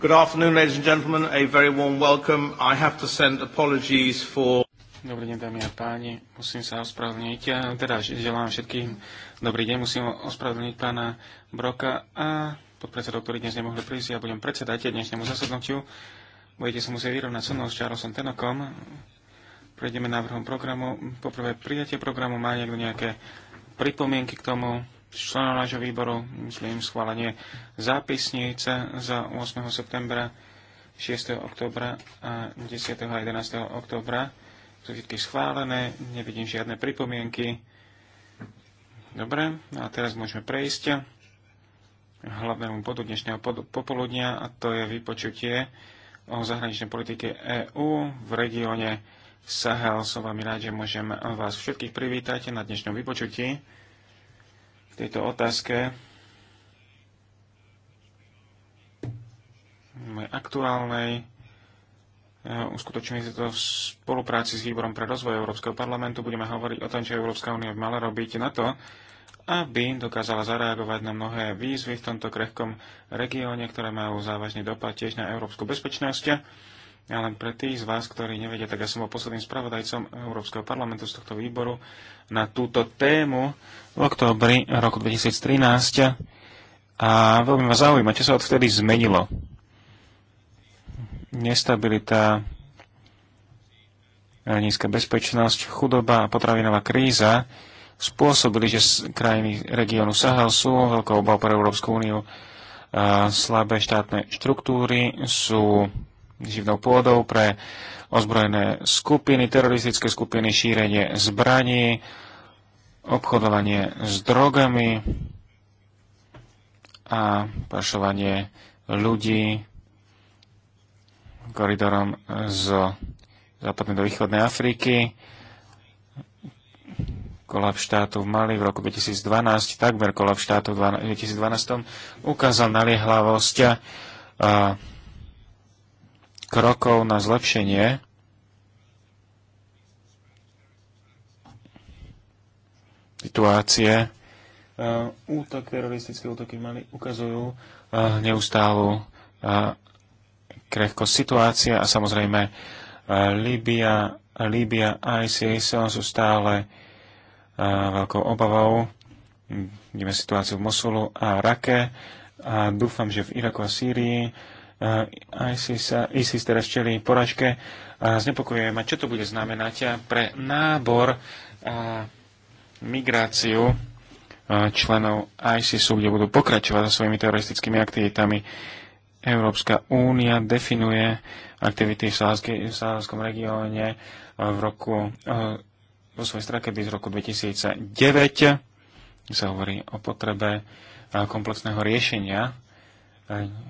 Good afternoon, ladies and gentlemen. A very warm welcome. I have to send apologies for... Dobrý deň, dámy a páni. Musím sa ospravedlniť. Ja teda želám všetkým dobrý deň. Musím ospravedlniť pána Broka a podpredsedov, ktorí dnes nemohli prísť. Ja budem predsedať dnešnému zasadnutiu. Budete sa musieť vyrovnať so mnou s Charlesom Tenokom. Prejdeme návrhom programu. Poprvé prijatie programu. Má niekto nejaké pripomienky k tomu? členov nášho výboru, myslím schválenie zápisnice za 8. septembra, 6. oktobra a 10. a 11. oktobra. Sú všetky schválené, nevidím žiadne pripomienky. Dobre, a teraz môžeme prejsť hlavnému bodu dnešného popoludnia a to je vypočutie o zahraničnej politike EÚ v regióne Sahel. Som vám rád, že môžem vás všetkých privítať na dnešnom vypočutí tejto otázke. aktuálnej eh, uskutoční sa to v spolupráci s Výborom pre rozvoj Európskeho parlamentu. Budeme hovoriť o tom, čo Európska únia mala robiť na to, aby dokázala zareagovať na mnohé výzvy v tomto krehkom regióne, ktoré majú závažný dopad tiež na európsku bezpečnosť. Ja len pre tých z vás, ktorí nevedia, tak ja som bol posledným spravodajcom Európskeho parlamentu z tohto výboru na túto tému v oktobri roku 2013 a veľmi ma zaujíma, čo sa odvtedy zmenilo. Nestabilita, nízka bezpečnosť, chudoba a potravinová kríza spôsobili, že krajiny regiónu Sahel sú veľkou obal pre Európsku úniu. Slabé štátne štruktúry sú živnou pôdou pre ozbrojené skupiny, teroristické skupiny, šírenie zbraní, obchodovanie s drogami a pašovanie ľudí koridorom z západnej do východnej Afriky. Kolab štátu v Mali v roku 2012, takmer kolab štátu v 2012, ukázal naliehlavosť krokov na zlepšenie situácie. Eh, útok, teroristické útoky mali, ukazujú eh, neustálu eh, krehkosť situácie a samozrejme Líbia, Líbia a ISIS sú stále veľkou obavou. Vidíme situáciu v Mosulu a Rake a dúfam, že v Iraku a Sýrii Eh, ISIS, eh, ISIS teraz čeli poražke. Znepokojuje ma, čo to bude znamenať eh, pre nábor a migráciu členov ISISu, kde budú pokračovať so svojimi teroristickými aktivitami. Európska únia definuje aktivity v sáhalskom regióne v roku, vo svojej strategii z roku 2009 sa hovorí o potrebe komplexného riešenia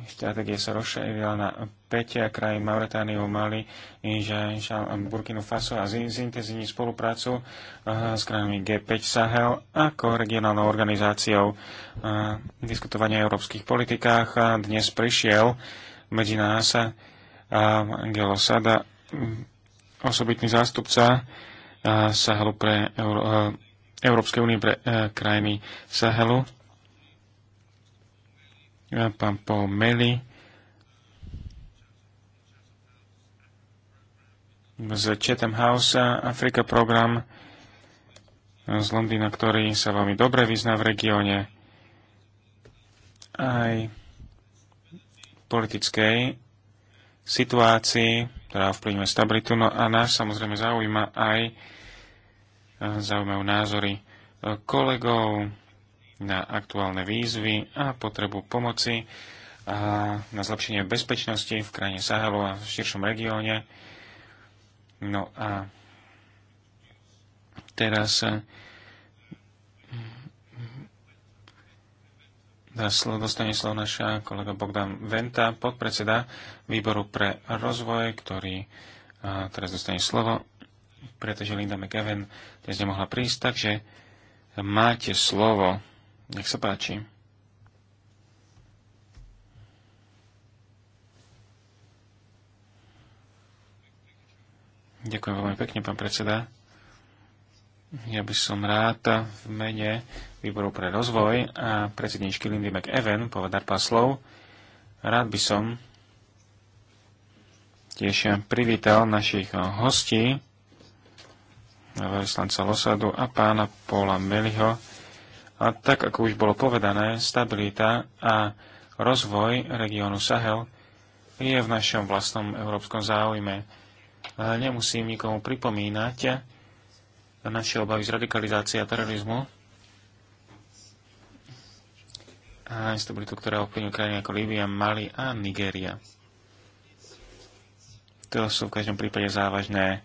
stratégie sa rozšírila na 5 kraj Mauretániu, Mali, Inža, Burkinu Faso a zintenzívni spoluprácu eh, s krajinami G5 Sahel ako regionálnou organizáciou diskutovania o európskych politikách. Dnes prišiel medzi nás eh, Angelo Sada, osobitný zástupca eh, Sahelu pre Euró- Európskej únie pre krajiny Sahelu pán Paul Meli z Chatham House Afrika program z Londýna, ktorý sa veľmi dobre vyzná v regióne aj politickej situácii, ktorá vplyvňuje stabilitu. No a nás samozrejme zaujíma aj zaujímajú názory kolegov, na aktuálne výzvy a potrebu pomoci a na zlepšenie bezpečnosti v krajine Sahelu a v širšom regióne. No a teraz eh, dostane slovo naša kolega Bogdan Venta, podpredseda výboru pre rozvoj, ktorý eh, teraz dostane slovo, pretože Linda McEwen dnes nemohla prísť, takže máte slovo. Nech sa páči. Ďakujem veľmi pekne, pán predseda. Ja by som rád v mene Výboru pre rozvoj a predsedničky Lindy McEwen povedať pár slov. Rád by som tiež privítal našich hostí, veľvyslanca Losadu a pána Paula Meliho, a tak, ako už bolo povedané, stabilita a rozvoj regiónu Sahel je v našom vlastnom európskom záujme. Nemusím nikomu pripomínať naše obavy z radikalizácie a terorizmu a instabilitu, ktorá ovplyvňuje krajiny ako Líbia, Mali a Nigéria. To sú v každom prípade závažné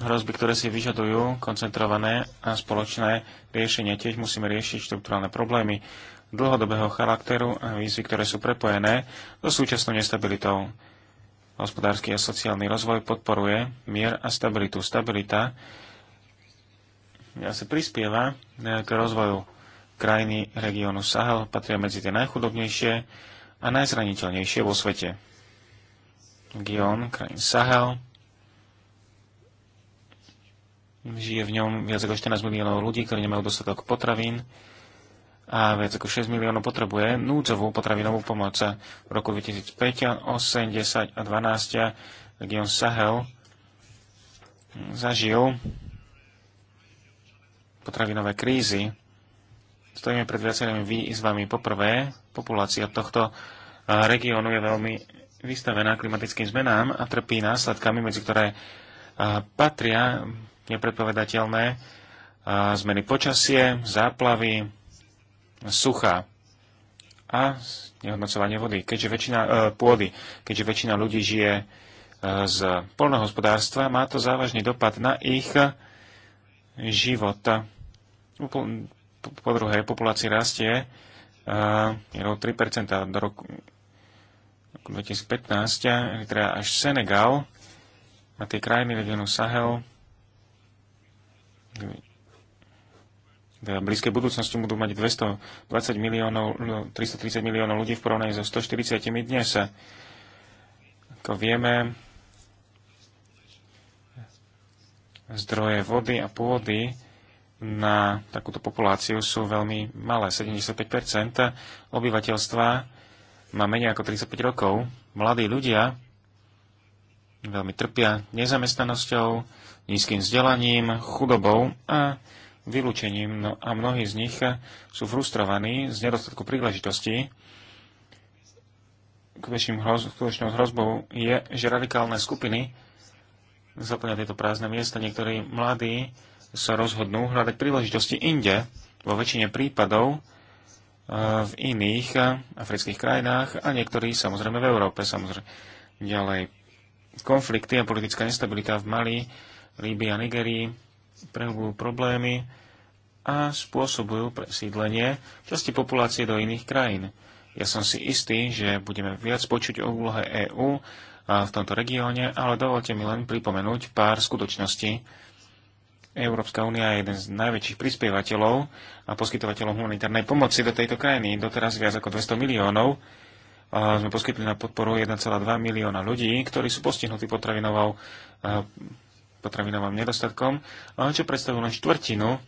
hrozby, ktoré si vyžadujú koncentrované a spoločné riešenie. Tiež musíme riešiť štruktúrálne problémy dlhodobého charakteru a výzvy, ktoré sú prepojené so súčasnou nestabilitou. Hospodársky a sociálny rozvoj podporuje mier a stabilitu. Stabilita sa prispieva eh, k rozvoju krajiny regiónu Sahel, patria medzi tie najchudobnejšie a najzraniteľnejšie vo svete. Region krajín Sahel Žije v ňom viac ako 14 miliónov ľudí, ktorí nemajú dostatok potravín a viac ako 6 miliónov potrebuje núdzovú potravinovú pomoc. V roku 2005, 8, 10 a 12 region Sahel zažil potravinové krízy. Stojíme pred viacerými výzvami. Poprvé, populácia tohto regiónu je veľmi vystavená klimatickým zmenám a trpí následkami, medzi ktoré patria nepredpovedateľné zmeny počasie, záplavy, sucha a nehodnocovanie vody, keďže väčšina, e, pôdy, keďže väčšina ľudí žije e, z polnohospodárstva, má to závažný dopad na ich život. Po druhé, populácia rastie uh, e, 3% do roku 2015, teda až Senegal a tie krajiny regionu Sahel v blízkej budúcnosti budú mať 220 miliónov, 330 no, miliónov ľudí v porovnaní so 140 dnes. Ako vieme, zdroje vody a pôdy na takúto populáciu sú veľmi malé. 75 obyvateľstva má menej ako 35 rokov. Mladí ľudia veľmi trpia nezamestnanosťou, nízkym vzdelaním, chudobou a vylúčením no a mnohí z nich sú frustrovaní z nedostatku príležitostí. Väčším hroz, skutočnou hrozbou je, že radikálne skupiny zaplňa tieto prázdne miesta. Niektorí mladí sa rozhodnú hľadať príležitosti inde, vo väčšine prípadov e, v iných e, afrických krajinách a niektorí samozrejme v Európe. Samozrejme. Ďalej konflikty a politická nestabilita v Mali Líbia a Nigerii prehlbujú problémy a spôsobujú presídlenie časti populácie do iných krajín. Ja som si istý, že budeme viac počuť o úlohe EÚ v tomto regióne, ale dovolte mi len pripomenúť pár skutočností. Európska únia je jeden z najväčších prispievateľov a poskytovateľov humanitárnej pomoci do tejto krajiny. Doteraz viac ako 200 miliónov sme poskytli na podporu 1,2 milióna ľudí, ktorí sú postihnutí potravinovou potravinovým nedostatkom, čo predstavuje len štvrtinu eh,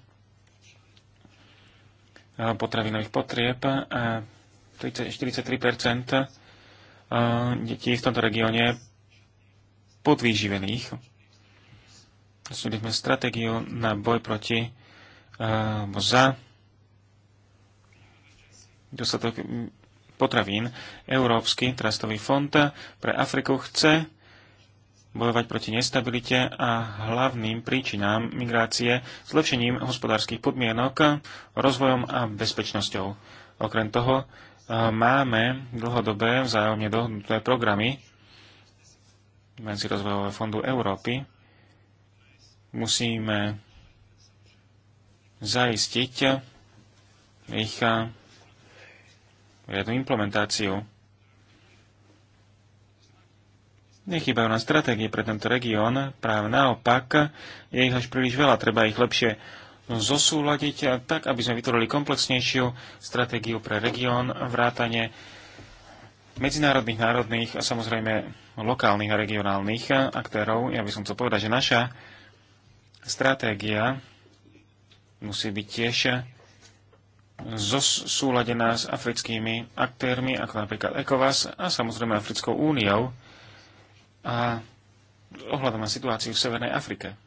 potravinových potrieb a 43 eh, detí v tomto regióne podvýživených. Súdili sme stratégiu na boj proti alebo eh, za dostatok potravín. Európsky trastový fond pre Afriku chce bojovať proti nestabilite a hlavným príčinám migrácie, zlepšením hospodárskych podmienok, rozvojom a bezpečnosťou. Okrem toho e, máme dlhodobé vzájomne dohodnuté programy medzi rozvojové fondu Európy. Musíme zaistiť ich riadnu implementáciu. Nechýbajú nám stratégie pre tento región, práve naopak, je ich až príliš veľa, treba ich lepšie zosúľadiť tak, aby sme vytvorili komplexnejšiu stratégiu pre región, vrátanie medzinárodných, národných a samozrejme lokálnych a regionálnych aktérov. Ja by som chcel povedať, že naša stratégia musí byť tiež zosúladená s africkými aktérmi, ako napríklad ECOWAS a samozrejme Africkou úniou a ohľadom na situáciu v Severnej Afrike.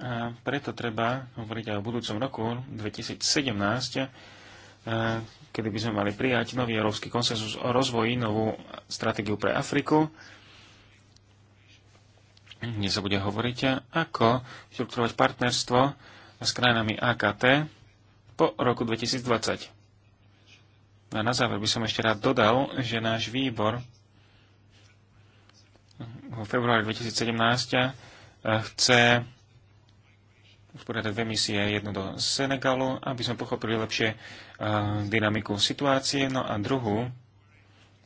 A preto treba hovoriť aj o budúcom roku 2017, kedy by sme mali prijať nový európsky konsenzus o rozvoji, novú stratégiu pre Afriku, Dnes sa bude hovoriť, ako štruktúrovať partnerstvo s krajinami AKT po roku 2020. A na záver by som ešte rád dodal, že náš výbor vo februári 2017 eh, chce usporiadať dve misie, jednu do Senegalu, aby sme pochopili lepšie eh, dynamiku situácie, no a druhú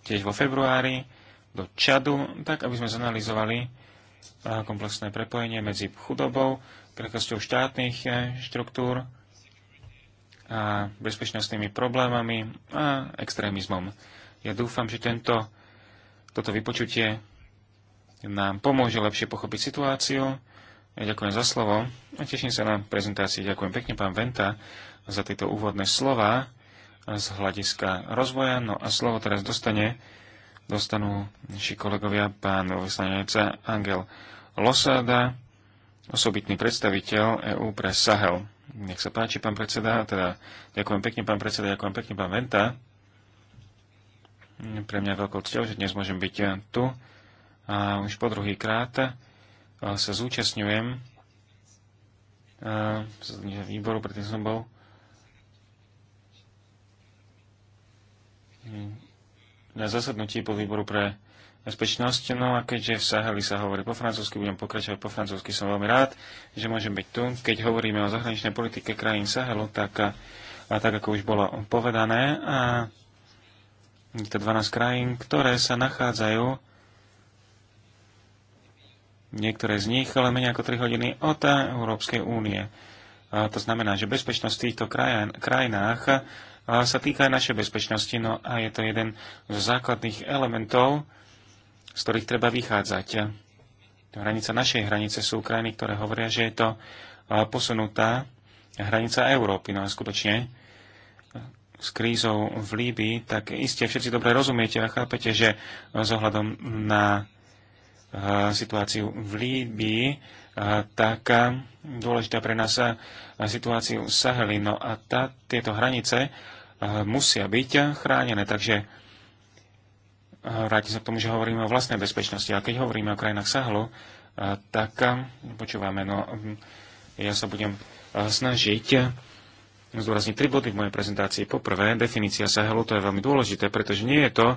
tiež vo februári do Čadu, tak aby sme zanalizovali eh, komplexné prepojenie medzi chudobou, krehkosťou štátnych štruktúr a bezpečnostnými problémami a extrémizmom. Ja dúfam, že tento, toto vypočutie nám pomôže lepšie pochopiť situáciu. Ja ďakujem za slovo a teším sa na prezentácii. Ďakujem pekne pán Venta za tieto úvodné slova z hľadiska rozvoja. No a slovo teraz dostane, dostanú naši kolegovia pán veľvyslanec Angel Losada, osobitný predstaviteľ EÚ pre Sahel. Nech sa páči, pán predseda, teda ďakujem pekne, pán predseda, ďakujem pekne, pán Venta. Pre mňa je veľkou cťou, že dnes môžem byť tu a už po druhý krát eh, sa zúčastňujem eh, výboru, predtým som bol na zasadnutí po výboru pre bezpečnosť. No a keďže v Saheli sa hovorí po francúzsky, budem pokračovať po francúzsky. Som veľmi rád, že môžem byť tu. Keď hovoríme o zahraničnej politike krajín Sahelu, tak, eh, a tak ako už bolo povedané, a to 12 krajín, ktoré sa nachádzajú niektoré z nich len menej ako 3 hodiny od Európskej únie. A to znamená, že bezpečnosť v týchto krajin, krajinách sa týka aj našej bezpečnosti, no a je to jeden zo základných elementov, z ktorých treba vychádzať. Hranica našej hranice sú krajiny, ktoré hovoria, že je to posunutá hranica Európy. No a skutočne s krízou v Líbii, tak iste všetci dobre rozumiete a chápete, že zohľadom na situáciu v Líbii, tak dôležitá pre nás situáciu Saheli. No a tá, tieto hranice musia byť chránené, takže vrátim sa k tomu, že hovoríme o vlastnej bezpečnosti. A keď hovoríme o krajinách Sahelu, tak počúvame, no ja sa budem snažiť zdôrazniť tri body v mojej prezentácii. Poprvé, definícia Sahelu, to je veľmi dôležité, pretože nie je to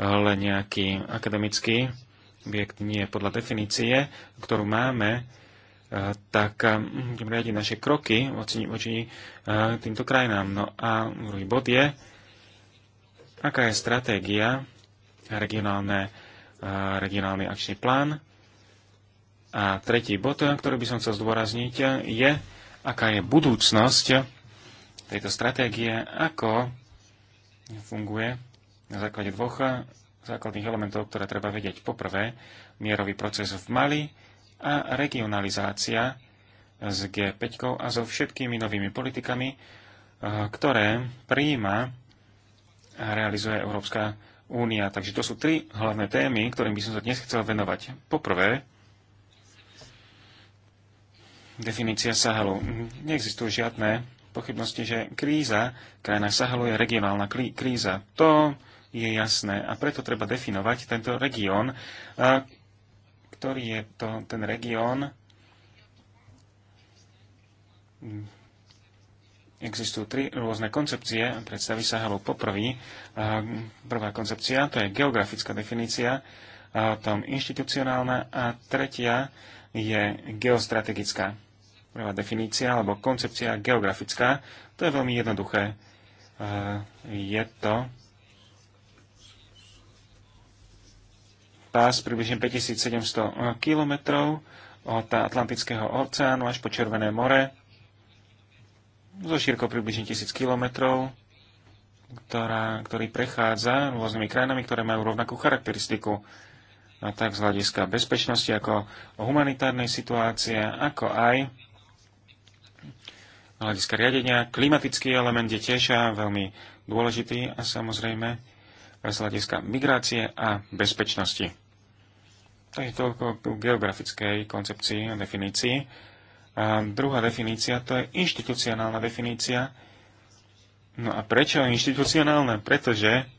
len nejaký akademický objekt nie je podľa definície, ktorú máme, e, tak e, budeme riadiť naše kroky voči, voči e, týmto krajinám. No a druhý bod je, aká je stratégia, regionálne, regionálny akčný plán. A tretí bod, ktorý by som chcel zdôrazniť, je, aká je budúcnosť tejto stratégie, ako funguje na základe dvoch základných elementov, ktoré treba vedieť. Poprvé, mierový proces v Mali a regionalizácia s G5 a so všetkými novými politikami, eh, ktoré prijíma a realizuje Európska únia. Takže to sú tri hlavné témy, ktorým by som sa dnes chcel venovať. Poprvé, definícia Sahelu. Neexistujú žiadne pochybnosti, že kríza krajina Sahelu je regionálna kríza. To je jasné. A preto treba definovať tento región, ktorý je to, ten región, hm, existujú tri rôzne koncepcie predstaví sa halu Poprvý, prvá koncepcia, to je geografická definícia, a tom inštitucionálna a tretia je geostrategická. Prvá definícia alebo koncepcia geografická, to je veľmi jednoduché. Je to pás približne 5700 eh, kilometrov od Atlantického oceánu až po Červené more, so šírkou približne 1000 kilometrov, ktorá, ktorý prechádza rôznymi krajinami, ktoré majú rovnakú charakteristiku, a tak z hľadiska bezpečnosti, ako humanitárnej situácie, ako aj z hľadiska riadenia. Klimatický element je tiež veľmi dôležitý a samozrejme z hľadiska migrácie a bezpečnosti. Takže toľko k geografickej koncepcii a definícii. A druhá definícia to je inštitucionálna definícia. No a prečo inštitucionálna? Pretože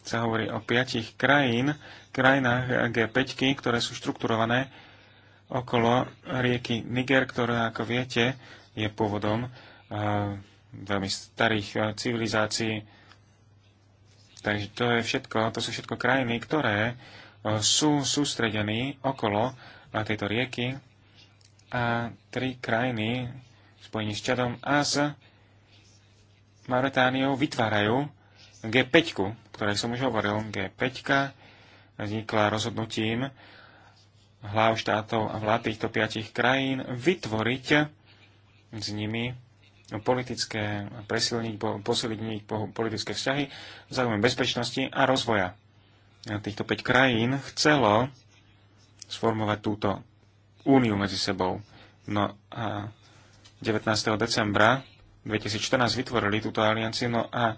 sa hovorí o piatich krajín, krajinách G5, ktoré sú štrukturované okolo rieky Niger, ktorá, ako viete, je pôvodom veľmi starých civilizácií. Takže to je všetko, to sú všetko krajiny, ktoré E, sú sústredení okolo e, tejto rieky a tri krajiny spojení s Čadom a s Mauretániou vytvárajú G5, ktorej som už hovoril. G5 vznikla rozhodnutím hlav štátov a vlád týchto piatich krajín vytvoriť s nimi politické, presilniť, posilniť politické vzťahy v záujme bezpečnosti a rozvoja týchto 5 krajín chcelo sformovať túto úniu medzi sebou. No a 19. decembra 2014 vytvorili túto alianciu, no a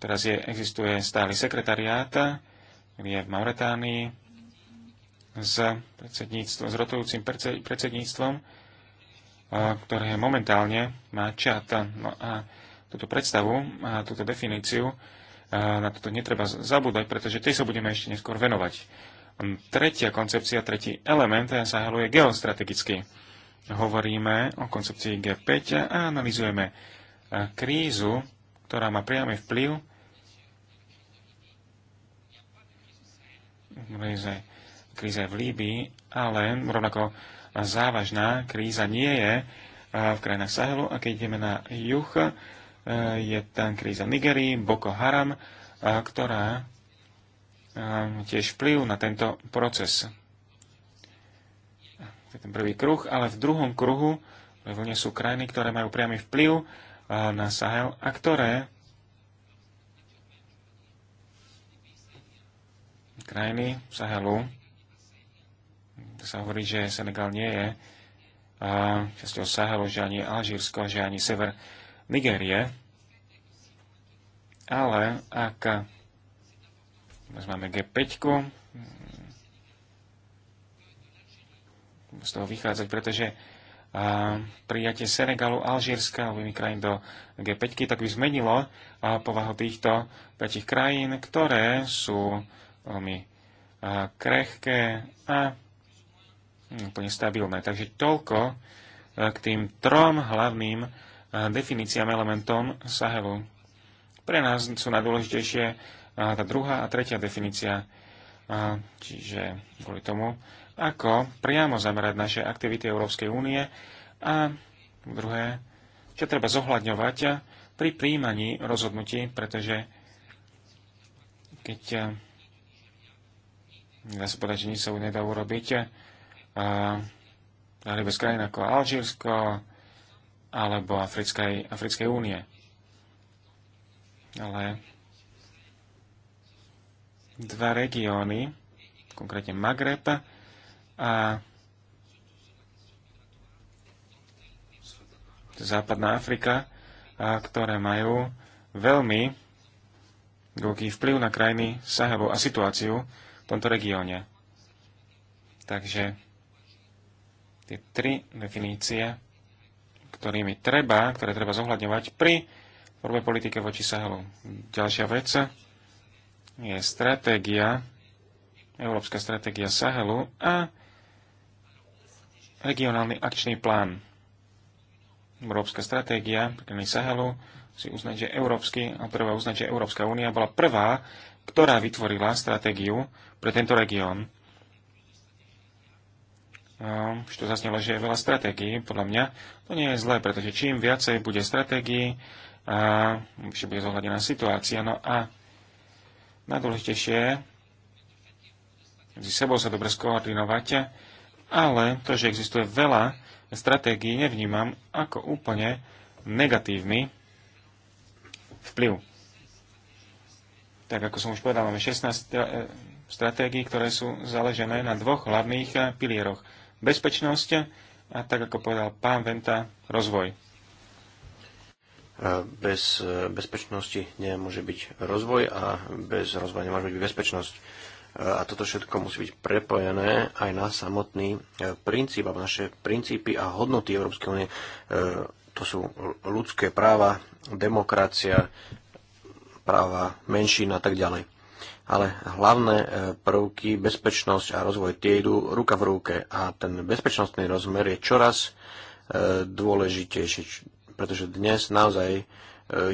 teraz je, existuje stály sekretariát, je v Mauretánii s, predsedníctvom, s rotujúcim predsedníctvom, ktoré momentálne má čat. No a túto predstavu a túto definíciu na toto netreba zabúdať, pretože tej sa budeme ešte neskôr venovať. Hm, tretia koncepcia, tretí element zahaluje geostrategicky. Hovoríme o koncepcii G5 a analizujeme e, krízu, ktorá má priamy vplyv kríze, kríze v Líbii, ale rovnako závažná kríza nie je e, v krajinách Sahelu a keď ideme na juh, E, je tam kríza Nigerii, Boko Haram, e, ktorá e, tiež vplyv na tento proces. To je ten prvý kruh, ale v druhom kruhu vlne sú krajiny, ktoré majú priamy vplyv na Sahel a ktoré krajiny Sahelu, to sa hovorí, že Senegal nie je časťou Sahelu, že ani Alžírsko, že ani sever Nigérie, ale ak vezmeme G5, mm, z toho vychádzať, pretože a, prijatie Senegalu, Alžírska alebo iných krajín do G5, tak by zmenilo a, povahu týchto 5 krajín, ktoré sú veľmi a, krehké a mm, úplne stabilné. Takže toľko e, k tým trom hlavným Eh, definíciám, elementom Sahelu. Pre nás sú najdôležitejšie eh, tá druhá a tretia definícia, eh, čiže kvôli tomu, ako priamo zamerať naše aktivity Európskej únie a druhé, čo treba zohľadňovať pri príjmaní rozhodnutí, pretože keď dá sa povedať, že nič sa nedá urobiť, ale bez krajín ako Alžírsko, alebo Africkej, Africkej únie. Ale dva regióny, konkrétne Magreb a Západná Afrika, a ktoré majú veľmi veľký vplyv na krajiny Sahelu a situáciu v tomto regióne. Takže tie tri definície ktorými treba, ktoré treba zohľadňovať pri forme politike voči Sahelu. Ďalšia vec je stratégia, európska stratégia Sahelu a regionálny akčný plán. Európska stratégia pri Sahelu si uznať, že európsky, a prvá uznať, že Európska únia bola prvá, ktorá vytvorila stratégiu pre tento región už ehm, to zaznelo, že je veľa stratégií. Podľa mňa to nie je zlé, pretože čím viacej bude stratégií, ehm, že bude zohľadená situácia. No a najdôležitejšie medzi sebou sa dobre skoordinovať, ale to, že existuje veľa stratégií, nevnímam ako úplne negatívny vplyv. Tak ako som už povedal, máme 16 e, stratégií, ktoré sú založené na dvoch hlavných pilieroch – bezpečnosť a tak, ako povedal pán Venta, rozvoj. Bez e, bezpečnosti nemôže byť rozvoj a bez rozvoja nemôže byť bezpečnosť. E, a toto všetko musí byť prepojené aj na samotný e, princíp, alebo naše princípy a hodnoty Európskej únie. To sú ľudské práva, demokracia, práva menšín a tak ďalej ale hlavné e, prvky, bezpečnosť a rozvoj, tie idú ruka v ruke a ten bezpečnostný rozmer je čoraz e, dôležitejší, pretože dnes naozaj e,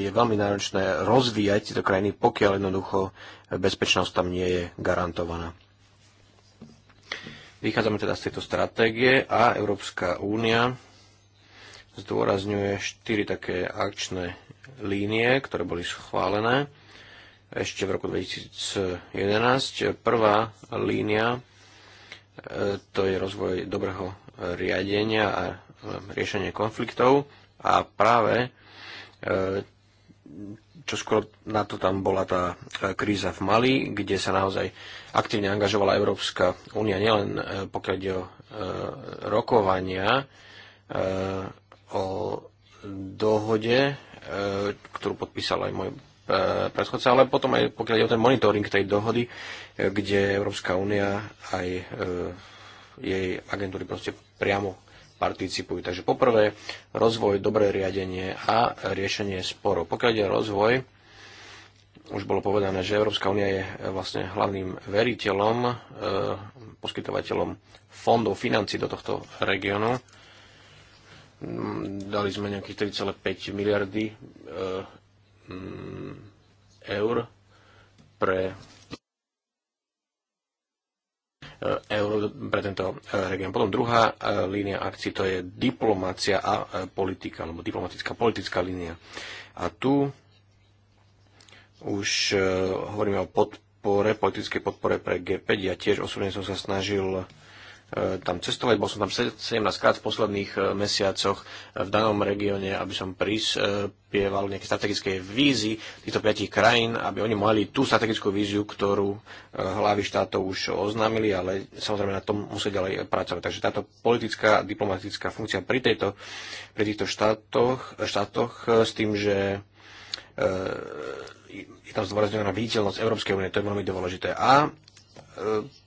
je veľmi náročné rozvíjať tieto krajiny, pokiaľ jednoducho bezpečnosť tam nie je garantovaná. Vychádzame teda z tejto stratégie a Európska únia zdôrazňuje štyri také akčné línie, ktoré boli schválené ešte v roku 2011. Prvá línia e, to je rozvoj dobrého riadenia a e, riešenie konfliktov a práve e, čo skoro na to tam bola tá kríza v Mali, kde sa naozaj aktívne angažovala Európska únia, nielen pokiaľ ide o rokovania o dohode, ktorú podpísal aj môj Eh, predchodca, ale potom aj pokiaľ je o ten monitoring tej dohody, eh, kde Európska únia aj eh, jej agentúry proste priamo participujú. Takže poprvé rozvoj, dobré riadenie a riešenie sporov. Pokiaľ ide rozvoj, už bolo povedané, že Európska únia je vlastne hlavným veriteľom, poskytovateľom fondov financí do tohto regiónu. Mm, dali sme nejakých 3,5 miliardy Mm, eur pre e, eur pre tento e, región. Potom druhá e, línia akcií to je diplomácia a politika, alebo diplomatická politická línia. A tu už hovoríme o podpore, politickej podpore pre G5. Ja tiež osobne som sa snažil E, tam cestovať. Bol som tam 17 krát v posledných e, mesiacoch v danom regióne, aby som prispieval nejaké strategické vízy týchto piatich krajín, aby oni mali tú strategickú víziu, ktorú e, hlavy štátov už oznámili, ale samozrejme na tom musia ďalej pracovať. Takže táto politická, a diplomatická funkcia pri, tejto, pri týchto štátoch, štátoch s tým, že je tam zdôrazňovaná viditeľnosť Európskej únie, to je veľmi dôležité. A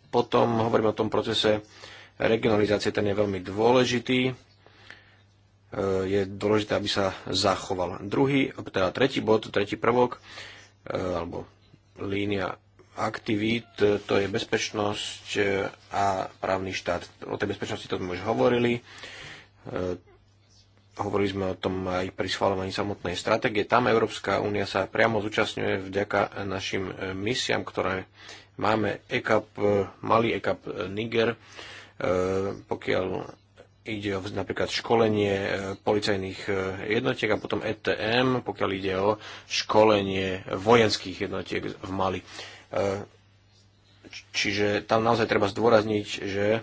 potom hovorím o tom procese regionalizácie, ten je veľmi dôležitý. E, je dôležité, aby sa zachoval. Druhý, teda tretí bod, tretí prvok, e, alebo línia aktivít, to je bezpečnosť e, a právny štát. O tej bezpečnosti to sme už hovorili. Hovorili sme o tom aj pri schváľovaní samotnej stratégie. Tam Európska únia sa priamo zúčastňuje vďaka našim misiám, ktoré Máme ECAP, malý ECAP e, Niger, e, pokiaľ ide o napríklad školenie e, policajných jednotiek a potom ETM, pokiaľ ide o školenie vojenských jednotiek v Mali. Čiže tam naozaj treba zdôrazniť, že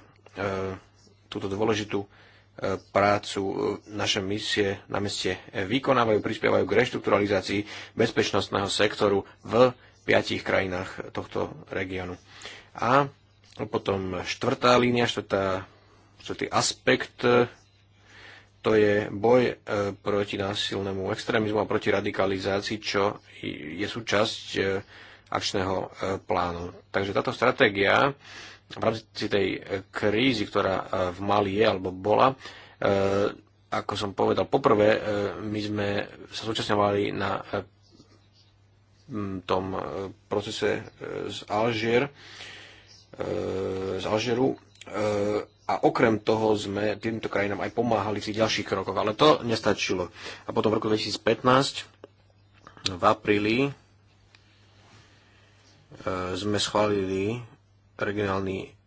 túto dôležitú prácu naše misie na meste vykonávajú, prispievajú k reštrukturalizácii bezpečnostného sektoru v piatich krajinách tohto regiónu. A potom štvrtá línia, štvrtá, štvrtý aspekt, to je boj e, proti násilnému extrémizmu a proti radikalizácii, čo je súčasť e, akčného e, plánu. Takže táto stratégia v rámci tej krízy, ktorá v Mali je alebo bola, ako som povedal, poprvé my sme sa zúčastňovali na tom e, procese e, z Alžier, e, z Alžieru a okrem toho sme týmto krajinám aj pomáhali v tých ďalších krokoch, ale to nestačilo. A potom v roku 2015 v apríli sme schválili regionálny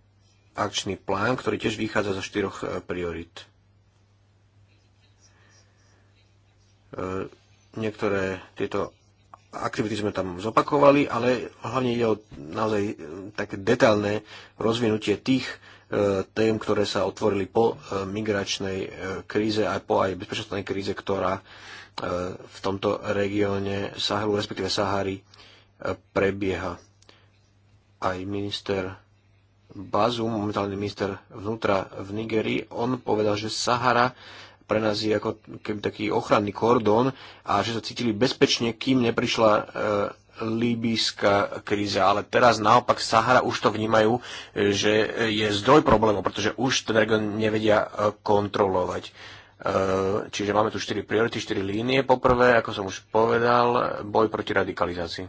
akčný plán, ktorý tiež vychádza zo štyroch priorit. Niektoré tieto aktivity sme tam zopakovali, ale hlavne ide o naozaj e, také detailné rozvinutie tých e, tém, ktoré sa otvorili po e, migračnej kríze a po aj bezpečnostnej kríze, ktorá v tomto regióne Sahelu, respektíve Sahary, prebieha. Aj minister Bazum, momentálny minister vnútra v Nigerii, on povedal, že Sahara pre nás je ako keby taký ochranný kordón a že sa cítili bezpečne, kým neprišla e, líbyská kríza. Ale teraz naopak Sahara už to vnímajú, e, že je zdroj problémov, pretože už ten region nevedia e, kontrolovať. E, čiže máme tu 4 priority, 4 línie. Poprvé, ako som už povedal, boj proti radikalizácii.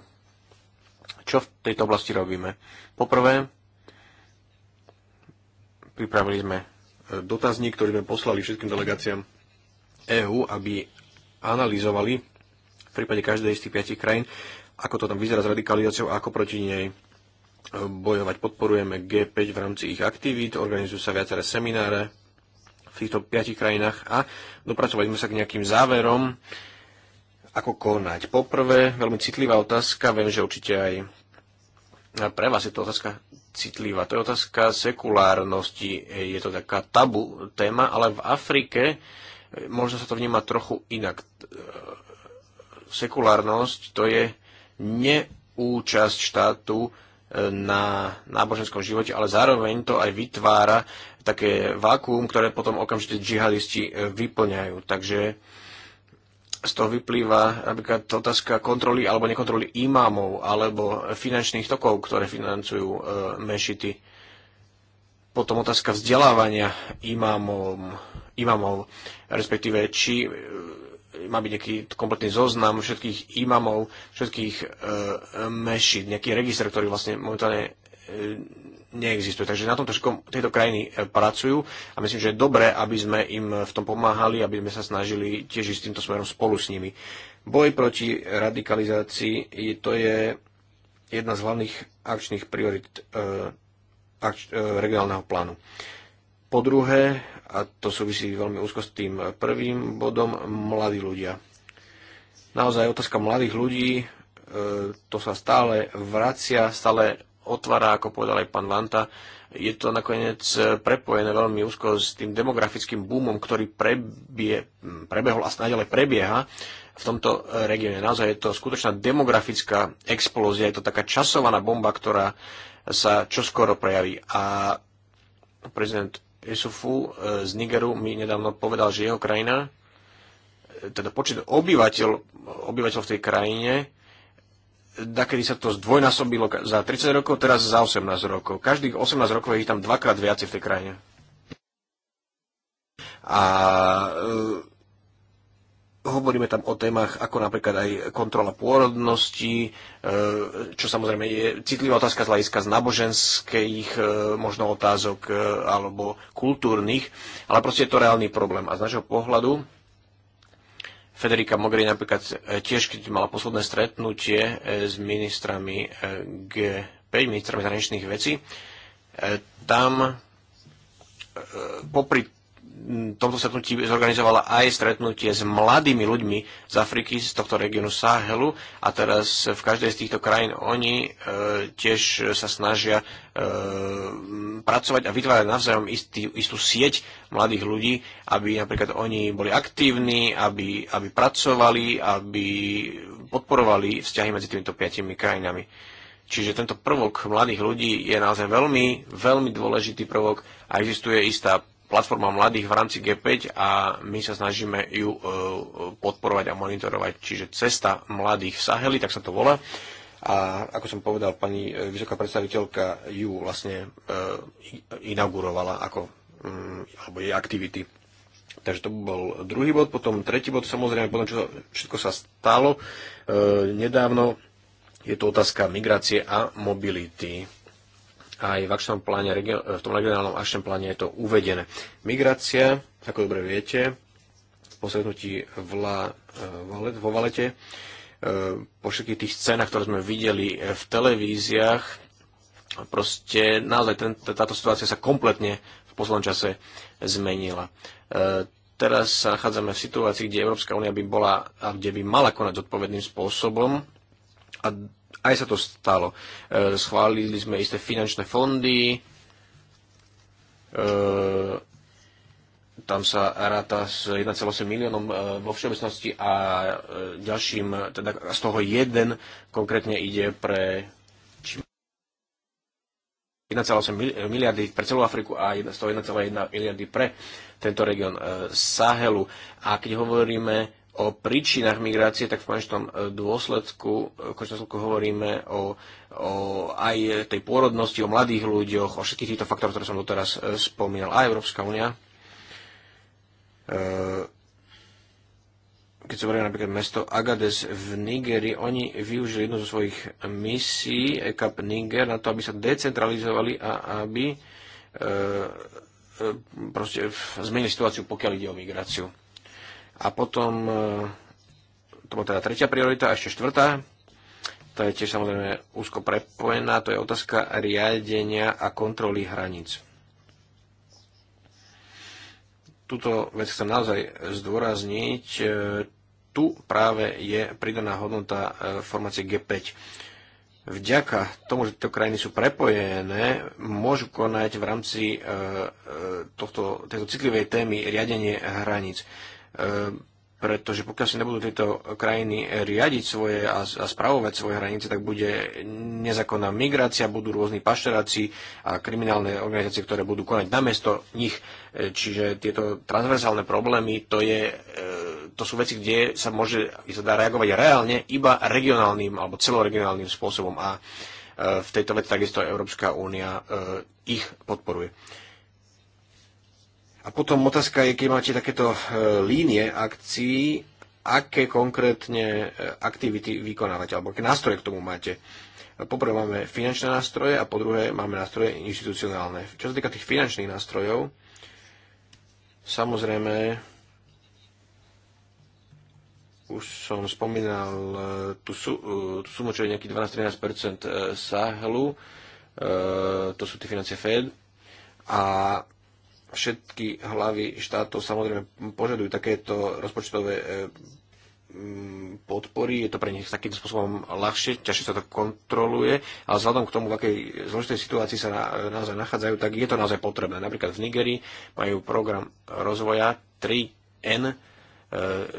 Čo v tejto oblasti robíme? Poprvé, pripravili sme dotazník, ktorý sme poslali všetkým delegáciám EÚ, aby analyzovali v prípade každej z tých piatich krajín, ako to tam vyzerá s radikalizáciou a ako proti nej e, bojovať. Podporujeme G5 v rámci ich aktivít, organizujú sa viaceré semináre v týchto piatich krajinách a dopracovali sme sa k nejakým záverom, ako konať. Poprvé, veľmi citlivá otázka, viem, že určite aj pre vás je to otázka citlivá. To je otázka sekulárnosti. Je to taká tabu téma, ale v Afrike e, možno sa to vníma trochu inak. E, sekulárnosť to je neúčasť štátu e, na náboženskom živote, ale zároveň to aj vytvára také vákuum, ktoré potom okamžite džihadisti vyplňajú. Takže z toho vyplýva napríklad otázka kontroly alebo nekontroly imámov alebo finančných tokov, ktoré financujú e, mešity. Potom otázka vzdelávania imámov, imámov respektíve či e, má byť nejaký kompletný zoznam všetkých imamov, všetkých e, mešit, nejaký register, ktorý vlastne momentálne e, neexistuje. Takže na tomto všetkom tieto krajiny e, pracujú a myslím, že je dobré, aby sme im e, v tom pomáhali, aby sme sa snažili tiež ísť týmto smerom spolu s nimi. Boj proti radikalizácii to je jedna z hlavných akčných priorit e, akč, e, regionálneho plánu. Po druhé, a to súvisí veľmi úzko s tým prvým bodom, mladí ľudia. Naozaj otázka mladých ľudí, e, to sa stále vracia, stále otvára, ako povedal aj pán Vanta. Je to nakoniec e, prepojené veľmi úzko s tým demografickým boomom, ktorý prebie, prebehol a snáď ale prebieha v tomto e, regióne. Naozaj je to skutočná demografická explózia, je to taká časovaná bomba, ktorá sa čoskoro prejaví. A prezident Isufu e, z Nigeru mi nedávno povedal, že jeho krajina, teda počet obyvateľ, obyvateľ v tej krajine Dakedy sa to zdvojnásobilo za 30 rokov, teraz za 18 rokov. Každých 18 rokov je ich tam dvakrát viacej v tej krajine. A e, hovoríme tam o témach ako napríklad aj kontrola pôrodnosti, e, čo samozrejme je citlivá otázka z hľadiska z náboženských e, možno otázok alebo kultúrnych, ale proste je to reálny problém. A z našeho pohľadu Federica Mogherini napríklad e, tiež, keď mala posledné stretnutie e, s ministrami e, G5, ministrami zahraničných vecí, tam popri tomto stretnutí zorganizovala aj stretnutie s mladými ľuďmi z Afriky, z tohto regiónu Sahelu a teraz v každej z týchto krajín oni e, tiež sa snažia e, pracovať a vytvárať navzájom istý, istú sieť mladých ľudí, aby napríklad oni boli aktívni, aby, aby pracovali, aby podporovali vzťahy medzi týmito piatimi krajinami. Čiže tento prvok mladých ľudí je naozaj veľmi, veľmi dôležitý prvok a existuje istá platforma mladých v rámci G5 a my sa snažíme ju e, podporovať a monitorovať. Čiže cesta mladých v Saheli, tak sa to volá. A ako som povedal, pani e, vysoká predstaviteľka ju vlastne e, inaugurovala ako, mm, alebo jej aktivity. Takže to bol druhý bod, potom tretí bod, samozrejme, potom čo všetko sa stalo nedávno, je to otázka migrácie a mobility aj v, akčnom pláne, v tom regionálnom akčnom pláne je to uvedené. Migrácia, ako dobre viete, po stretnutí e, vo Valete, e, po všetkých tých scénach, ktoré sme videli e, v televíziách, proste naozaj ten, táto situácia sa kompletne v poslednom čase zmenila. Teraz sa nachádzame v situácii, kde Európska únia by bola a kde by mala konať zodpovedným spôsobom a aj sa to stalo. E, schválili sme isté finančné fondy, e, tam sa ráta s 1,8 miliónom e, vo všeobecnosti a ďalším, teda z toho jeden konkrétne ide pre 1,8 miliardy pre celú Afriku a 101,1 miliardy pre tento región Sahelu. A keď hovoríme o príčinách migrácie, tak v konečnom e, dôsledku, e, v konečnom dôsledku hovoríme o, o aj tej pôrodnosti, o mladých ľuďoch, o všetkých týchto faktoroch, ktoré som doteraz e, spomínal. A Európska únia, keď sa hovoríme napríklad mesto Agades v Nigeri, oni využili jednu zo svojich misií, EKAP Niger, na to, aby sa decentralizovali a aby proste zmenili situáciu, pokiaľ ide o migráciu. A potom, e, to bola teda tretia priorita, a ešte štvrtá, tá je tiež samozrejme úzko prepojená, to je otázka riadenia a kontroly hraníc. Tuto vec chcem naozaj zdôrazniť. E, tu práve je pridaná hodnota e, formácie G5 vďaka tomu, že tieto krajiny sú prepojené, môžu konať v rámci tohto, tejto citlivej témy riadenie hraníc. E, pretože pokiaľ si nebudú tieto krajiny riadiť svoje a, a spravovať svoje hranice, tak bude nezákonná migrácia, budú rôzni pašteráci a kriminálne organizácie, ktoré budú konať namiesto nich. E, čiže tieto transverzálne problémy, to, je, e, to sú veci, kde sa môže sa dá reagovať reálne iba regionálnym alebo celoregionálnym spôsobom a v tejto veci takisto Európska únia ich podporuje. A potom otázka je, keď máte takéto e, línie akcií, aké konkrétne e, aktivity vykonávate, alebo aké nástroje k tomu máte. E, poprvé máme finančné nástroje a po druhé máme nástroje inštitucionálne. Čo sa týka tých finančných nástrojov, samozrejme, už som spomínal tú, sú, tú sumu, čo je nejaký 12-13% sahlu, to sú tie financie Fed, a všetky hlavy štátov samozrejme požadujú takéto rozpočtové e, podpory, je to pre nich takýmto spôsobom ľahšie, ťažšie sa to kontroluje, ale vzhľadom k tomu, v akej zložitej situácii sa na, naozaj nachádzajú, tak je to naozaj potrebné. Napríklad v Nigerii majú program rozvoja 3N, e,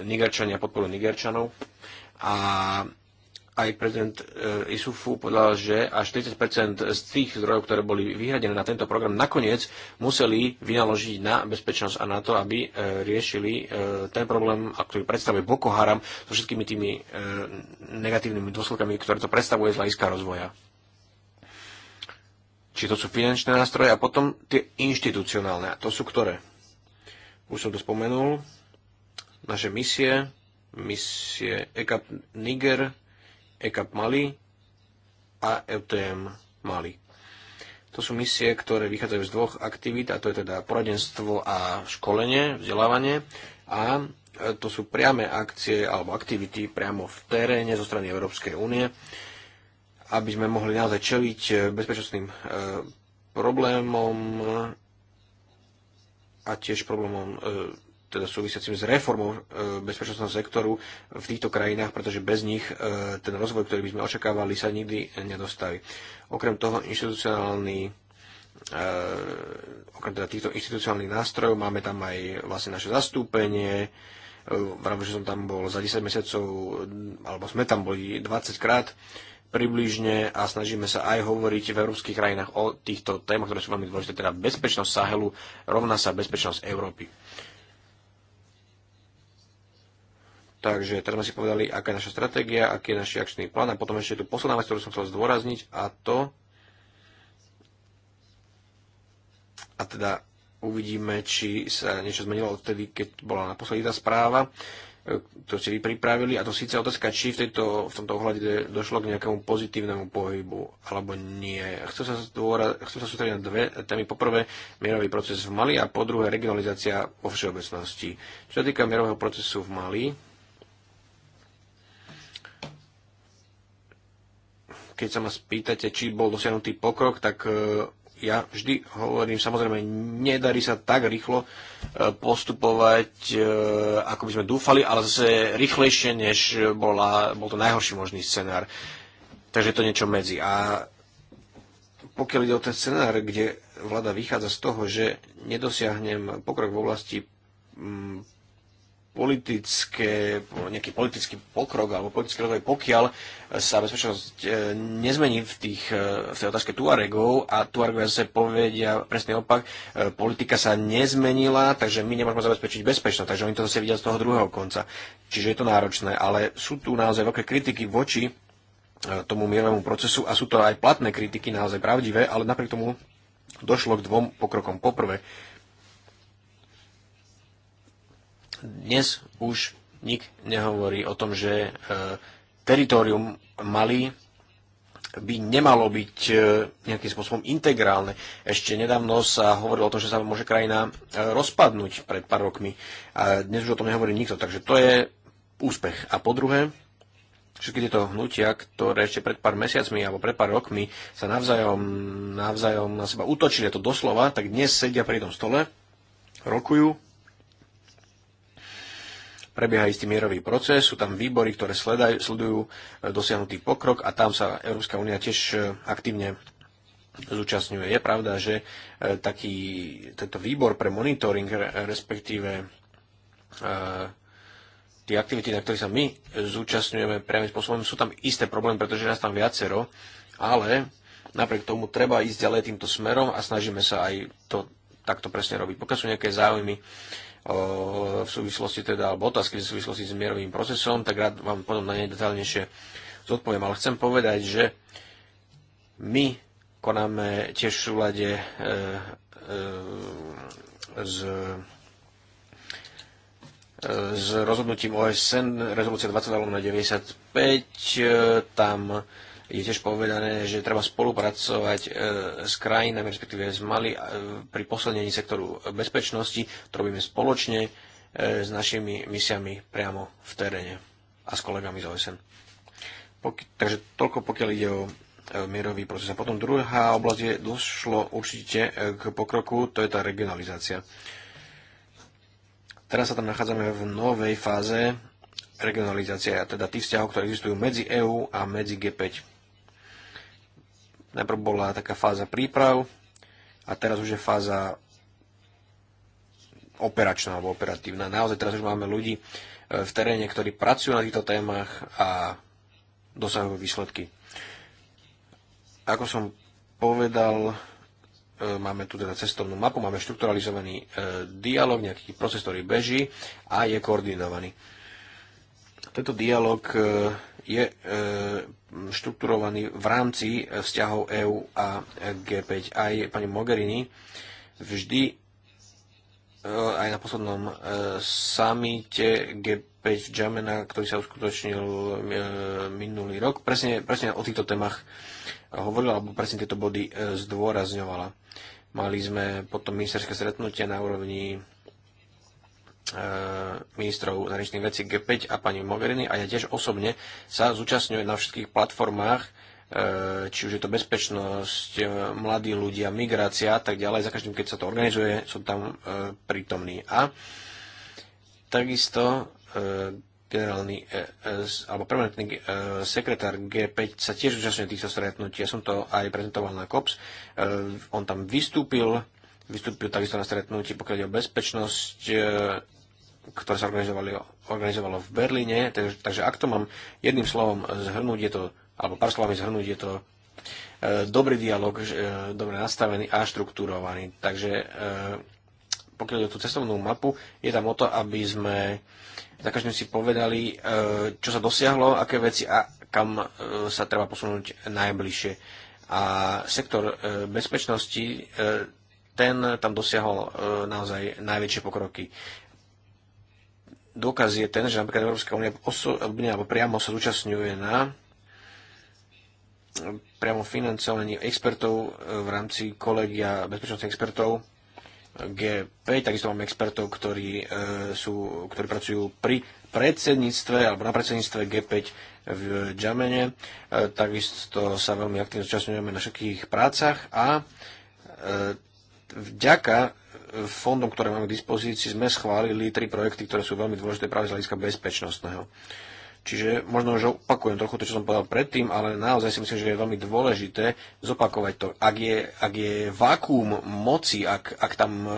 Nigerčania podporu Nigerčanov a aj prezident eh, ISUFu povedal, že až 30 z tých zdrojov, ktoré boli vyhradené na tento program, nakoniec museli vynaložiť na bezpečnosť a na to, aby eh, riešili eh, ten problém, ktorý predstavuje Boko Haram so všetkými tými negatívnymi dôsledkami, ktoré to predstavuje z hľadiska rozvoja. Či to sú finančné nástroje a potom tie inštitucionálne. A to sú ktoré? Už som to spomenul. Naše misie, misie ECAP Niger, ECAP Mali a EUTM Mali. To sú misie, ktoré vychádzajú z dvoch aktivít, a to je teda poradenstvo a školenie, vzdelávanie. A e, to sú priame akcie alebo aktivity priamo v teréne zo strany Európskej únie, aby sme mohli naozaj čeliť e, bezpečnostným e, problémom a tiež problémom teda súvisiacim s reformou e, bezpečnostného sektoru v týchto krajinách, pretože bez nich e, ten rozvoj, ktorý by sme očakávali, sa nikdy nedostaví. Okrem toho inštitucionálny e, okrem teda týchto institucionálnych nástrojov máme tam aj vlastne naše zastúpenie, vravím, že som tam bol za 10 mesiacov, alebo sme tam boli 20 krát približne a snažíme sa aj hovoriť v európskych krajinách o týchto témach, ktoré sú veľmi dôležité, teda bezpečnosť Sahelu rovná sa bezpečnosť Európy. Takže teraz sme si povedali, aká je naša stratégia, aký je naš akčný plán a potom ešte tu posledná vec, ktorú som chcel zdôrazniť a to a teda uvidíme, či sa niečo zmenilo odtedy, keď bola naposledy tá správa e, to ste vy pripravili a to síce otázka, či v, tejto, v tomto ohľade došlo k nejakému pozitívnemu pohybu alebo nie. Chcem sa, zdôra, chcem sa sústrediť na dve témy. Poprvé, mierový proces v Mali a po druhé, regionalizácia vo všeobecnosti. Čo sa týka mierového procesu v Mali, keď sa ma spýtate, či bol dosiahnutý pokrok, tak e, ja vždy hovorím, samozrejme, nedarí sa tak rýchlo e, postupovať, e, ako by sme dúfali, ale zase rýchlejšie, než bola, bol to najhorší možný scenár. Takže to niečo medzi. A pokiaľ ide o ten scenár, kde vláda vychádza z toho, že nedosiahnem pokrok v oblasti politické, nejaký politický pokrok alebo politický rozvoj, pokiaľ sa bezpečnosť e, nezmení v, tých, e, v tej otázke Tuaregov a Tuaregovia zase povedia presne opak, e, politika sa nezmenila, takže my nemôžeme zabezpečiť bezpečnosť, takže oni to zase vidia z toho druhého konca. Čiže je to náročné, ale sú tu naozaj veľké kritiky voči tomu mierovému procesu a sú to aj platné kritiky, naozaj pravdivé, ale napriek tomu došlo k dvom pokrokom. Poprvé, Dnes už nik nehovorí o tom, že e, teritorium Mali by nemalo byť e, nejakým spôsobom integrálne. Ešte nedávno sa hovorilo o tom, že sa môže krajina e, rozpadnúť pred pár rokmi. A dnes už o tom nehovorí nikto, takže to je úspech. A po druhé, všetky tieto hnutia, ktoré ešte pred pár mesiacmi alebo pred pár rokmi sa navzájom, navzájom na seba útočili, to doslova, tak dnes sedia pri tom stole, rokujú prebieha istý mierový proces, sú tam výbory, ktoré sledajú, sledujú e, dosiahnutý pokrok a tam sa Európska únia tiež e, aktívne zúčastňuje. Je pravda, že e, taký, tento výbor pre monitoring, respektíve tie aktivity, na ktorých sa my zúčastňujeme priamým spôsobom, sú tam isté problémy, pretože nás tam viacero, ale napriek tomu treba ísť ďalej týmto smerom a snažíme sa aj to takto presne robiť. Pokiaľ sú nejaké záujmy v súvislosti teda, alebo otázky v súvislosti s mierovým procesom, tak rád vám potom na ne detaľnejšie zodpoviem. Ale chcem povedať, že my konáme tiež v súlade e, e, s e, rozhodnutím OSN, rezolúcia 20.95 95, e, tam je tiež povedané, že treba spolupracovať e, s krajinami, respektíve s Mali e, pri poslednení sektoru bezpečnosti. To robíme spoločne e, s našimi misiami priamo v teréne a s kolegami z OSN. Poky, takže toľko pokiaľ ide o mierový proces. A potom druhá oblasť je, došlo určite k pokroku, to je tá regionalizácia. Teraz sa tam nachádzame v novej fáze regionalizácia, teda tých vzťahov, ktoré existujú medzi EÚ a medzi G5. Najprv bola taká fáza príprav a teraz už je fáza operačná alebo operatívna. Naozaj teraz už máme ľudí e, v teréne, ktorí pracujú na týchto témach a dosahujú výsledky. Ako som povedal, e, máme tu teda cestovnú mapu, máme štrukturalizovaný e, dialog, nejaký proces, ktorý beží a je koordinovaný. Tento dialog je e, štrukturovaný v rámci e, vzťahov EÚ a G5. Aj pani Mogherini vždy e, aj na poslednom samite G5 v Jamena, ktorý sa uskutočnil minulý rok, presne, presne o týchto témach hovorila, alebo presne tieto body zdôrazňovala. Mali sme potom ministerské stretnutie na úrovni E, ministrov zahraničných vecí G5 a pani Mogherini a ja tiež osobne sa zúčastňujem na všetkých platformách, e, či už je to bezpečnosť, e, mladí ľudia, migrácia a tak ďalej. Za každým, keď sa to organizuje, som tam prítomný. A takisto generálny alebo permanentný sekretár G5 sa tiež zúčastňuje týchto stretnutí. Ja som to aj prezentoval na COPS. On tam vystúpil vystúpil takisto na stretnutí, pokiaľ je o bezpečnosť, e, ktoré sa organizovalo v Berlíne. Takže, takže ak to mám jedným slovom zhrnúť, je to, alebo pár slovami zhrnúť, je to e, dobrý dialog, e, dobre nastavený a štruktúrovaný. Takže pokiaľ je o tú cestovnú mapu, je tam o to, aby sme za každým si povedali, čo sa dosiahlo, aké veci a kam sa treba posunúť najbližšie. A sektor bezpečnosti ten tam dosiahol e, naozaj najväčšie pokroky. Dôkaz je ten, že napríklad Európska únia osobne alebo priamo sa zúčastňuje na e, priamo financovaní expertov e, v rámci kolegia bezpečnostných expertov G5, takisto máme expertov, ktorí, sú, ktorí pracujú pri predsedníctve alebo na predsedníctve G5 v Džamene. Takisto sa veľmi aktívne zúčastňujeme na všetkých prácach a vďaka e, fondom, ktoré máme k dispozícii, sme schválili tri projekty, ktoré sú veľmi dôležité práve z hľadiska bezpečnostného. Čiže možno, že opakujem trochu to, čo som povedal predtým, ale naozaj si myslím, že je veľmi dôležité zopakovať to. Ak je, ak je vákuum moci, ak, ak tam e,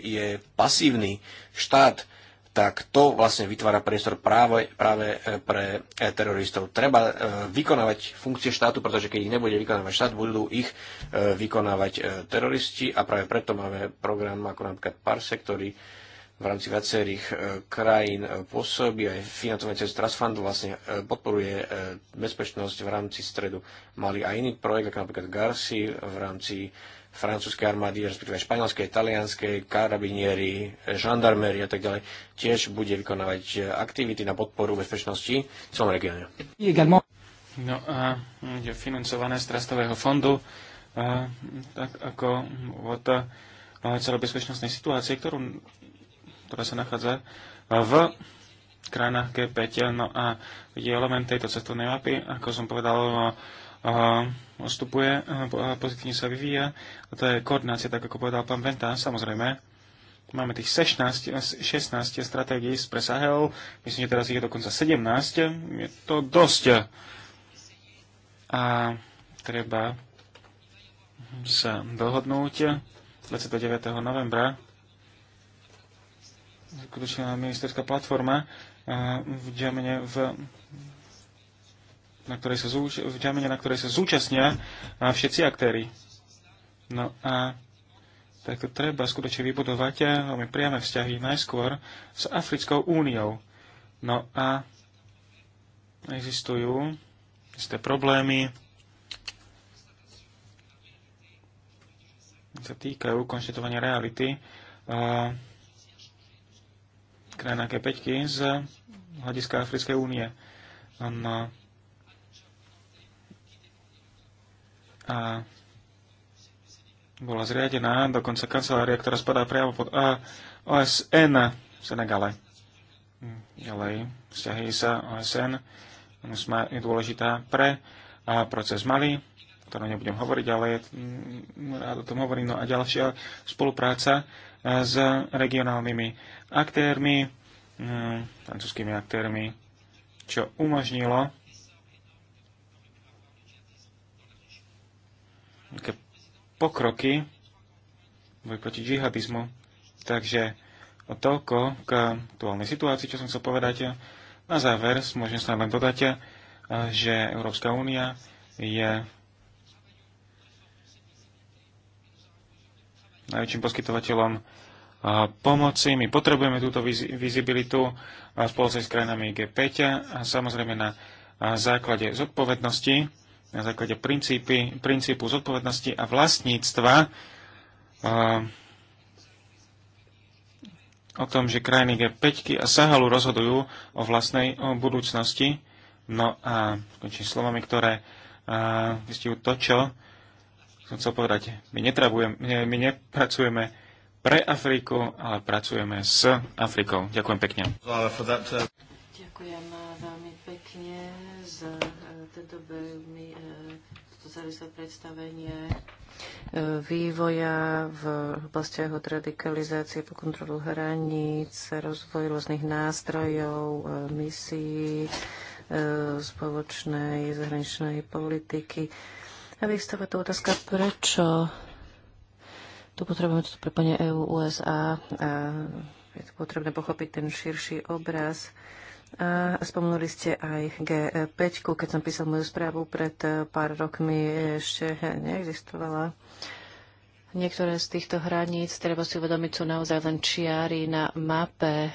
je pasívny štát, tak to vlastne vytvára priestor práve, práve e, pre e, teroristov. Treba e, vykonávať funkcie štátu, pretože keď ich nebude vykonávať štát, budú ich vykonávať teroristi a práve preto máme program ako napríklad PARSE, ktorý v rámci viacerých krajín pôsobí aj financovanie cez Trust Fund vlastne podporuje bezpečnosť v rámci stredu. Mali aj iný projekt, ako napríklad Garci v rámci francúzskej armády, respektíve španielskej, talianskej, karabinieri, žandarmérie a tak ďalej, tiež bude vykonávať aktivity na podporu bezpečnosti v celom regióne. No a je financované z Trastového fondu, a, tak ako od celobezpečnostnej situácie, ktorú, ktorá sa nachádza v krajinách G5. No a je element tejto cestovnej mapy, ako som povedal, no, postupuje a pozitívne sa vyvíja. A to je koordinácia, tak ako povedal pán Venta. Samozrejme, máme tých 16, 16 stratégií z presahel, Myslím, že teraz ich je dokonca 17. Je to dosť. A treba sa dohodnúť 29. novembra skutočná ministerská platforma v Džamene v na ktorej sa zúč- v na ktorej sa zúčastnia všetci aktéry. No a tak treba skutočne vybudovať eh, veľmi priame vzťahy najskôr s Africkou úniou. No a existujú isté problémy, sa týkajú konštitovania reality uh, krajina G5 z hľadiska Africkej únie. No, a bola zriadená dokonca kancelária, ktorá spadá priamo pod A, OSN v Senegale. Ďalej, vzťahy sa OSN je dôležitá pre a proces Mali, o ktorom nebudem hovoriť, ale mm, rád o tom hovorím. No a ďalšia spolupráca e, s regionálnymi aktérmi, mm, francúzskými aktérmi, čo umožnilo také pokroky boj proti džihadizmu. Takže o toľko k aktuálnej situácii, čo som chcel povedať. Na záver môžem sa len dodať, že Európska únia je najväčším poskytovateľom pomoci. My potrebujeme túto vizibilitu spolu s krajinami G5 a samozrejme na základe zodpovednosti na základe princípy, princípu zodpovednosti a vlastníctva a, o tom, že krajiny G5 a Sahalu rozhodujú o vlastnej o budúcnosti. No a skončím slovami, ktoré vystihujú to, čo som chcel povedať. My, my nepracujeme pre Afriku, ale pracujeme s Afrikou. Ďakujem pekne. Ďakujem veľmi pekne za e, tento veľmi e, toto závislé predstavenie e, vývoja v oblastiach od radikalizácie po kontrolu hraníc, rozvoj rôznych nástrojov, misií, spoločnej zahraničnej politiky. A vystáva tu otázka, prečo tu potrebujeme toto prepojenie EU-USA a je to potrebné pochopiť ten širší obraz. A spomenuli ste aj G5, keď som písal moju správu pred eh, pár rokmi, ešte neexistovala. Niektoré z týchto hraníc, treba si uvedomiť, sú naozaj len čiary na mape eh,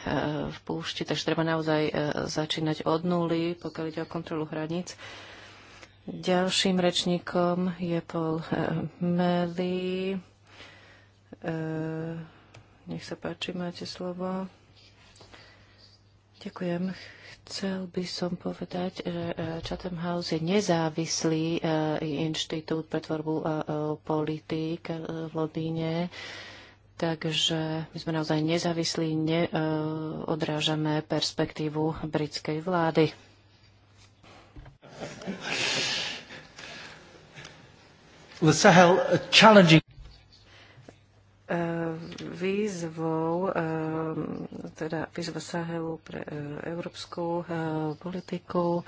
v púšti, takže treba naozaj eh, začínať od nuly, pokiaľ ide o kontrolu hraníc. Ďalším rečníkom je Paul Meli. Nech sa páči, máte slovo. Ďakujem. Chcel by som povedať, že e, Chatham House je nezávislý e, inštitút pre tvorbu e, politík v Londýne. Takže my sme naozaj nezávislí, neodrážame perspektívu britskej vlády. The Sahel, challenging E, výzvou, e, teda výzva Sahelu pre e, európsku politiku.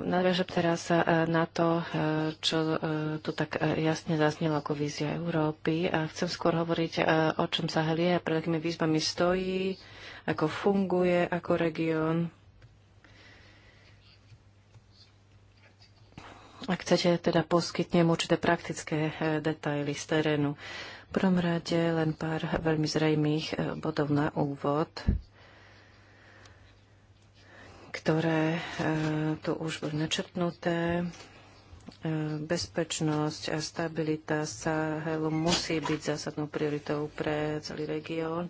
Nadviažem teraz na to, čo tu tak jasne zaznelo ako vízia Európy. A chcem skôr hovoriť, o čom Sahel je a pred akými výzvami stojí, ako funguje ako región Ak chcete, teda poskytnem určité praktické eh, detaily z terénu. V prvom rade len pár veľmi zrejmých eh, bodov na úvod, ktoré eh, tu už boli načrtnuté bezpečnosť a stabilita Sahelu musí byť zásadnou prioritou pre celý región,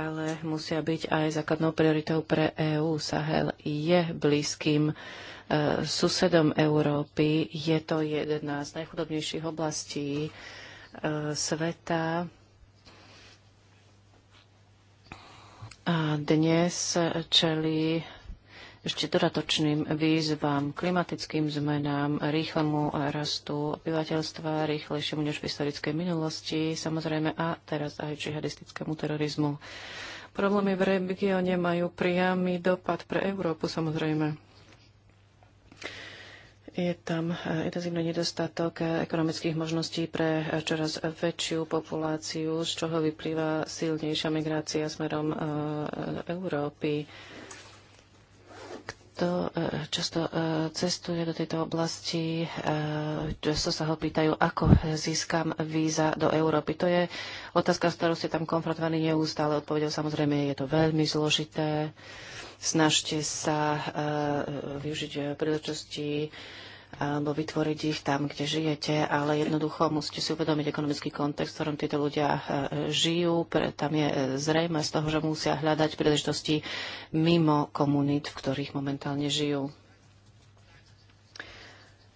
ale musia byť aj základnou prioritou pre EÚ. Sahel je blízkym susedom Európy. Je to jedna z najchudobnejších oblastí e, sveta. A dnes čeli ešte dodatočným výzvam, klimatickým zmenám, rýchlemu rastu obyvateľstva, rýchlejšiemu než v historickej minulosti, samozrejme a teraz aj džihadistickému terorizmu. Problémy v regióne majú priamy dopad pre Európu, samozrejme. Je tam e, intenzívny nedostatok e, ekonomických možností pre e, čoraz väčšiu populáciu, z čoho vyplýva silnejšia migrácia smerom Európy. Kto často cestuje do tejto oblasti, často sa ho pýtajú, ako získam víza do Európy. To je otázka, s ktorou ste tam konfrontovaní neustále. odpovedel, samozrejme je to veľmi zložité snažte sa eh, využiť príležitosti alebo vytvoriť ich tam, kde žijete, ale jednoducho musíte si uvedomiť ekonomický kontext, v ktorom títo ľudia eh, žijú. Tam je eh, zrejme z toho, že musia hľadať príležitosti mimo komunít, v ktorých momentálne žijú.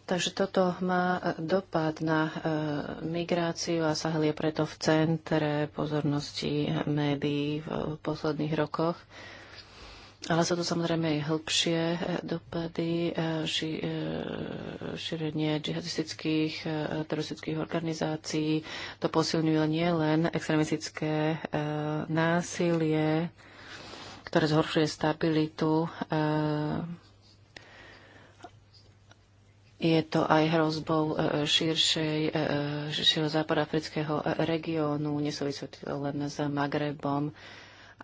Takže toto má dopad na migráciu a sa je preto v centre pozornosti médií v posledných rokoch. Ale sú to samozrejme aj hĺbšie e, dopady, e, ši, e, šírenie džihadistických, teroristických organizácií. To posilňuje nielen extremistické násilie, ktoré zhoršuje stabilitu. Je to aj hrozbou širšej, širšieho západafrického regiónu, nesúvisí len s Magrebom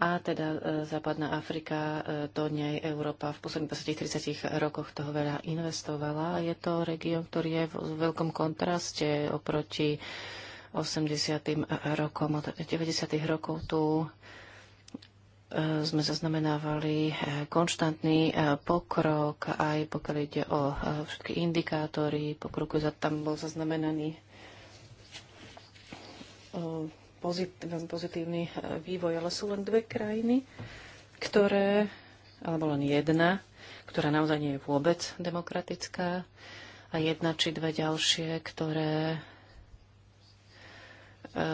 a teda e, Západná Afrika, e, do nej Európa v posledných 30 rokoch toho veľa investovala. Je to región, ktorý je v veľkom kontraste oproti 80. rokom. Od 90. rokov tu e, sme zaznamenávali konštantný pokrok, aj pokiaľ ide o všetky indikátory pokroku, tam bol zaznamenaný veľmi pozitívny e, vývoj, ale sú len dve krajiny, ktoré, alebo len jedna, ktorá naozaj nie je vôbec demokratická a jedna či dve ďalšie, ktoré e,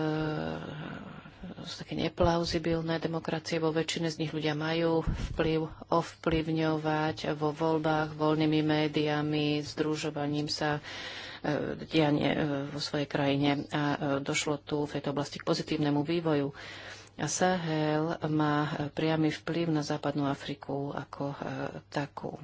sú také neplauzibilné demokracie, vo väčšine z nich ľudia majú vplyv ovplyvňovať vo voľbách voľnými médiami, združovaním sa, E, dianie e, vo svojej krajine a e, došlo tu v tejto oblasti k pozitívnemu vývoju. A Sahel má priamy vplyv na západnú Afriku ako takú.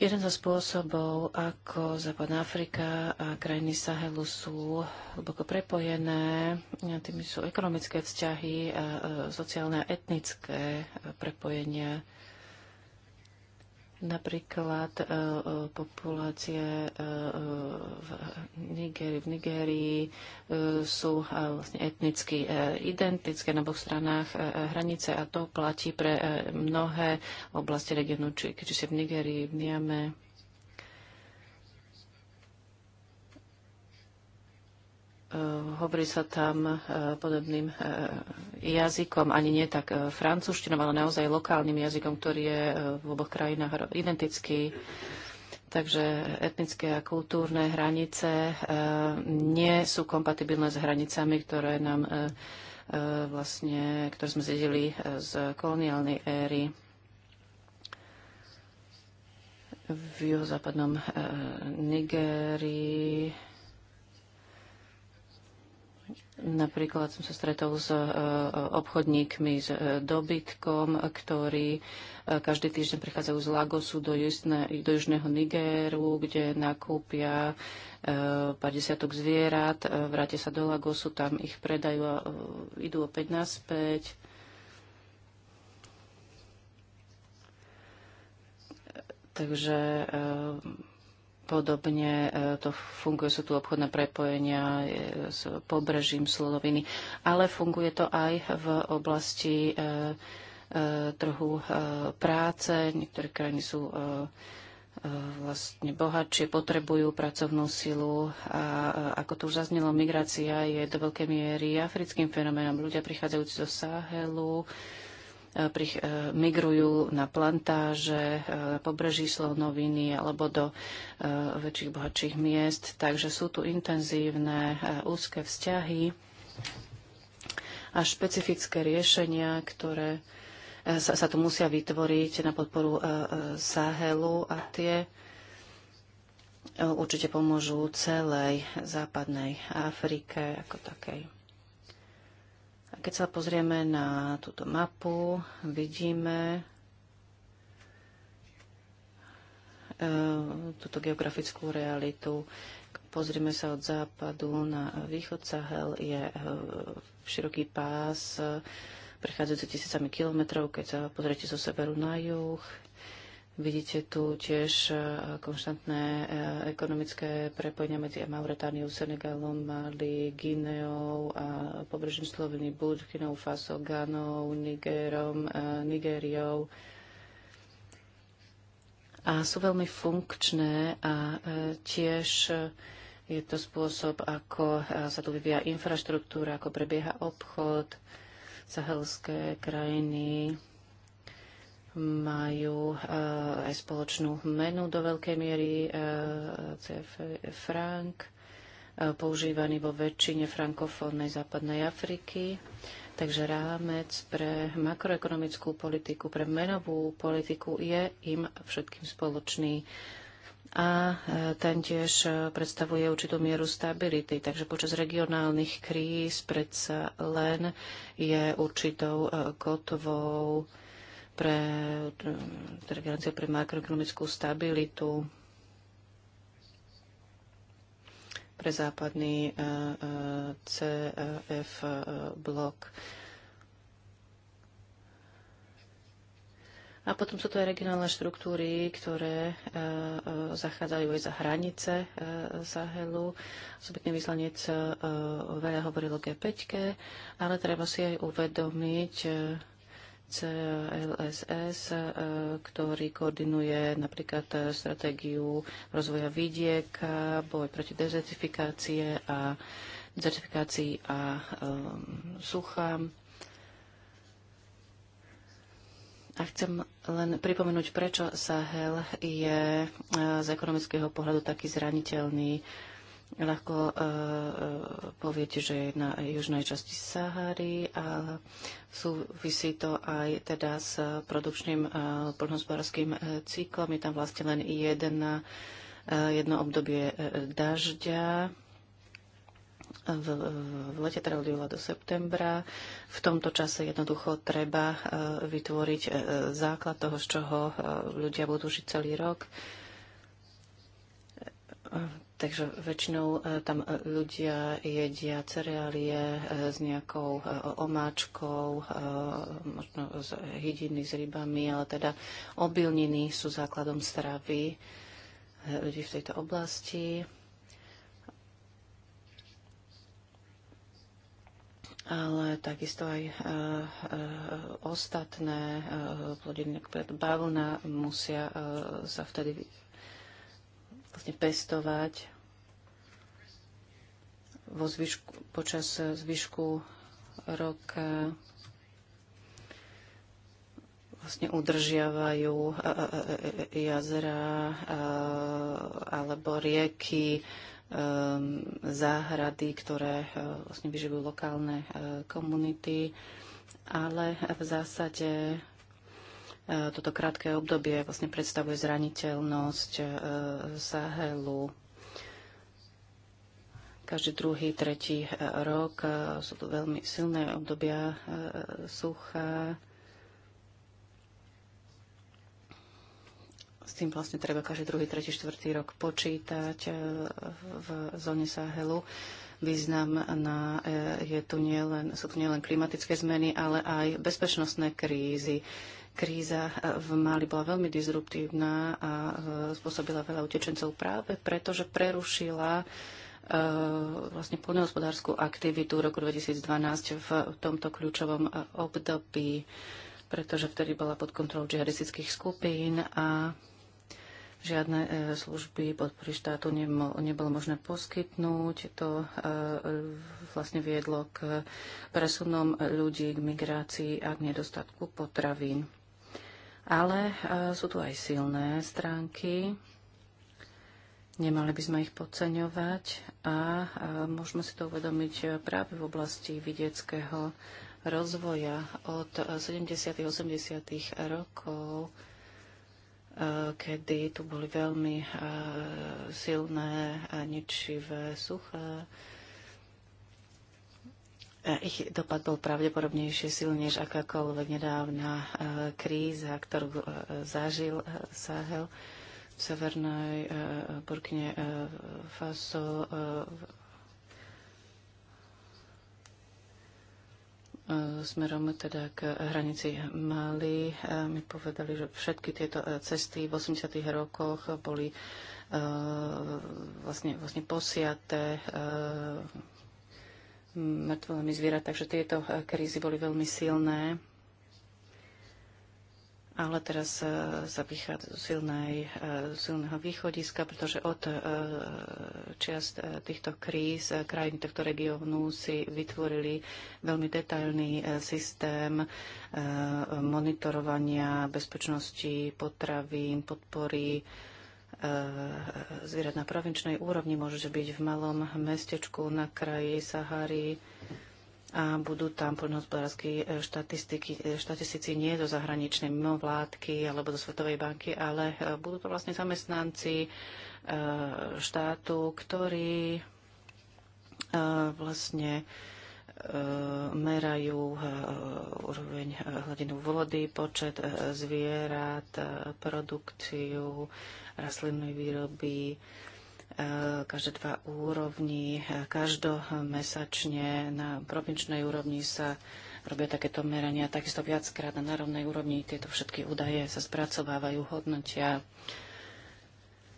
Jeden zo spôsobov, ako Západná Afrika a krajiny Sahelu sú hlboko prepojené, tými sú ekonomické vzťahy, a sociálne a etnické prepojenia. Napríklad e, e, populácie e, e v, Nigérii, v Nigérii e, sú e, vlastne etnicky identické na oboch stranách hranice a to platí pre mnohé oblasti regionu, či, si v Nigérii, v Niame, Eh, hovorí sa tam eh, podobným eh, jazykom, ani nie tak francúzštinom, ale naozaj lokálnym jazykom, ktorý je v oboch krajinách identický. Takže etnické a kultúrne hranice nie sú kompatibilné s hranicami, ktoré nám vlastne, ktoré sme zjedili z koloniálnej éry v juhozápadnom Nigérii. Napríklad som sa stretol s e, obchodníkmi s e, dobytkom, ktorí e, každý týždeň prichádzajú z Lagosu do, južne, do južného Nigéru, kde nakúpia pár desiatok zvierat, vrátia sa do Lagosu, tam ich predajú a idú opäť naspäť. Takže Podobne e, to funguje, sú tu obchodné prepojenia e, s pobrežím Sloviny, ale funguje to aj v oblasti e, trhu práce. Niektoré krajiny sú vlastne bohatšie, potrebujú pracovnú silu a ako tu už zaznelo, migrácia je do veľkej miery africkým fenoménom. Ľudia prichádzajúci zo Sahelu, E, e, migrujú na plantáže, e, pobreží slonoviny alebo do väčších, bohatších miest. Takže sú tu intenzívne úzke vzťahy a špecifické riešenia, ktoré sa, sa tu musia vytvoriť na podporu Sahelu a tie určite pomôžu celej západnej Afrike ako takej. Keď sa pozrieme na túto mapu, vidíme e, túto geografickú realitu. Pozrieme sa od západu na východ. Sahel je e, široký pás e, prechádzajúci tisícami kilometrov, keď sa pozriete zo severu na juh. Vidíte tu tiež e, konštantné e, ekonomické prepojenia medzi Mauretániou, Senegalom, Mali, Gineou a pobrežím Sloveny, Burkinou, Faso, Ganou, Nigerom, e, Nigériou a sú veľmi funkčné a tiež je to spôsob, ako sa tu vyvíja infraštruktúra, ako prebieha obchod, sahelské krajiny majú eh, aj spoločnú menu do veľkej miery eh, CF frank, eh, používaný vo väčšine frankofónnej západnej Afriky. Takže rámec pre makroekonomickú politiku, pre menovú politiku je im všetkým spoločný a ten tiež predstavuje určitú mieru stability. Takže počas regionálnych kríz predsa len je určitou kotvou pre, teda garancia pre makroekonomickú stabilitu pre západný e, e, CF e, blok. A potom sú to aj regionálne štruktúry, ktoré zachádzajú aj za hranice Sahelu. Osobitný vyslanec veľa hovoril o G5, ale treba si aj uvedomiť, CLSS, e, ktorý koordinuje napríklad e, stratégiu rozvoja vidieka, e, boj proti dezertifikácie a dezertifikácii a um, sucha. A chcem len pripomenúť, prečo Sahel je z ekonomického pohľadu taký zraniteľný ľahko e, e, poviete, že je na južnej časti Sahary a súvisí to aj teda s produkčným e, poľnohospodárským e, cyklom. Je tam vlastne len jedna, e, jedno obdobie e, dažďa v, v lete teda od júla do septembra. V tomto čase jednoducho treba vytvoriť základ toho, z čoho ľudia budú žiť celý rok Takže väčšinou e, tam e, ľudia jedia cereálie e, s nejakou omáčkou, možno z hydiny s rybami, ale teda obilniny sú základom stravy ľudí v tejto oblasti. ale takisto aj e, e, ostatné e, plodiny, napríklad bavlna, musia e, sa vtedy vlastne pestovať vo zvyšku, počas zvyšku roka vlastne udržiavajú e, e, e, jazera alebo rieky, záhrady, ktoré vlastne vyživujú lokálne komunity. Ale v zásade E, toto krátke obdobie vlastne predstavuje zraniteľnosť e, Sahelu. Každý druhý, tretí e, rok sú tu veľmi silné obdobia sucha. S tým vlastne treba každý druhý, tretí, štvrtý rok počítať v zóne Sahelu význam na, je tu nielen, sú tu nielen klimatické zmeny, ale aj bezpečnostné krízy. Kríza eh, v Mali bola veľmi disruptívna a eh, spôsobila veľa utečencov práve preto, že prerušila eh, vlastne poľnohospodárskú aktivitu v roku 2012 v tomto kľúčovom období, pretože vtedy bola pod kontrolou džihadistických skupín a žiadne služby podpory štátu nebolo možné poskytnúť. To vlastne viedlo k presunom ľudí, k migrácii a k nedostatku potravín. Ale e, sú tu aj silné stránky. Nemali by sme ich podceňovať a e, môžeme si to uvedomiť práve v oblasti vidieckého rozvoja od 70. E, 80. rokov kedy tu boli veľmi silné a ničivé suché ich dopad bol pravdepodobnejšie silnejšie než akákoľvek nedávna e, kríza, ktorú e, zažil e, Sahel v severnej Burkine Faso. smerom teda k hranici Mali. Mi povedali, že všetky tieto cesty v 80. rokoch boli vlastne, vlastne posiaté mŕtvolami zvierat, takže tieto e, krízy boli veľmi silné. Ale teraz e, sa vychádza z e, silného východiska, pretože od čiast týchto kríz krajiny tohto regiónu si vytvorili veľmi detailný systém monitorovania bezpečnosti potravín, podpory E, zvierat na provinčnej úrovni. môže byť v malom mestečku na kraji Sahary a budú tam poľnohospodárskí e, štatistici nie zo zahraničnej mimovládky alebo zo Svetovej banky, ale e, budú to vlastne zamestnanci štátu, ktorí vlastne E, merajú e, úroveň e, hladinu vody, počet zvierat, produkciu rastlinnej výroby, každé dva úrovni. Každomesačne na provinčnej úrovni sa robia takéto merania. Takisto viackrát na národnej úrovni tieto všetky údaje sa spracovávajú, hodnotia.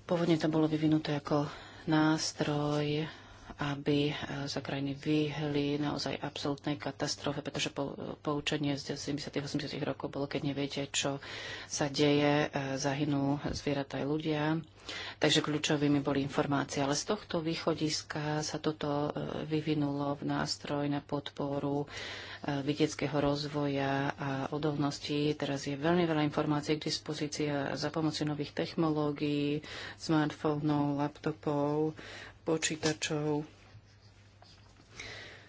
Pôvodne to bolo vyvinuté ako nástroj aby e, sa krajiny vyhli naozaj absolútnej katastrofe, pretože poučenie z 70. 80. rokov bolo, keď neviete, čo sa deje, e, zahynú zvieratá aj ľudia. Takže kľúčovými boli informácie. Ale z tohto východiska sa toto e, vyvinulo v nástroj na podporu vidieckého rozvoja a odolnosti. Teraz je veľmi veľa informácií k dispozícii za pomoci nových technológií, smartfónov, laptopov, počítačov.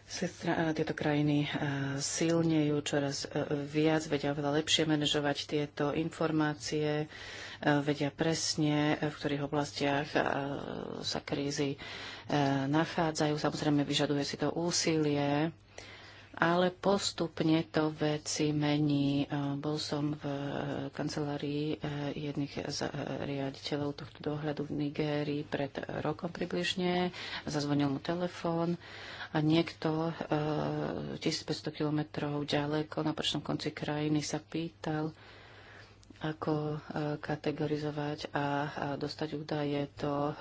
Sestra, tieto krajiny eh, silnejú čoraz eh, viac, vedia oveľa lepšie manažovať tieto informácie, eh, vedia presne, v ktorých oblastiach sa krízy nachádzajú. Samozrejme, vyžaduje si to úsilie ale postupne to veci mení. E, bol som v e, kancelárii e, jedných z riaditeľov tohto dohľadu v Nigérii pred rokom približne. Zazvonil mu telefón a niekto 1500 kilometrov ďaleko na počnom konci krajiny sa pýtal, ako e, kategorizovať a dostať údaje do e,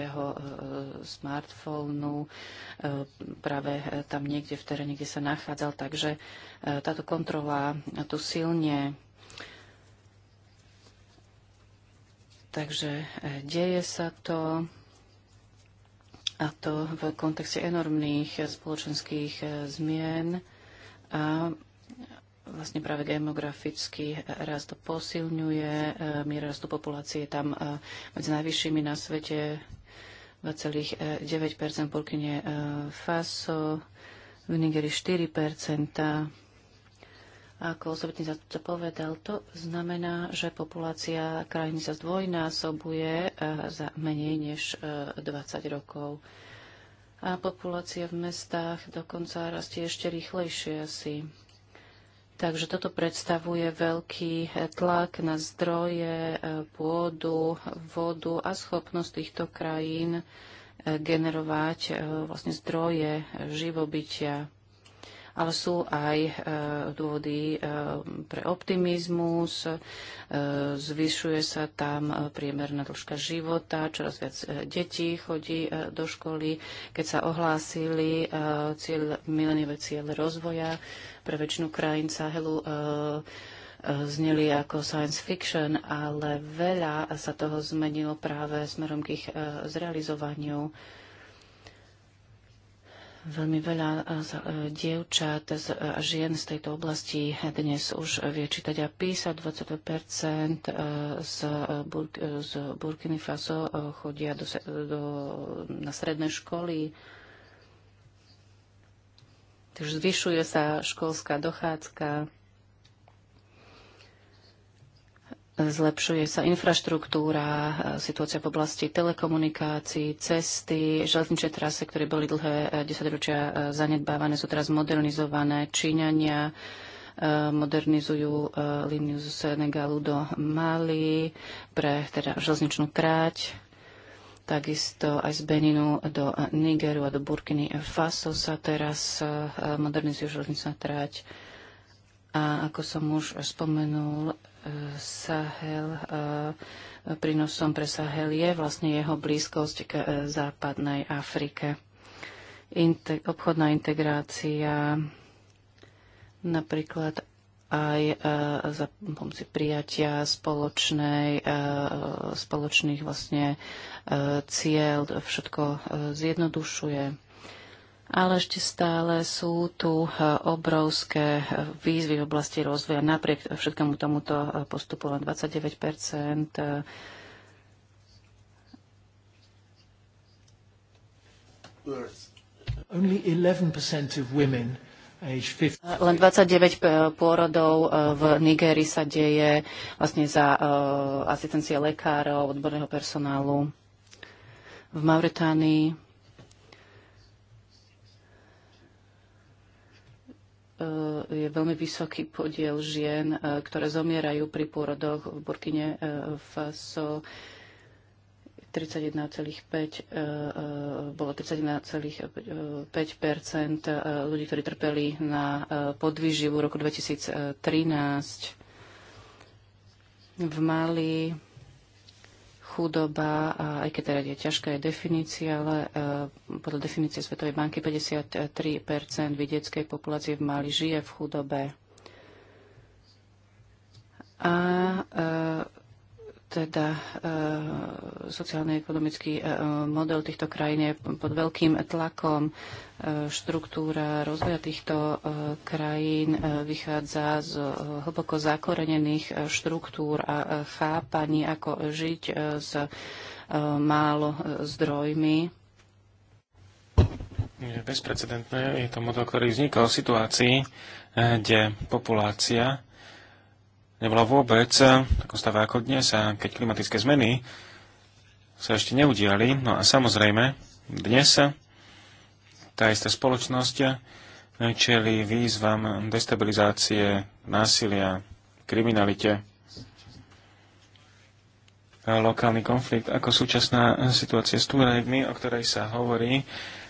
jeho e, smartfónu práve tam niekde v teréne, kde sa nachádzal. Takže táto kontrola tu silne Takže deje sa to a to v kontexte enormných spoločenských zmien a vlastne práve demografický rast posilňuje. E, miera rastu populácie je tam e, medzi najvyššími na svete 2,9 Burkine e, Faso, v Nigeri 4 Ako osobitný zástupca povedal, to znamená, že populácia krajiny sa zdvojnásobuje za menej než 20 rokov. A populácia v mestách dokonca rastie ešte rýchlejšie asi Takže toto predstavuje veľký tlak na zdroje, pôdu, vodu a schopnosť týchto krajín generovať eh, vlastne zdroje živobytia ale sú aj e, dôvody e, pre optimizmus, e, zvyšuje sa tam priemerná dĺžka života, čoraz viac detí chodí do školy. Keď sa ohlásili cieľ, mileniové ciele rozvoja pre väčšinu krajín Sahelu, zneli ako science fiction, ale veľa sa toho zmenilo práve smerom k ich zrealizovaniu. Veľmi veľa e, e, dievčat e, a žien z tejto oblasti dnes už vie čítať a písať. 20 z, z Burkiny Faso chodia do, do, na stredné školy. Takže zvyšuje sa školská dochádzka. Zlepšuje sa infraštruktúra, situácia v oblasti telekomunikácií, cesty, železničné trasy, ktoré boli dlhé eh, desaťročia eh, zanedbávané, sú teraz modernizované. Číňania eh, modernizujú líniu z Senegalu do Mali pre teda železničnú tráť. Takisto aj z Beninu do Nigeru a do Burkiny Faso sa teraz modernizuje železničná tráť. A ako som už spomenul, Sahel, e, prínosom pre Sahel je vlastne jeho blízkosť k e, západnej Afrike. Inte, obchodná integrácia napríklad aj e, za pomoci prijatia spoločnej, spoločných vlastne cieľ všetko zjednodušuje ale ešte stále sú tu e, obrovské e, výzvy v oblasti rozvoja. Napriek všetkému tomuto e, postupu len 29 Only 11% of women len 29 pôrodov v Nigérii sa deje vlastne za asistencie lekárov, odborného personálu. V Mauretánii E, je veľmi vysoký podiel žien, e, ktoré zomierajú pri pôrodoch v Burkine Faso. E, 31,5 bolo 31,5 ľudí, ktorí trpeli na podvýživu v roku 2013. V Mali chudoba, a aj keď teda je ťažká je definícia, ale e, podľa definície Svetovej banky 53 vidieckej populácie v Mali žije v chudobe. A e, teda eh, sociálny ekonomický eh, model týchto krajín je pod veľkým tlakom. Eh, štruktúra rozvoja týchto krajín vychádza z hlboko zakorenených štruktúr a chápaní, ako žiť s málo zdrojmi. Je bezprecedentné. Je to model, ktorý vznikol v situácii, kde populácia nebola vôbec takom eh, stave ako dnes, a eh, keď klimatické zmeny sa ešte neudiali. No a samozrejme, dnes eh, tá istá spoločnosť čeli výzvam destabilizácie, násilia, kriminalite, lokálny konflikt, ako súčasná situácia s Tuaregmi, o ktorej sa hovorí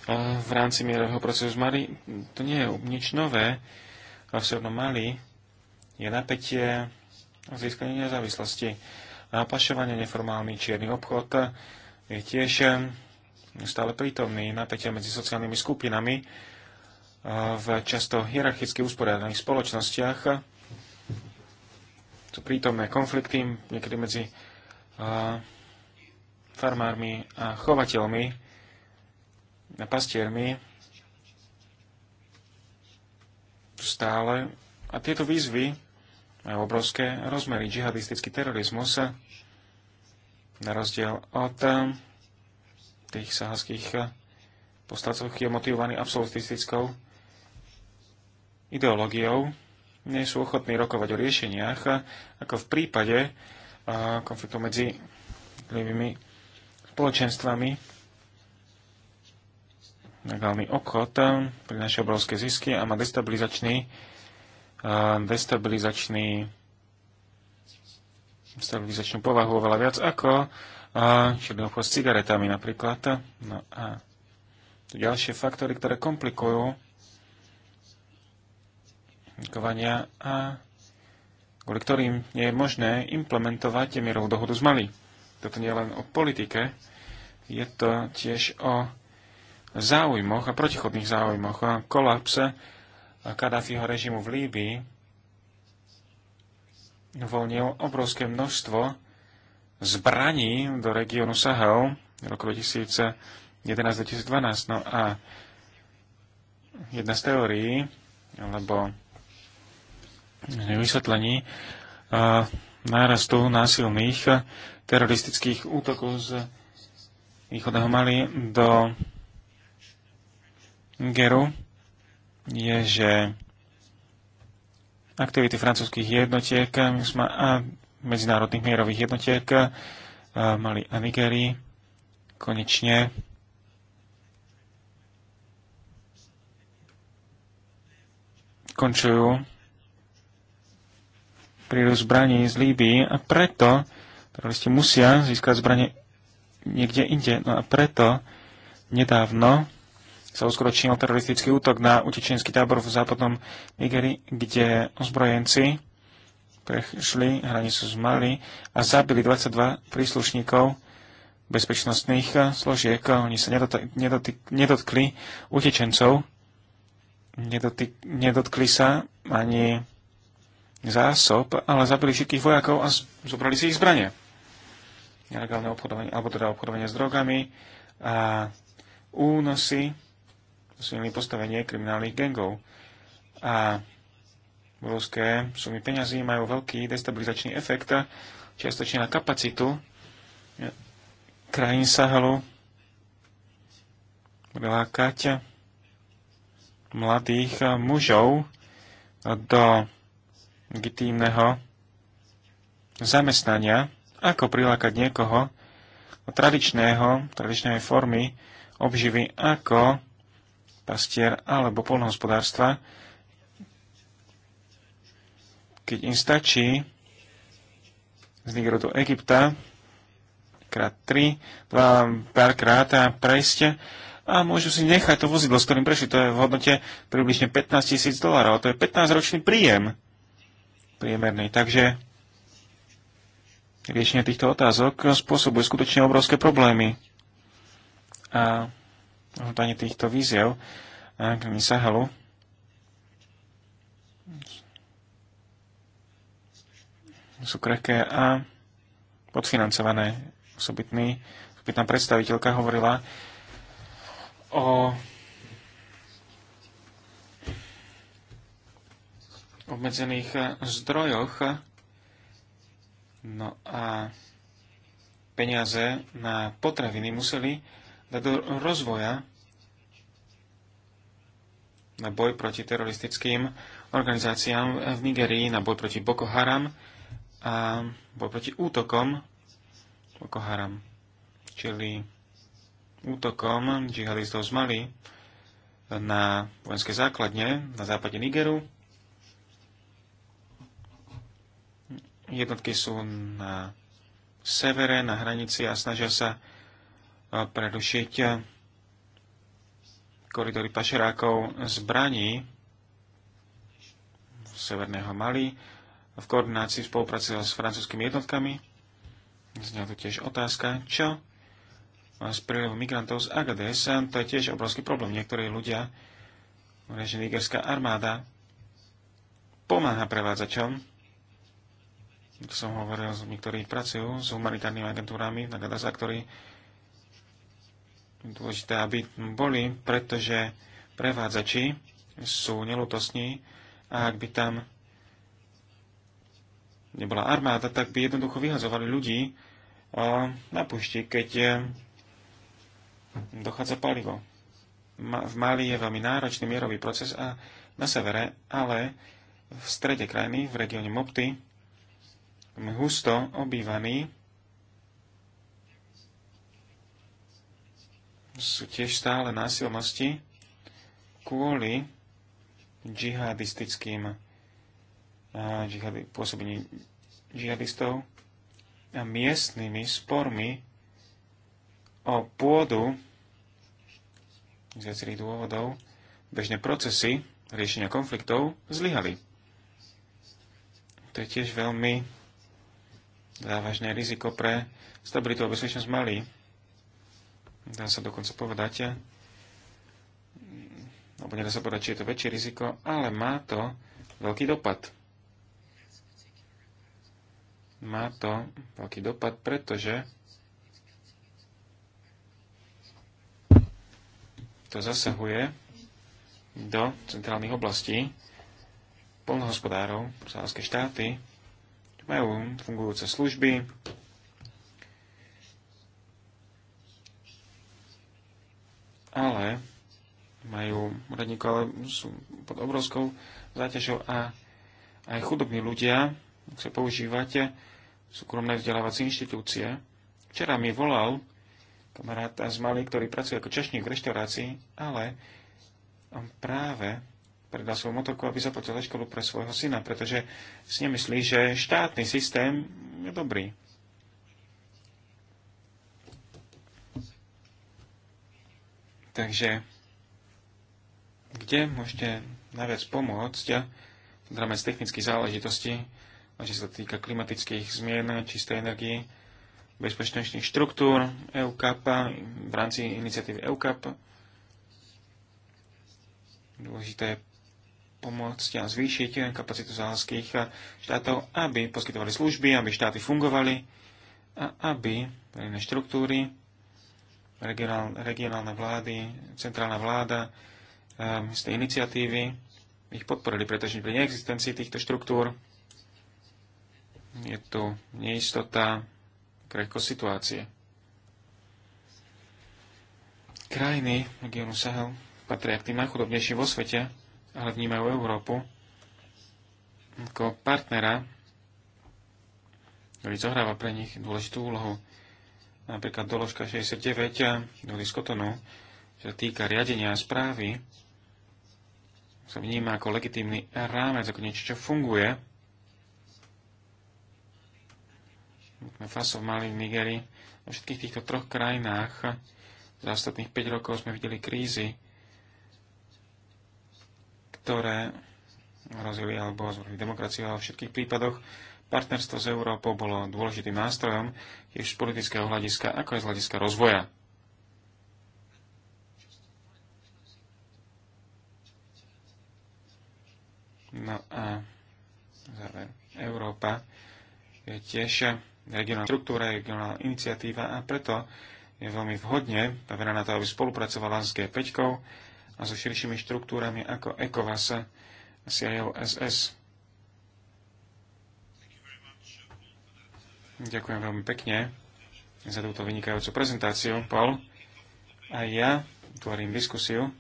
v rámci mierového procesu z Mali. To nie je nič nové. V Mali je napätie a získanie nezávislosti. A pašovanie neformálny čierny obchod je tiež eh, stále prítomný napätia medzi sociálnymi skupinami eh, v často hierarchicky usporiadaných spoločnostiach. Sú prítomné konflikty niekedy medzi eh, farmármi a chovateľmi a pastiermi stále. A tieto výzvy obrovské rozmery. Džihadistický terorizmus na rozdiel od eh, tých sahaských eh, postacov, je motivovaný absolutistickou ideológiou, nie sú ochotní rokovať o riešeniach, eh, ako v prípade konfliktu medzi jednotlivými spoločenstvami. Legálny obchod prináša obrovské zisky a má destabilizačný destabilizačný destabilizačnú povahu oveľa viac ako čierny s cigaretami napríklad. No a ďalšie faktory, ktoré komplikujú komplikovania a kvôli ktorým nie je možné implementovať mierovú dohodu z Mali. Toto nie je len o politike, je to tiež o záujmoch a protichodných záujmoch a kolapse Kadáfiho režimu v Líbii uvoľnil obrovské množstvo zbraní do regiónu Sahel v roku 2011-2012. No a jedna z teórií, alebo vysvetlení nárastu násilných teroristických útokov z východného Mali do Geru je, že aktivity francúzských jednotiek a medzinárodných mierových jednotiek mali a Nigerii konečne končujú prírod zbraní z Líbii a preto teroristi musia získať zbranie niekde inde. No a preto nedávno sa uskutočnil teroristický útok na utečenský tábor v západnom Nigeri, kde ozbrojenci prešli hranicu z Mali a zabili 22 príslušníkov bezpečnostných složiek, Oni sa nedot, nedotkli utečencov, nedotyk, nedotkli sa ani zásob, ale zabili všetkých vojakov a zobrali si ich zbranie. Nelegálne obchodovanie, alebo teda obchodovanie s drogami a únosy posilnili postavenie kriminálnych gangov. A obrovské sumy peňazí majú veľký destabilizačný efekt, čiastočne na kapacitu krajín Sahelu prilákať mladých mužov do legitímneho zamestnania, ako prilákať niekoho, tradičného, tradičnej formy obživy, ako pastier alebo polnohospodárstva, keď im stačí z Nigeru do Egypta krát 3, 2, párkrát a prejsť a môžu si nechať to vozidlo, s ktorým prešli. To je v hodnote približne 15 tisíc dolárov. To je 15-ročný príjem priemerný. Takže riešenie týchto otázok spôsobuje skutočne obrovské problémy. A hodnotanie týchto víziev krajiny Sahelu. Sú krehké a podfinancované. Osobitný, osobitná predstaviteľka hovorila o obmedzených zdrojoch. No a peniaze na potraviny museli do rozvoja na boj proti teroristickým organizáciám v Nigerii, na boj proti Boko Haram a boj proti útokom Boko Haram, čili útokom džihadistov z Mali na vojenské základne na západe Nigeru. Jednotky sú na severe, na hranici a snažia sa prerušiť koridory pašerákov zbraní severného Mali v koordinácii spolupráce s francúzskými jednotkami. Zňa tu tiež otázka, čo z prílevu migrantov z Agadez, to je tiež obrovský problém. Niektorí ľudia, že nigerská armáda pomáha prevádzačom, to som hovoril, niektorí pracujú s humanitárnymi agentúrami na Gadaza, ktorí dôležité, aby boli, pretože prevádzači sú nelutosní a ak by tam nebola armáda, tak by jednoducho vyhazovali ľudí na púšti, keď e, dochádza palivo. V Mali je veľmi náročný mierový proces a na severe, ale v strede krajiny, v regióne Mopty, husto obývaný sú tiež stále násilnosti kvôli džihadistickým džihadi, pôsobení džihadistov a miestnymi spormi o pôdu z viacerých dôvodov bežné procesy riešenia konfliktov zlyhali. To je tiež veľmi závažné riziko pre stabilitu a bezpečnosť Mali dá sa dokonca povedať, eh, alebo nedá sa povedať, či je to väčšie riziko, ale má to veľký dopad. Má to veľký dopad, pretože to zasahuje do centrálnych oblastí polnohospodárov, sávské štáty, majú fungujúce služby, ale majú radníko, ale sú pod obrovskou záťažou a aj chudobní ľudia, ak sa používate, súkromné vzdelávacie inštitúcie. Včera mi volal kamarát z Mali, ktorý pracuje ako čašník v reštaurácii, ale on práve predal svoju motorku, aby zaplatil školu pre svojho syna, pretože si nemyslí, že štátny systém je dobrý. Takže kde môžete najviac pomôcť v z technických záležitostí, čo sa týka klimatických zmien, čistej energii, bezpečnostných štruktúr EUCAP v rámci iniciatívy EUCAP. Dôležité je pomôcť a zvýšiť kapacitu záhľadských štátov, aby poskytovali služby, aby štáty fungovali a aby verejné štruktúry regionál, regionálne vlády, centrálna vláda z ehm, tej iniciatívy ich podporili, pretože pri neexistencii týchto štruktúr je tu neistota, krehko situácie. Krajiny regionu Sahel patria k tým najchudobnejším vo svete, ale vnímajú Európu ako partnera, ktorý zohráva pre nich dôležitú úlohu napríklad doložka 69 do diskotonu, čo týka riadenia a správy, sa vníma ako legitímny rámec, ako niečo, čo funguje. Sme Faso v Mali, v Nigerii. Vo všetkých týchto troch krajinách eh, za ostatných 5 rokov sme videli krízy, ktoré hrozili alebo zvrhli demokraciu, ale v všetkých prípadoch Partnerstvo s Európou bolo dôležitým nástrojom tiež z politického hľadiska, ako aj z hľadiska rozvoja. No a záver. Európa je tiež regionálna štruktúra, regionálna iniciatíva a preto je veľmi vhodne pavená na to, aby spolupracovala s G5 a so širšími štruktúrami ako ECOWAS a CILSS. Ďakujem veľmi pekne za túto vynikajúcu prezentáciu, Paul. A ja tvorím diskusiu.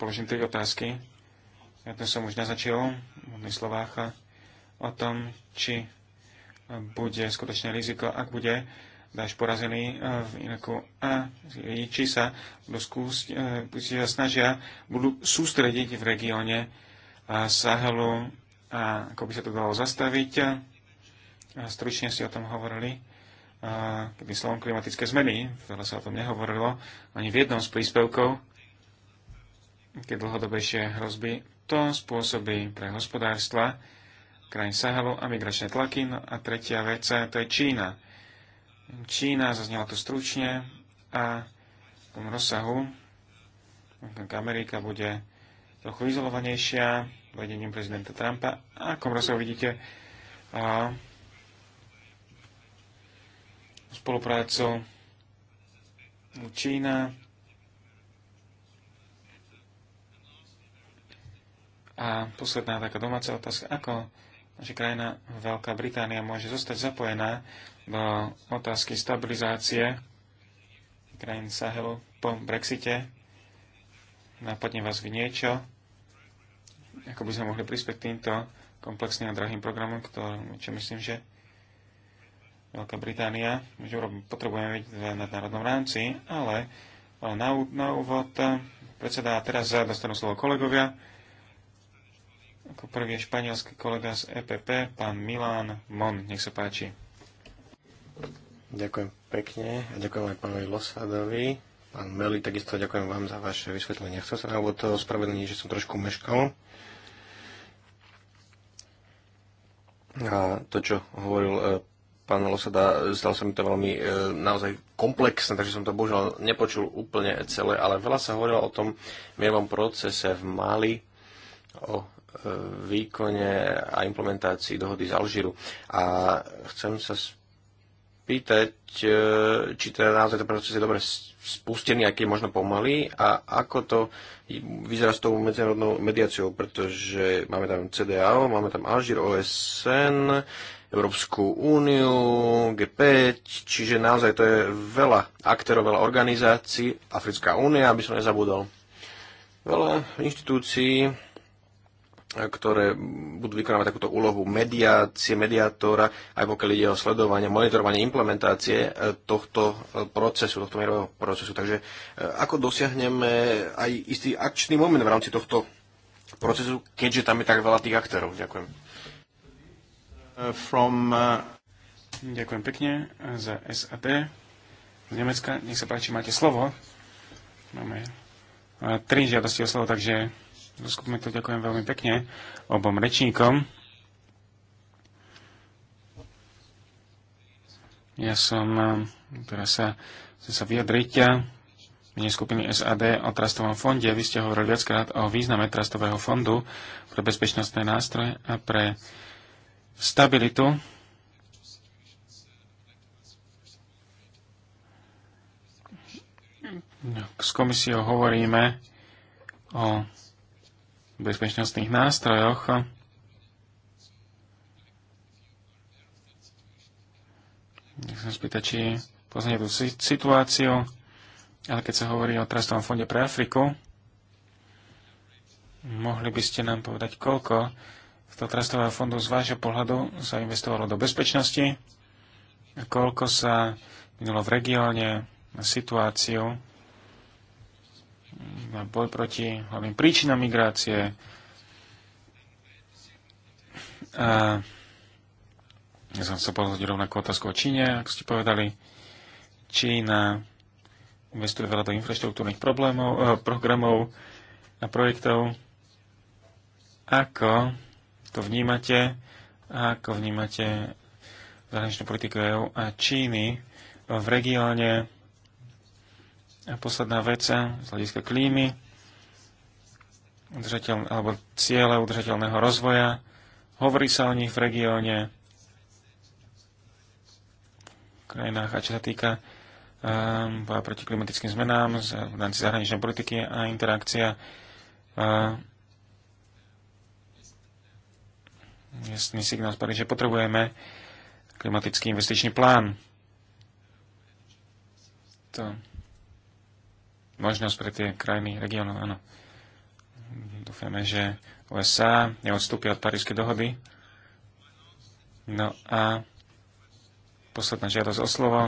Položím tri otázky. Ja to som už naznačil v slovách o tom, či bude skutočné riziko, ak bude dáš porazený e, v inaku a či sa budú skúsť, e, či sa snažia, budú sústrediť v regióne Sahelu a ako by sa to dalo zastaviť. A stručne si o tom hovorili keby slovom klimatické zmeny, veľa sa o tom nehovorilo, ani v jednom z príspevkov, keď dlhodobejšie hrozby, to spôsobí pre hospodárstva krajín Sahelu a migračné tlaky. No a tretia vec, to je Čína. Čína zaznela to stručne a v tom rozsahu, ak Amerika bude trochu izolovanejšia vedením prezidenta Trumpa. A ako sa vidíte a spoluprácu Čína a posledná taká domáca otázka, ako naša krajina Veľká Británia môže zostať zapojená do otázky stabilizácie krajín Sahelu po Brexite napadne vás vy niečo, ako by sme mohli prispieť týmto komplexným a drahým programom, ktorým, čo myslím, že Veľká Británia, že potrebujeme vidieť v nadnárodnom rámci, ale na, na úvod eh, predseda, a teraz dostanú slovo kolegovia, ako prvý je španielský kolega z EPP, pán Milan Mon. Nech sa páči. Ďakujem pekne a ďakujem aj pánovi Losadovi Pán Meli, takisto ďakujem vám za vaše vysvetlenie. Chcel sa na úvod ospravedlniť, že som trošku meškal. A to, čo hovoril e, pán Losada, zdal sa mi to veľmi e, naozaj komplexné, takže som to bohužiaľ nepočul úplne celé, ale veľa sa hovorilo o tom mierovom procese v Mali, o e, výkone a implementácii dohody z Alžíru. A chcem sa pýtať, e, či teda naozaj ten proces je dobre spustený, aký je možno pomalý a ako to vyzerá s tou medzinárodnou mediáciou, pretože máme tam CDAO, máme tam Alžír, OSN, Európsku úniu, G5, čiže naozaj to je veľa aktérov, veľa organizácií, Africká únia, aby som nezabudol, veľa inštitúcií, ktoré budú vykonávať takúto úlohu mediácie, mediátora, aj pokiaľ ide o sledovanie, monitorovanie implementácie e, tohto e, procesu, tohto mierového procesu. Takže e, ako dosiahneme aj istý akčný moment v rámci tohto procesu, keďže tam je tak veľa tých aktérov. Ďakujem. Uh, from, uh... Ďakujem pekne uh, za SAD. Z Nemecka, nech sa páči, máte slovo. Máme uh, tri žiadosti o slovo, takže Zoskupme to, ďakujem veľmi pekne obom rečníkom. Ja som, eh, teraz sa, chcem sa vyjadriť, eh, mene skupiny SAD o trastovom fonde. Vy ste hovorili viackrát o význame Trastového fondu pre bezpečnostné nástroje a pre stabilitu. S komisiou hovoríme o bezpečnostných nástrojoch. Nech som spýta, či poznáte tú situáciu, ale keď sa hovorí o Trustovom fonde pre Afriku, mohli by ste nám povedať, koľko z toho trestového fondu z vášho pohľadu sa investovalo do bezpečnosti a koľko sa minulo v regióne na situáciu na boj proti hlavným príčinám migrácie a ja som sa položiť rovnakú otázku o Číne, ako ste povedali. Čína investuje veľa do infraštruktúrnych problémov, eh, programov a projektov. Ako to vnímate? Ako vnímate zahraničnú politiku EU a Číny v regióne a posledná vec eh, z hľadiska klímy, udržateľ, alebo ciele udržateľného rozvoja. Hovorí sa o nich v regióne, v krajinách a čo sa týka um, boja proti klimatickým zmenám v rámci zahraničnej politiky a interakcia uh, jasný signál z že Potrebujeme klimatický investičný plán. To možnosť pre tie krajiny regionu, áno. Dúfame, že USA neodstúpia od Parískej dohody. No a posledná žiadosť o slovo.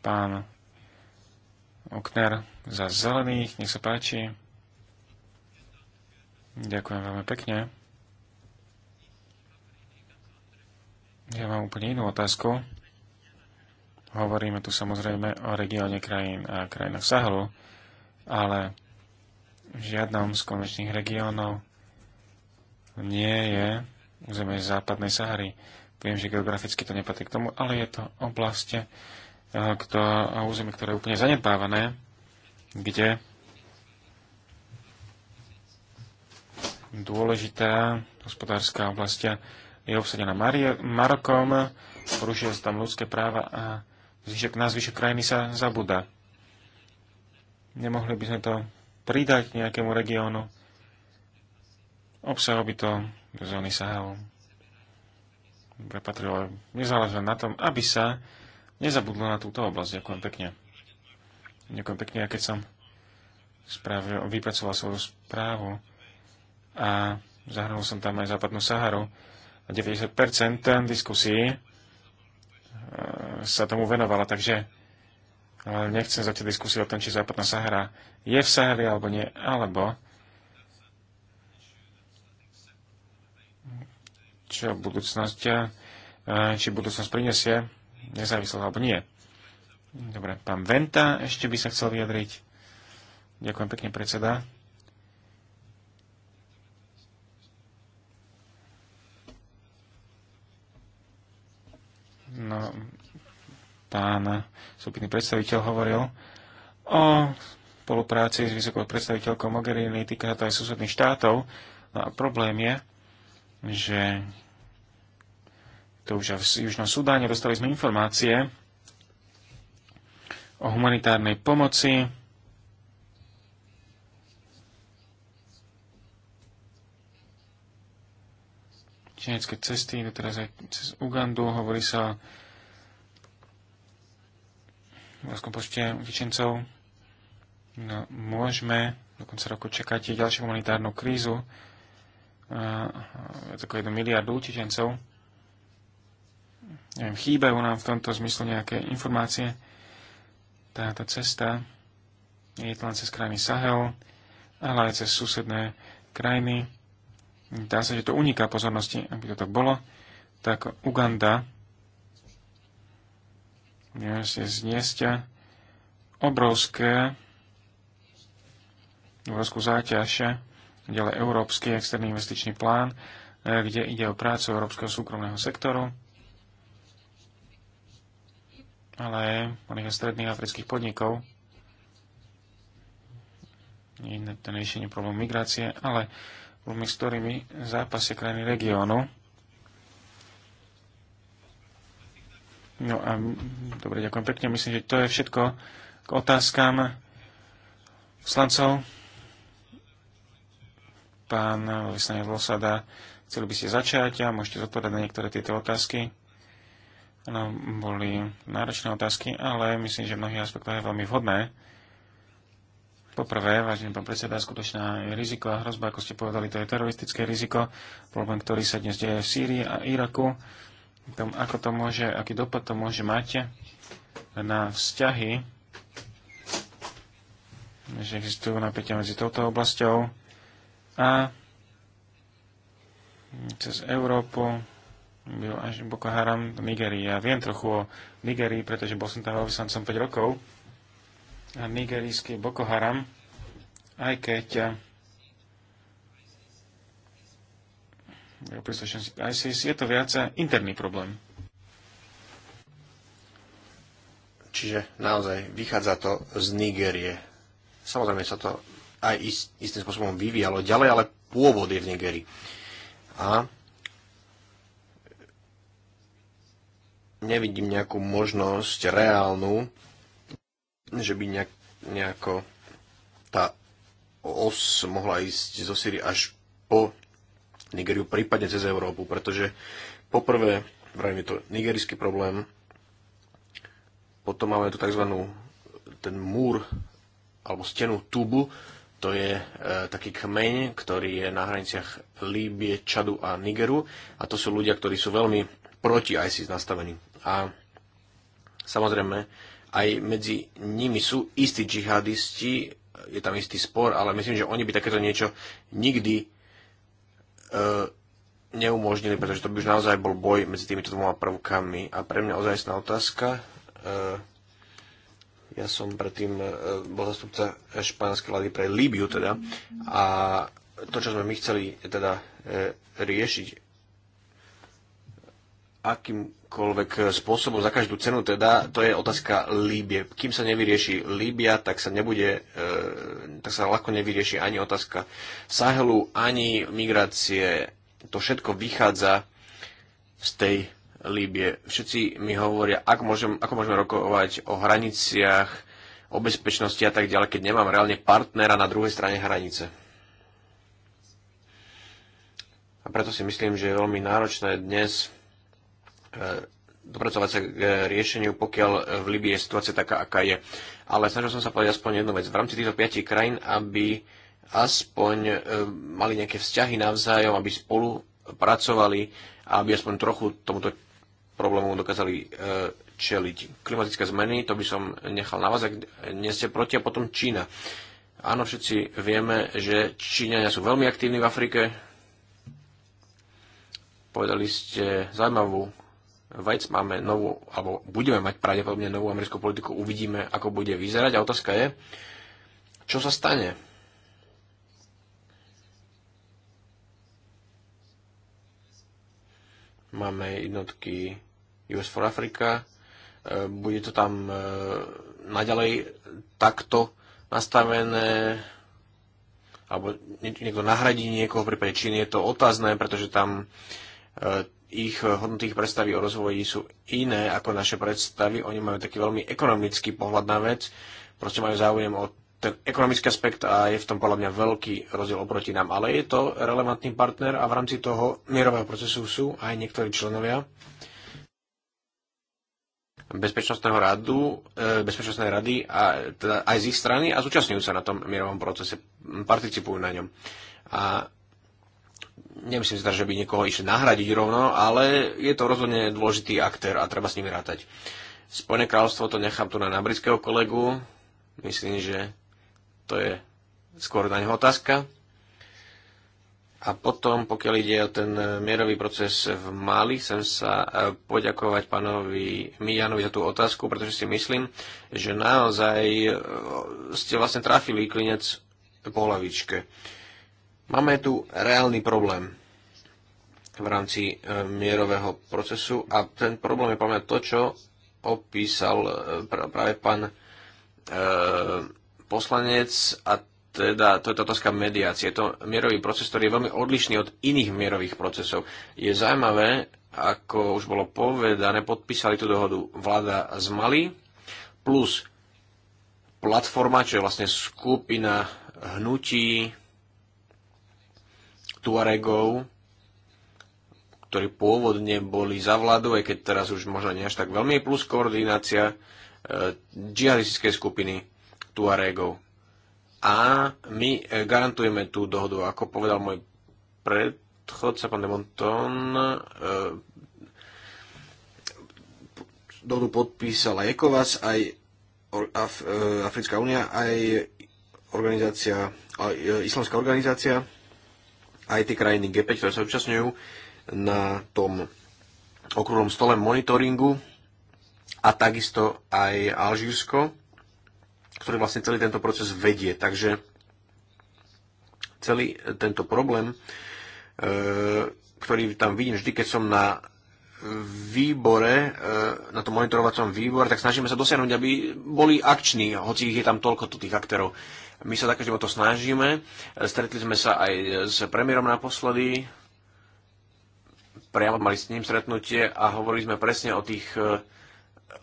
Pán Okner za zelených, nech sa páči. Ďakujem veľmi pekne. Ja mám úplne inú otázku. Hovoríme tu samozrejme o regióne krajín a krajinách Sahelu, ale v žiadnom z konečných regiónov nie je územie západnej Sahary. Viem, že geograficky to nepatrí k tomu, ale je to oblasti eh, a územie, ktoré je úplne zanedbávané, kde dôležitá hospodárska oblasť je obsadená Marokom, porušuje sa tam ľudské práva a zvyšok, na zvyšok krajiny sa zabúda. Nemohli by sme to pridať nejakému regiónu. Obsahol by to do zóny Sahelu. Prepatrilo nezáležené na tom, aby sa nezabudlo na túto oblasť. Ďakujem pekne. Ďakujem pekne, keď som správil, vypracoval svoju správu a zahrnul som tam aj západnú Saharu a 90% diskusí sa tomu venovala, takže e, nechcem zatiaľ diskusiu o tom, či západná Sahara je v Sahari alebo nie, alebo čo budúcnosť, e, či budúcnosť prinesie nezávislosť alebo nie. Dobre, pán Venta ešte by sa chcel vyjadriť. Ďakujem pekne, predseda. No, pán súpitný predstaviteľ hovoril o spolupráci s vysokou predstaviteľkou Mogherini, týka sa to aj susedných štátov. No a problém je, že to už v Južnom Sudáne dostali sme informácie o humanitárnej pomoci, čínecké cesty, teraz aj cez Ugandu, hovorí sa v veľkom počte utečencov. No, môžeme do konca roku čakať ďalšiu humanitárnu krízu, viac ako 1 miliardu utečencov. Neviem, chýbajú nám v tomto zmysle nejaké informácie. Táto cesta je len cez krajiny Sahel, ale aj cez susedné krajiny dá sa, že to uniká pozornosti, aby to tak bolo, tak Uganda si zniesť obrovské obrovskú záťaž, ďalej Európsky externý investičný plán, eh, kde ide o prácu Európskeho súkromného sektoru, ale aj stredných afrických podnikov. Nie je to riešenie problému migrácie, ale problémy, s ktorými zápasia krajiny regiónu. No a dobre, ďakujem pekne. Myslím, že to je všetko k otázkam poslancov. Pán vyslanec Losada, chceli by ste začať a môžete zodpovedať na niektoré tieto otázky. Áno, boli náročné otázky, ale myslím, že v mnohých aspektoch je veľmi vhodné Poprvé, vážený pán predseda, skutočná riziko a hrozba, ako ste povedali, to je teroristické riziko, problém, ktorý sa dnes deje v Sýrii a Iraku, tom, ako to môže, aký dopad to môže mať na vzťahy, že existujú napätia medzi touto oblasťou a cez Európu, byl až Boko Haram v Nigerii. Ja viem trochu o Nigerii, pretože bol som tam veľvyslancom 5 rokov a nigerijský Boko Haram, aj keď ISIS eh, je to viac eh, interný problém. Čiže naozaj vychádza to z Nigérie. Samozrejme sa to aj istým spôsobom vyvíjalo ďalej, ale pôvod je v Nigerii. A nevidím nejakú možnosť reálnu že by nejak, nejako tá os mohla ísť zo Syrie až po Nigeriu, prípadne cez Európu, pretože poprvé, vrajím, je to nigerijský problém, potom máme tu tzv. ten múr alebo stenu Tubu, to je e, taký kmeň, ktorý je na hraniciach Líbie, Čadu a Nigeru a to sú ľudia, ktorí sú veľmi proti ISIS nastavení. A samozrejme, aj medzi nimi sú istí džihadisti, je tam istý spor, ale myslím, že oni by takéto niečo nikdy e, neumožnili, pretože to by už naozaj bol boj medzi týmito dvoma prvkami. A pre mňa ozajstná otázka. E, ja som predtým e, bol zastupca španielskej vlády pre Líbiu teda a to, čo sme my chceli teda e, riešiť akýmkoľvek spôsobom, za každú cenu teda, to je otázka Líbie. Kým sa nevyrieši Líbia, tak sa nebude, e, tak sa ľahko nevyrieši ani otázka Sahelu, ani migrácie. To všetko vychádza z tej Líbie. Všetci mi hovoria, ak môžem, ako môžeme rokovať o hraniciach, o bezpečnosti a tak ďalej, keď nemám reálne partnera na druhej strane hranice. A preto si myslím, že je veľmi náročné dnes E, dopracovať sa k e, riešeniu, pokiaľ e, v Libii je situácia taká, aká je. Ale snažil som sa povedať aspoň jednu vec. V rámci týchto piatich krajín, aby aspoň mali nejaké vzťahy navzájom, aby spolupracovali a aby aspoň trochu tomuto problému dokázali čeliť. Klimatické zmeny, to by som nechal na vás, ak nie ste proti, a potom Čína. Áno, všetci vieme, že Číňania sú veľmi aktívni v Afrike. Povedali ste zaujímavú vec, máme novú, alebo budeme mať pravdepodobne novú americkú politiku, uvidíme, ako bude vyzerať. A otázka je, čo sa stane? Máme jednotky US for Africa, e, bude to tam e, naďalej takto nastavené, alebo niekto nahradí niekoho, v prípade Číny je to otázne, pretože tam e, ich eh, hodnoty, ich predstavy o rozvoji sú iné ako naše predstavy. Oni majú taký veľmi ekonomický pohľad na vec, proste majú záujem o ten ekonomický aspekt a je v tom podľa mňa veľký rozdiel oproti nám. Ale je to relevantný partner a v rámci toho mierového procesu sú aj niektorí členovia bezpečnostného radu, eh, bezpečnostnej rady a teda aj z ich strany a zúčastňujú sa na tom mierovom procese, participujú na ňom. A nemyslím si, teda, že by niekoho išli nahradiť rovno, ale je to rozhodne dôležitý aktér a treba s nimi rátať. Spojené kráľovstvo to nechám tu na, na britského kolegu. Myslím, že to je skôr na neho otázka. A potom, pokiaľ ide o ten mierový proces v Mali, chcem sa e, poďakovať pánovi Mijanovi za tú otázku, pretože si myslím, že naozaj e, ste vlastne trafili klinec po hlavičke. Máme tu reálny problém v rámci e, mierového procesu a ten problém je pamäť to, čo opísal e, práve pán e, poslanec a teda to je tá otázka mediácie. Je to mierový proces, ktorý je veľmi odlišný od iných mierových procesov. Je zaujímavé, ako už bolo povedané, podpísali tú dohodu vláda z Mali plus platforma, čo je vlastne skupina hnutí, Tuaregov, ktorí pôvodne boli za vládu, aj keď teraz už možno nie až tak veľmi, plus koordinácia e, džihadistickej skupiny Tuaregov. A my e, garantujeme tú dohodu, ako povedal môj predchodca, pán Demonton, e, dohodu podpísala ECOWAS, aj e, Africká únia, aj organizácia, aj, e, islamská organizácia, aj tie krajiny G5, ktoré sa účastňujú na tom okrúhlom stole monitoringu a takisto aj Alžírsko, ktorý vlastne celý tento proces vedie. Takže celý tento problém, e, ktorý tam vidím vždy, keď som na výbore, e, na tom monitorovacom výbore, tak snažíme sa dosiahnuť, aby boli akční, hoci ich je tam toľko tých aktérov. My sa takéže o to snažíme. Stretli sme sa aj s premiérom naposledy. Priamo mali s ním stretnutie a hovorili sme presne o tých e,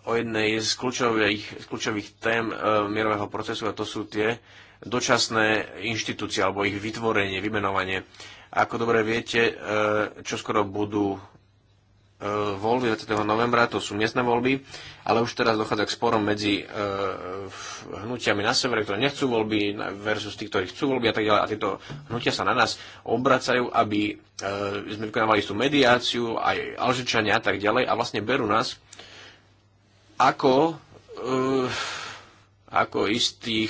o jednej z kľúčových, z kľúčových tém e, mierového procesu a to sú tie dočasné inštitúcie alebo ich vytvorenie, vymenovanie. Ako dobre viete, e, čo skoro budú E, voľby 20. novembra, to sú miestne voľby, ale už teraz dochádza k sporom medzi e, hnutiami na severe, ktoré nechcú voľby versus tých, ktorí chcú voľby a tak ďalej. A tieto hnutia sa na nás obracajú, aby e, sme vykonávali tú mediáciu, aj alžičania a tak ďalej a vlastne berú nás ako, e, ako istých,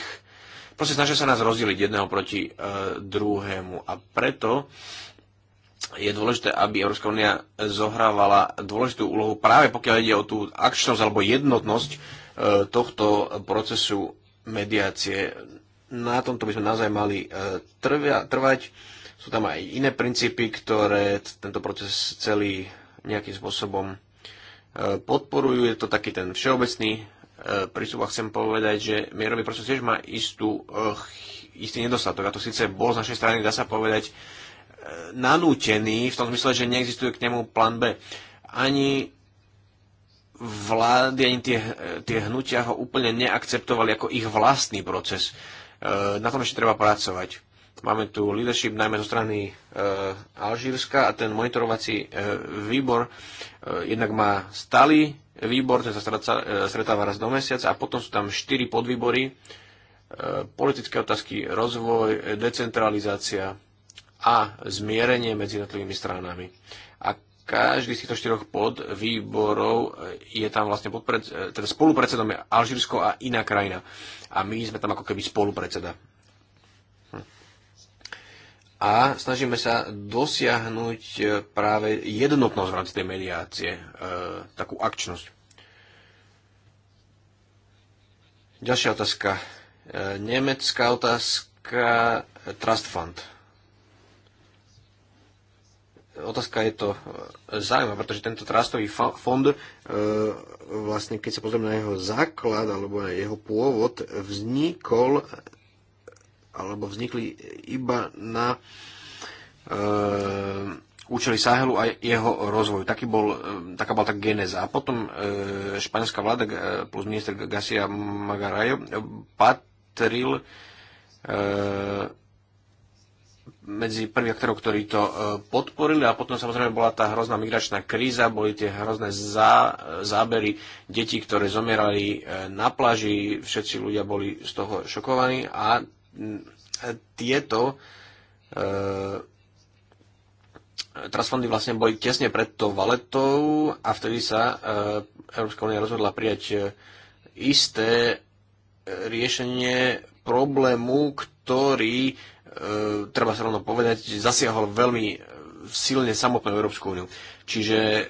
proste snažia sa nás rozdeliť jedného proti e, druhému a preto e, je dôležité, aby Európska únia zohrávala dôležitú úlohu práve pokiaľ ide o tú akčnosť alebo jednotnosť e, tohto procesu mediácie. Na tomto by sme naozaj mali e, trvať. Sú tam aj iné princípy, ktoré tento proces celý nejakým spôsobom e, podporujú. Je to taký ten všeobecný prístup a chcem povedať, že mierový proces tiež má istú, istý nedostatok. A to síce bol z našej strany, dá sa povedať, E, nanútený v tom zmysle, že neexistuje k nemu plán B. Ani vlády, ani tie, tie hnutia ho úplne neakceptovali ako ich vlastný proces. E, na tom ešte treba pracovať. Máme tu leadership najmä zo strany e, Alžírska a ten monitorovací e, výbor e, jednak má stály výbor, ten sa e, stretáva, raz do mesiaca a potom sú tam štyri podvýbory, e, politické otázky, rozvoj, decentralizácia, a zmierenie medzi jednotlivými stranami. A každý z týchto štyroch podvýborov eh, je tam vlastne podpred, eh, teda spolupredsedom je Alžírsko a iná krajina. A my sme tam ako keby spolupredseda. Hm. A snažíme sa dosiahnuť eh, práve jednotnosť v rámci tej mediácie, e, takú akčnosť. Ďalšia otázka. E, nemecká otázka Trust Fund otázka je to e, zaujímavá, pretože tento trastový fond, e, vlastne keď sa pozrieme na jeho základ alebo na jeho pôvod, vznikol alebo vznikli iba na e, účely Sahelu a jeho rozvoju. Taký bol, taká bola tak geneza. A potom španielská vláda plus minister Garcia Magarajo patril medzi prvých aktorov, ktorí to e, podporili a potom samozrejme bola tá hrozná migračná kríza, boli tie hrozné zá, zábery detí, ktoré zomierali e, na pláži, všetci ľudia boli z toho šokovaní a e, tieto e, transfondy vlastne boli tesne pred tou valetou a vtedy sa e, Európska únia rozhodla prijať isté riešenie problému, ktorý E, treba sa rovno povedať, že zasiahol veľmi silne samotnú Európsku úniu. Čiže e,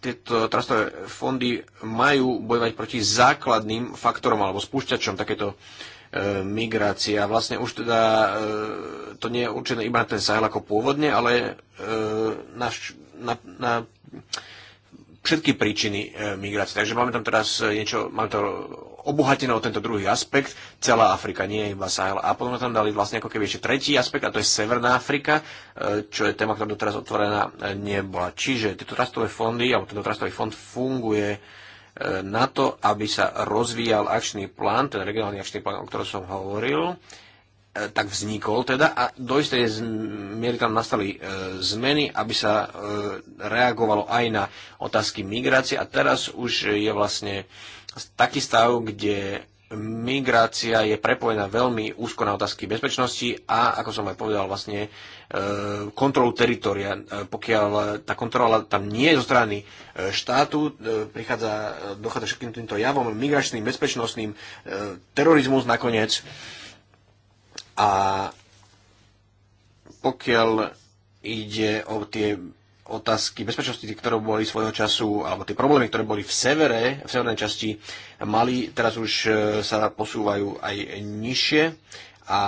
tieto trastové fondy majú bojovať proti základným faktorom alebo spúšťačom takéto e, migrácie. A vlastne už teda e, to nie je určené iba na ten Sahel ako pôvodne, ale e, na, na, na všetky príčiny e, migrácie. Takže máme tam teraz niečo, máme to obohatená o tento druhý aspekt, celá Afrika, nie iba Sahel. A potom tam dali vlastne ako keby ešte tretí aspekt, a to je Severná Afrika, e, čo je téma, ktorá doteraz otvorená e, nebola. Čiže tieto trastové fondy, alebo tento trastový fond funguje e, na to, aby sa rozvíjal akčný plán, ten regionálny akčný plán, o ktorom som hovoril, tak vznikol teda a do istej miery tam nastali e, zmeny, aby sa e, reagovalo aj na otázky migrácie a teraz už je vlastne e, taký stav, kde migrácia je prepojená veľmi úzko na otázky bezpečnosti a, ako som aj povedal, vlastne e, kontrolu teritoria. E, pokiaľ tá kontrola tam nie je zo strany e, štátu, prichádza, dochádza všetkým týmto javom, migračným, bezpečnostným, terorizmus nakoniec. A pokiaľ ide o tie otázky bezpečnosti, ktoré boli svojho času, alebo tie problémy, ktoré boli v severe, v severnej časti Mali, teraz už e, sa posúvajú aj nižšie a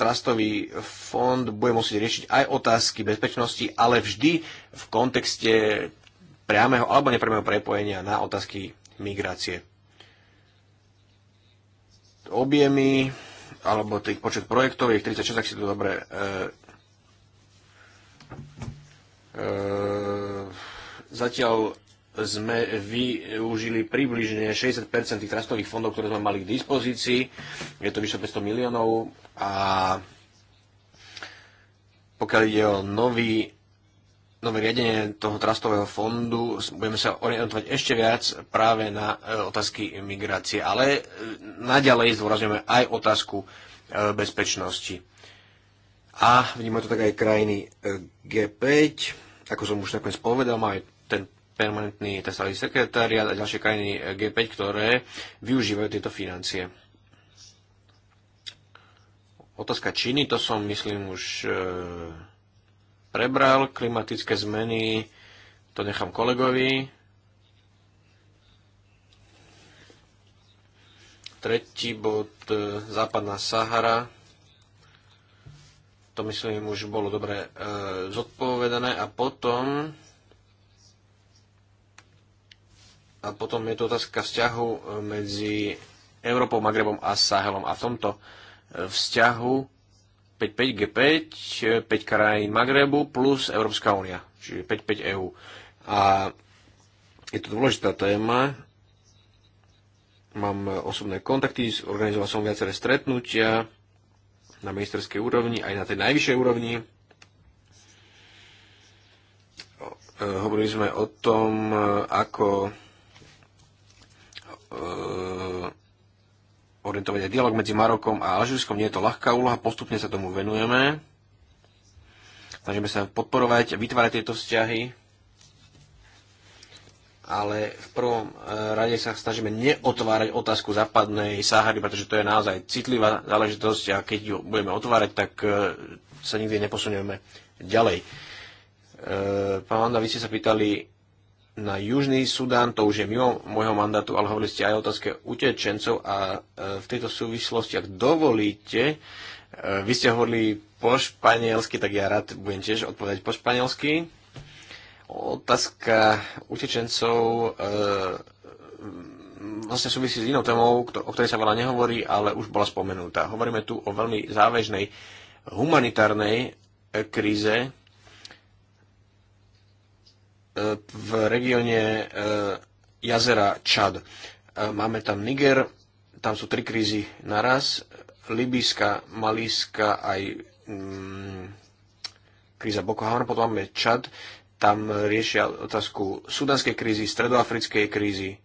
Trastový fond bude musieť riešiť aj otázky bezpečnosti, ale vždy v kontexte priameho alebo nepriameho prepojenia na otázky migrácie. Objemy alebo tých počet projektov, je 36, ak si to dobre e, E, zatiaľ sme využili približne 60 tých trastových fondov, ktoré sme mali k dispozícii. Je to vyše 500 miliónov a pokiaľ ide o nový, nové riadenie toho trastového fondu, budeme sa orientovať ešte viac práve na e, otázky migrácie, ale e, naďalej zdôrazňujeme aj otázku bezpečnosti a vnímajú to tak aj krajiny e, G5, ako som už nakoniec povedal, má aj ten permanentný testový sekretariat a ďalšie krajiny e, G5, ktoré využívajú tieto financie. Otázka Číny, to som myslím už e, prebral. Klimatické zmeny, to nechám kolegovi. Tretí bod, e, západná Sahara. To myslím už bolo dobre e, zodpovedané a potom a potom je to otázka vzťahu e, medzi Európou, Magrebom a Sahelom a v tomto e, vzťahu 5-5 G5, 5 krajín Magrebu plus Európska únia, čiže 5-5 EU. A je to dôležitá téma, mám osobné kontakty, organizoval som viaceré stretnutia na ministerskej úrovni, aj na tej najvyššej úrovni. E, hovorili sme o tom, e, ako e, orientovať aj dialog medzi Marokom a Alžírskom. Nie je to ľahká úloha, postupne sa tomu venujeme. Snažíme sa podporovať, a vytvárať tieto vzťahy ale v prvom e, rade sa snažíme neotvárať otázku západnej Sahary, pretože to je naozaj citlivá záležitosť a keď ju budeme otvárať, tak e, sa nikdy neposunieme ďalej. E, pán Vanda, vy ste sa pýtali na Južný Sudán, to už je mimo môjho mandátu, ale hovorili ste aj o otázke utečencov a v tejto súvislosti, ak dovolíte, vy ste hovorili po španielsky, tak ja rád budem tiež odpovedať po španielsky Otázka utečencov e, vlastne súvisí s inou témou, o ktorej sa veľa nehovorí, ale už bola spomenutá. Hovoríme tu o veľmi závažnej humanitárnej kríze e, v regióne e, jazera Čad. Máme tam Niger, tam sú tri krízy naraz, Libyska, Malíska aj mm, kríza Boko Haram, potom máme Čad. Tam riešia otázku sudanskej krízy, stredoafrickej krízy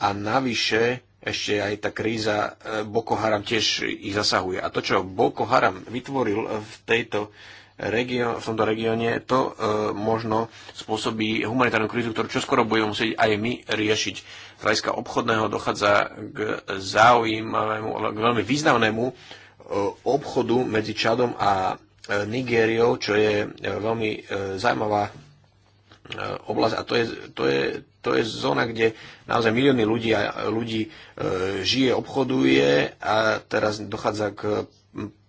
a navyše ešte aj tá kríza e, Boko Haram tiež ich zasahuje. A to, čo Boko Haram vytvoril v, tejto region, v tomto regióne, to e, možno spôsobí humanitárnu krízu, ktorú čoskoro budeme musieť aj my riešiť. Z hľadiska obchodného dochádza k zaujímavému, k veľmi významnému e, obchodu medzi Čadom a e, Nigériou, čo je e, veľmi zaujímavá E, oblasť a to je, to je, to je zóna, kde naozaj milióny ľudí, ľudí e, žije, obchoduje a teraz dochádza k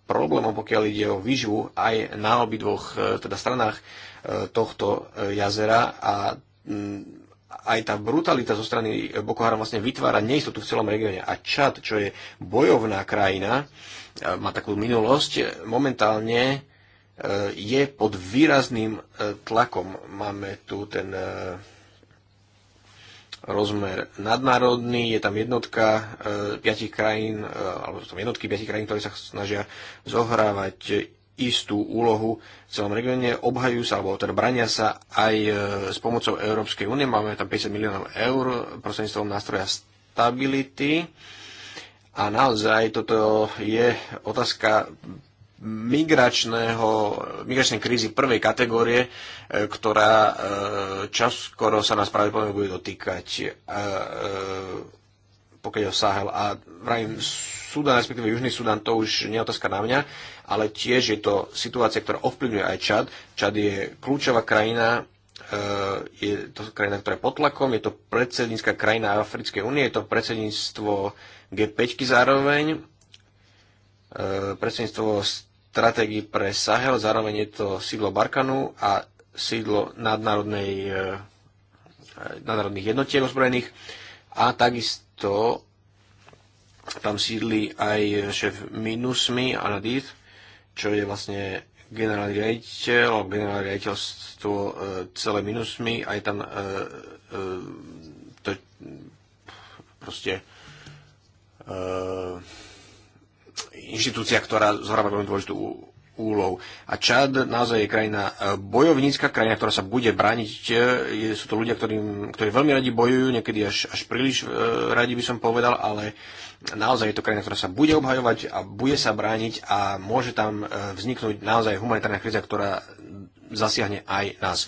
problémom, pokiaľ ide o výživu aj na obidvoch e, teda stranách tohto jazera a aj tá brutalita zo strany Boko Haram vlastne vytvára neistotu v celom regióne. A Čad, čo je bojovná krajina, má takú minulosť, momentálne E, je pod výrazným e, tlakom. Máme tu ten e, rozmer nadnárodný, je tam jednotka piatich krajín, alebo tam jednotky piatich krajín, ktoré sa snažia zohrávať istú úlohu v celom regióne, obhajú sa, alebo teda brania sa aj s pomocou Európskej únie. Máme tam 50 miliónov eur prostredníctvom nástroja stability. A naozaj toto je otázka migračného, migračnej krízy prvej kategórie, e, ktorá e, časkoro sa nás pravdepodobne bude dotýkať e, pokiaľ o Sahel. A vrajím, Sudan, respektíve Južný Sudan, to už nie je otázka na mňa, ale tiež je to situácia, ktorá ovplyvňuje aj Čad. Čad je kľúčová krajina, je to krajina, ktorá je pod tlakom, je to predsednícka krajina Africkej únie, je to predsedníctvo G5 zároveň, predsedníctvo stratégii pre Sahel, zároveň je to sídlo Barkanu a sídlo nadnárodnej, eh, nadnárodných jednotiek ozbrojených a takisto tam sídli aj šéf Minusmi Anadith, čo je vlastne generálny riaditeľ alebo generálne riaditeľstvo eh, celé Minusmi, je tam eh, to proste inštitúcia, ktorá zohráva veľmi dôležitú úlohu. A Čad naozaj je krajina e, bojovnícka, krajina, ktorá sa bude brániť. E, sú to ľudia, ktorým, ktorí veľmi radi bojujú, niekedy až, až príliš e, radi by som povedal, ale naozaj je to krajina, ktorá sa bude obhajovať a bude sa brániť a môže tam e, vzniknúť naozaj humanitárna kríza, ktorá zasiahne aj nás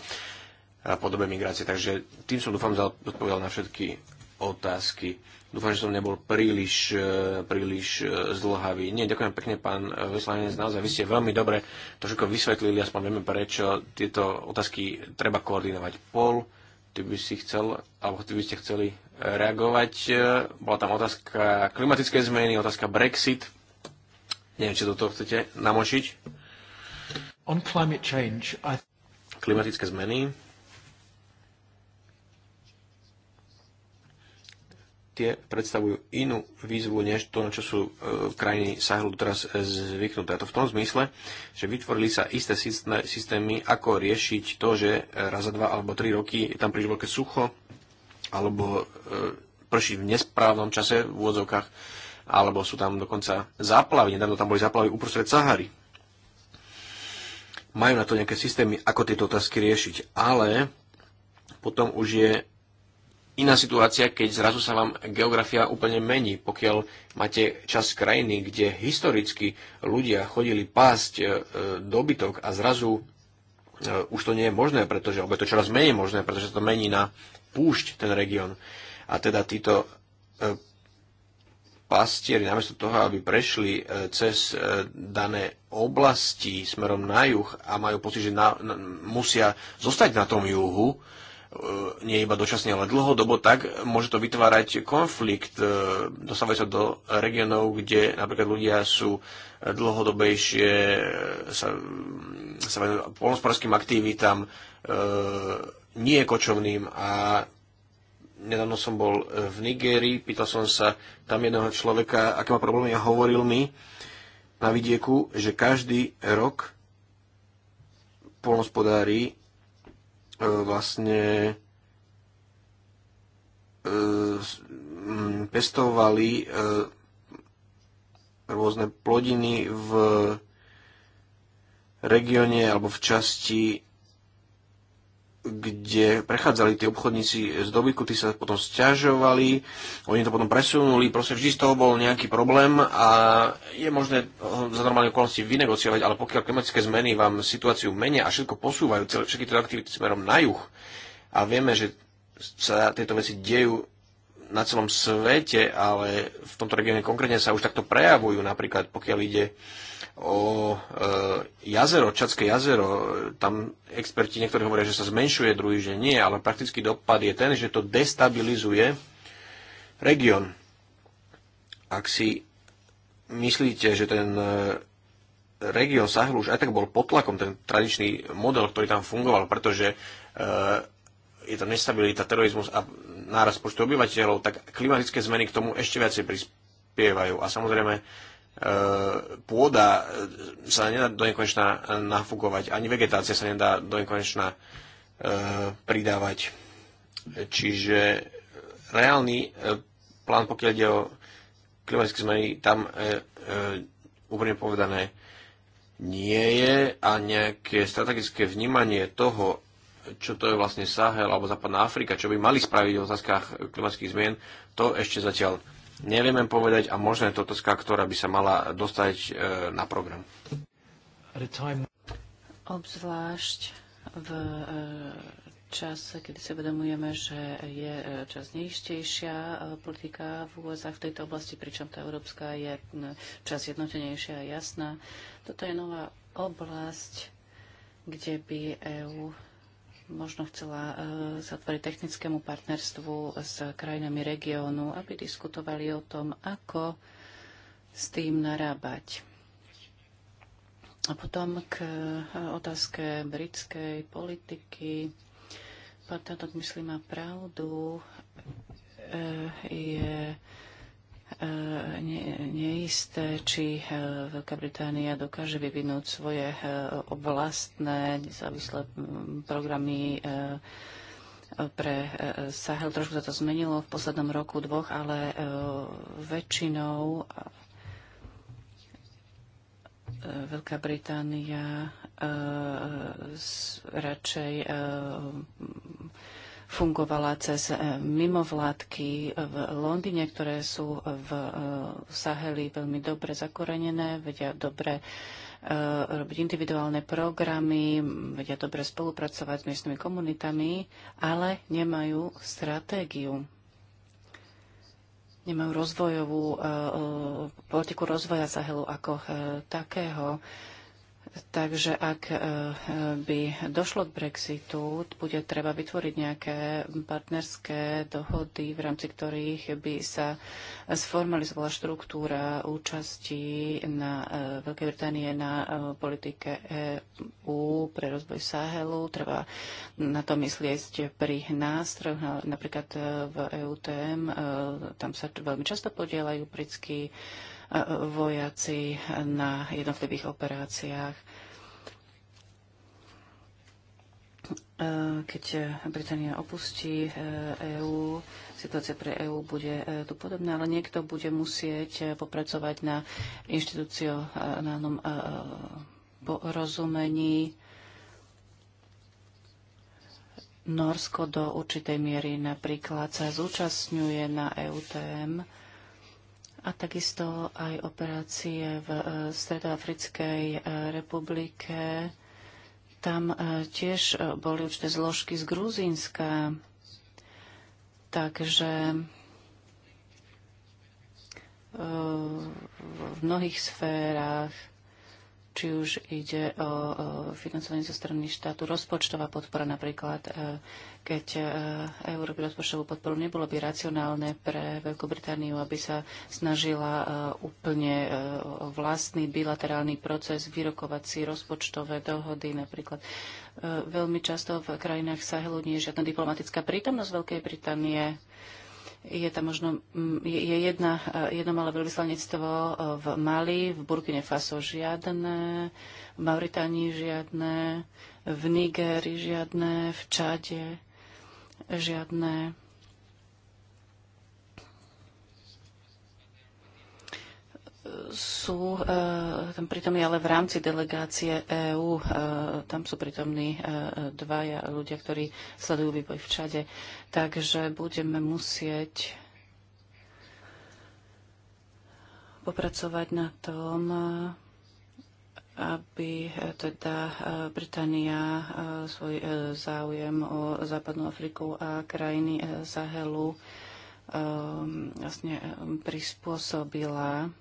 v podobe migrácie. Takže tým som dúfam odpovedal na všetky otázky. Dúfam, že som nebol príliš, e, príliš e, zdlhavý. Nie, ďakujem pekne, pán e, vyslanec. Naozaj, vy ste veľmi dobre trošku vysvetlili, aspoň vieme, prečo tieto otázky treba koordinovať. Pol, ty by si chcel, alebo ty by ste chceli reagovať. Bola tam otázka klimatické zmeny, otázka Brexit. Neviem, či toto chcete namočiť. On climate change, I... Klimatické zmeny. tie predstavujú inú výzvu, než to, na čo sú e, krajiny Sahelu teraz e, zvyknuté. A to v tom zmysle, že vytvorili sa isté systémy, ako riešiť to, že e, raz za dva alebo tri roky je tam príliš veľké sucho, alebo e, prší v nesprávnom čase v úvodzovkách, alebo sú tam dokonca záplavy. Nedávno tam boli záplavy uprostred Sahary. Majú na to nejaké systémy, ako tieto otázky riešiť, ale potom už je iná situácia, keď zrazu sa vám geografia úplne mení. Pokiaľ máte čas krajiny, kde historicky ľudia chodili pásť e, e dobytok a zrazu e, už to nie je možné, pretože, je to čoraz menej možné, pretože sa to mení na púšť ten región. A teda títo e, pastieri, namiesto toho, aby prešli e, cez e, dané oblasti smerom na juh a majú pocit, že na, na, musia zostať na tom juhu, E, nie iba dočasne, ale dlhodobo, tak môže to vytvárať konflikt. E, dostávajú sa do regionov, kde napríklad ľudia sú dlhodobejšie, e, sa, sa venujú polnospodárským aktivitám, nie kočovným a nedávno som bol v Nigérii, pýtal som sa tam jedného človeka, aké má problémy a hovoril mi na vidieku, že každý rok polnospodári E, vlastne e, pestovali e, rôzne plodiny v regióne alebo v časti kde prechádzali tí obchodníci z dobyku, tí sa potom stiažovali, oni to potom presunuli, proste vždy z toho bol nejaký problém a je možné za normálne okolnosti vynegociovať, ale pokiaľ klimatické zmeny vám situáciu menia a všetko posúvajú, celé, všetky tie aktivity smerom na juh a vieme, že sa tieto veci dejú na celom svete, ale v tomto regióne konkrétne sa už takto prejavujú, napríklad pokiaľ ide o e, jazero, Čadské jazero. Tam experti niektorí hovoria, že sa zmenšuje, druhý, že nie, ale praktický dopad je ten, že to destabilizuje región. Ak si myslíte, že ten e, región Sahel už aj tak bol pod tlakom, ten tradičný model, ktorý tam fungoval, pretože e, je to nestabilita, terorizmus a náraz počtu obyvateľov, tak klimatické zmeny k tomu ešte viacej prispievajú. A samozrejme, pôda sa nedá do nekonečna nafúkovať, ani vegetácia sa nedá do nekonečna e, pridávať. Čiže reálny e, plán, pokiaľ ide o klimatické zmeny, tam e, úprimne povedané nie je a nejaké strategické vnímanie toho, čo to je vlastne Sahel alebo Západná Afrika, čo by mali spraviť v otázkach klimatických zmien, to ešte zatiaľ nevieme povedať a možno je to otázka, ktorá by sa mala dostať e, na program. Obzvlášť v e, čase, kedy si vedomujeme, že je e, čas neištejšia politika v USA v tejto oblasti, pričom tá európska je čas jednotenejšia a jasná. Toto je nová oblasť, kde by EU možno chcela e, zatvoriť technickému partnerstvu s krajinami regiónu, aby diskutovali o tom, ako s tým narábať. A potom k e, otázke britskej politiky. Pán Tadok, myslím, má pravdu. E, je E, ne, neisté, či e, Veľká Británia dokáže vyvinúť svoje e, vlastné nezávislé programy pre Sahel. Trošku sa to zmenilo v poslednom roku, dvoch, ale väčšinou Veľká Británia radšej fungovala cez e, mimovládky v Londýne, ktoré sú v e, Saheli veľmi dobre zakorenené, vedia dobre e, robiť individuálne programy, vedia dobre spolupracovať s miestnymi komunitami, ale nemajú stratégiu. Nemajú rozvojovú politiku rozvoja Sahelu ako takého Takže ak e, by došlo k Brexitu, bude treba vytvoriť nejaké partnerské dohody, v rámci ktorých by sa sformalizovala štruktúra účasti na e, Veľkej Británie na e, politike EU pre rozvoj Sahelu. Treba na to myslieť pri nástroch, napríklad v EUTM. Tam sa veľmi často podielajú britskí vojaci na jednotlivých operáciách. E, keď Británia opustí EÚ, e situácia pre EÚ bude e, tu podobná, ale niekto bude musieť popracovať na inštitúciálnom porozumení. Norsko do určitej miery napríklad sa zúčastňuje na EUTM a takisto aj operácie v e, Stredoafrickej e, republike. Tam e, tiež boli určité zložky z Gruzínska, takže v mnohých sférach či už ide o financovanie zo strany štátu, rozpočtová podpora napríklad, e, keď e, Európy rozpočtovú podporu, nebolo by racionálne pre Veľkú Britániu, aby sa snažila e, úplne o vlastný bilaterálny proces vyrokovať si rozpočtové dohody napríklad. Veľmi často v krajinách Sahelu nie je žiadna diplomatická prítomnosť Veľkej Británie je tam možno mm, je, je jedna, eh, jedno malé veľvyslanectvo eh, v Mali, v Burkine Faso žiadne, v Mauritánii žiadne, v Nigeri žiadne, v Čade žiadne. sú e, tam pritomní ale v rámci delegácie EÚ. E, tam sú prítomní e, dvaja ľudia, ktorí sledujú výboj v Čade. Takže budeme musieť popracovať na tom, aby teda Británia svoj záujem o Západnú Afriku a krajiny Zahelu vlastne prispôsobila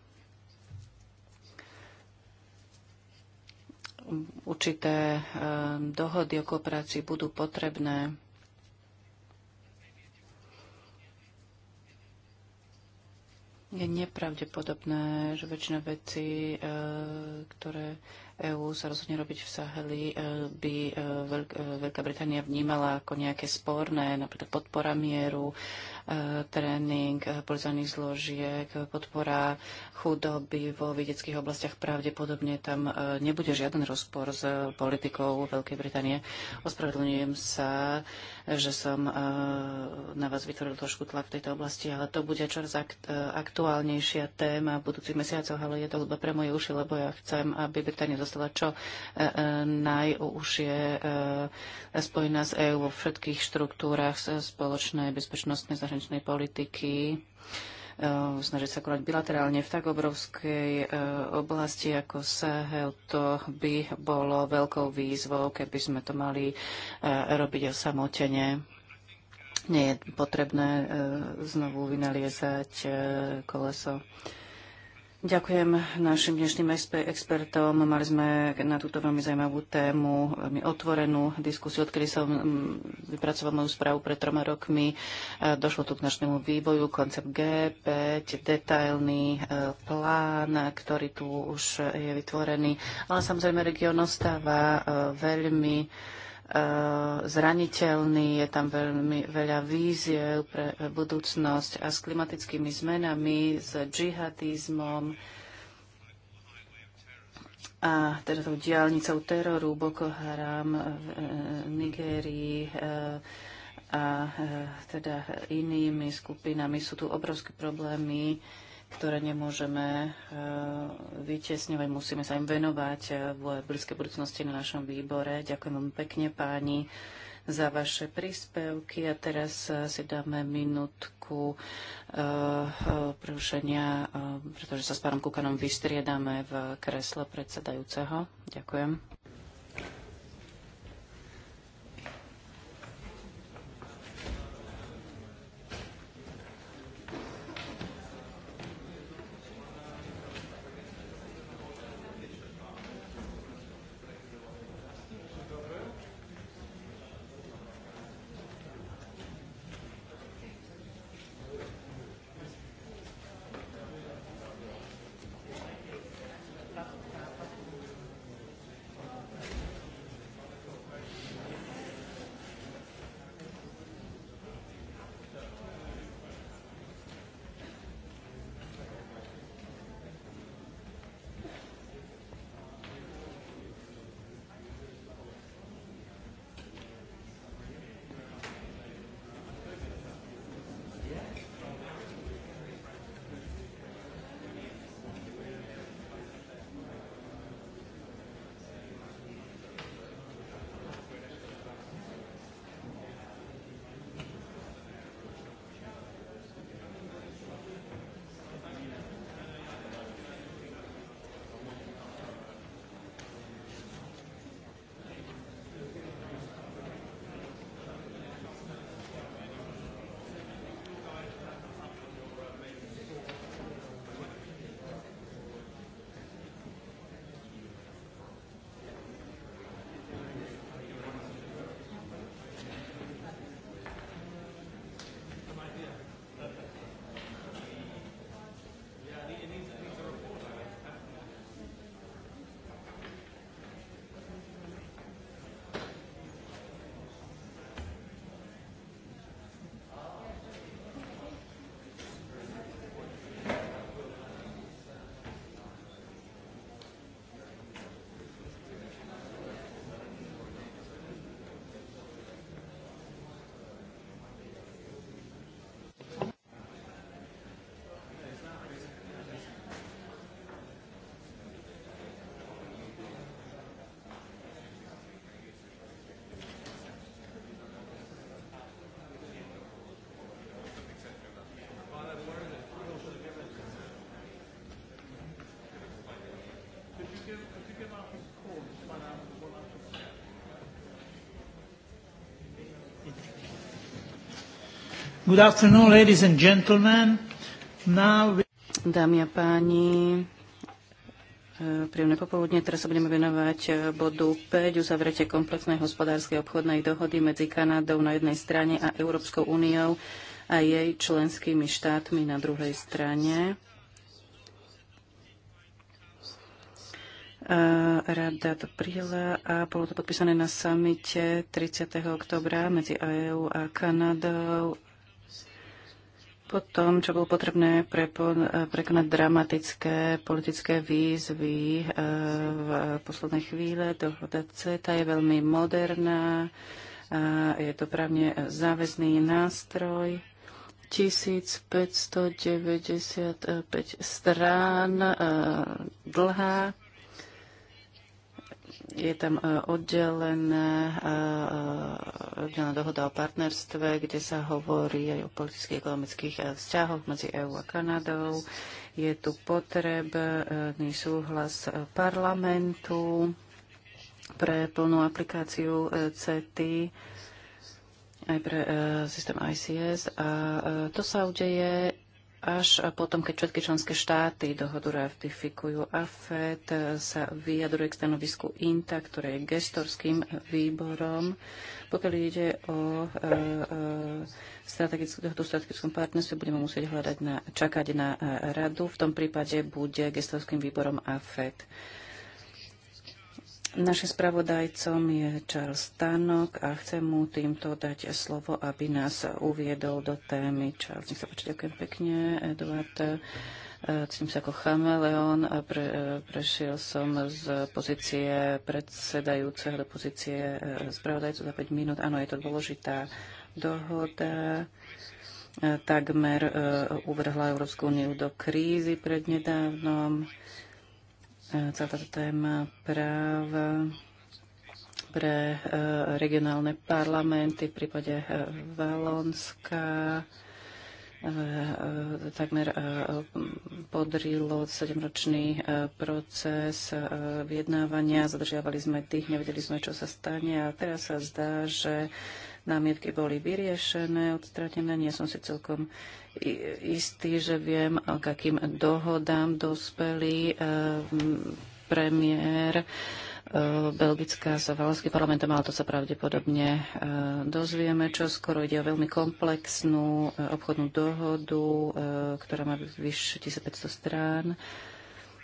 určité e, dohody o kooperácii budú potrebné. Je nepravdepodobné, že väčšina veci, e, ktoré EÚ sa rozhodne robiť v Saheli, e, by Veľká Británia vnímala ako nejaké sporné, napríklad podpora mieru, E, tréning e, policajných zložiek, e, podpora chudoby vo vedeckých oblastiach. Pravdepodobne tam nebude žiaden rozpor s politikou Veľkej Británie. Ospravedlňujem sa, že som na vás vytvoril trošku tlak v tejto oblasti, ale to bude čoraz aktuálnejšia téma v budúcich mesiacoch, ale je to hudba pre moje uši, lebo ja chcem, aby Británia zostala čo najúžšie spojená s EÚ vo všetkých štruktúrach spoločnej bezpečnostnej zahraničnej zahraničnej politiky eh, snažiť sa konať bilaterálne v tak obrovskej eh, oblasti ako Sahel, to by bolo veľkou výzvou, keby sme to mali eh, robiť osamotene. Nie je potrebné znovu vynaliezať koleso. Ďakujem našim dnešným expertom. Mali sme na túto veľmi zaujímavú tému, veľmi otvorenú diskusiu, odkedy som mm, vypracoval moju správu pred troma rokmi. E, došlo tu k našnému vývoju, koncept G5, detailný e, plán, ktorý tu už je vytvorený. Ale samozrejme region ostáva e, veľmi Eh, zraniteľný, je tam veľmi veľa víziev pre budúcnosť a s klimatickými zmenami, s džihadizmom a teda tou diálnicou teroru Boko Haram v eh, Nigérii eh, a teda inými skupinami. Sú tu obrovské problémy ktoré nemôžeme eh, vytesňovať. Musíme sa im venovať eh, v blízkej budúcnosti na našom výbore. Ďakujem vám pekne páni za vaše príspevky a teraz eh, si dáme minútku prerušenia, pretože sa s pánom Kukanom vystriedame v kresle predsedajúceho. Ďakujem. Good afternoon, ladies and gentlemen. Now we... Dámy a páni, e, príjemné popoludne. Teraz sa budeme venovať e, bodu 5, uzavretie komplexnej hospodárskej obchodnej dohody medzi Kanadou na jednej strane a Európskou úniou a jej členskými štátmi na druhej strane. Rada to prijela a bolo to podpísané na samite 30. oktobra medzi EÚ a Kanadou po tom, čo bolo potrebné prekonať dramatické politické výzvy e, v poslednej chvíle, dohoda CETA je veľmi moderná, je to právne záväzný nástroj. 1595 strán e, dlhá je tam e, oddelená, e, e, oddelená dohoda o partnerstve, kde sa hovorí aj o politických ekonomických vzťahoch medzi EÚ a Kanadou. Je tu potrebný súhlas parlamentu pre plnú aplikáciu CETI aj pre systém ICS a to sa udeje až potom, keď všetky členské štáty dohodu ratifikujú. AFET, sa vyjadruje k stanovisku INTA, ktoré je gestorským výborom. Pokiaľ ide o e, e, strategickú dohodu strategickom partnerstve, budeme musieť hľadať na, čakať na e, radu. V tom prípade bude gestorským výborom AFET. Našim spravodajcom je Charles Tanok a chcem mu týmto dať slovo, aby nás uviedol do témy. Charles, nech sa páči, ďakujem pekne, Eduard e, cítim sa ako chameleón a pre, e, prešiel som z pozície predsedajúceho do pozície e, spravodajcu za 5 minút. Áno, je to dôležitá dohoda. Takmer uvrhla Európsku úniu do krízy prednedávnom. nedávnom E, celá táto téma práva pre e, regionálne parlamenty v prípade e, Valonska takmer podrilo 7-ročný proces vyjednávania. Zadržiavali sme tých, nevedeli sme, čo sa stane a teraz sa zdá, že námietky boli vyriešené, odstratené. Nie som si celkom istý, že viem, k akým dohodám dospeli eh, premiér eh, Belgická s Valenským parlamentom, ale to sa pravdepodobne eh, dozvieme, čo skoro ide o veľmi komplexnú obchodnú dohodu, ktorá má vyššie 1500 strán.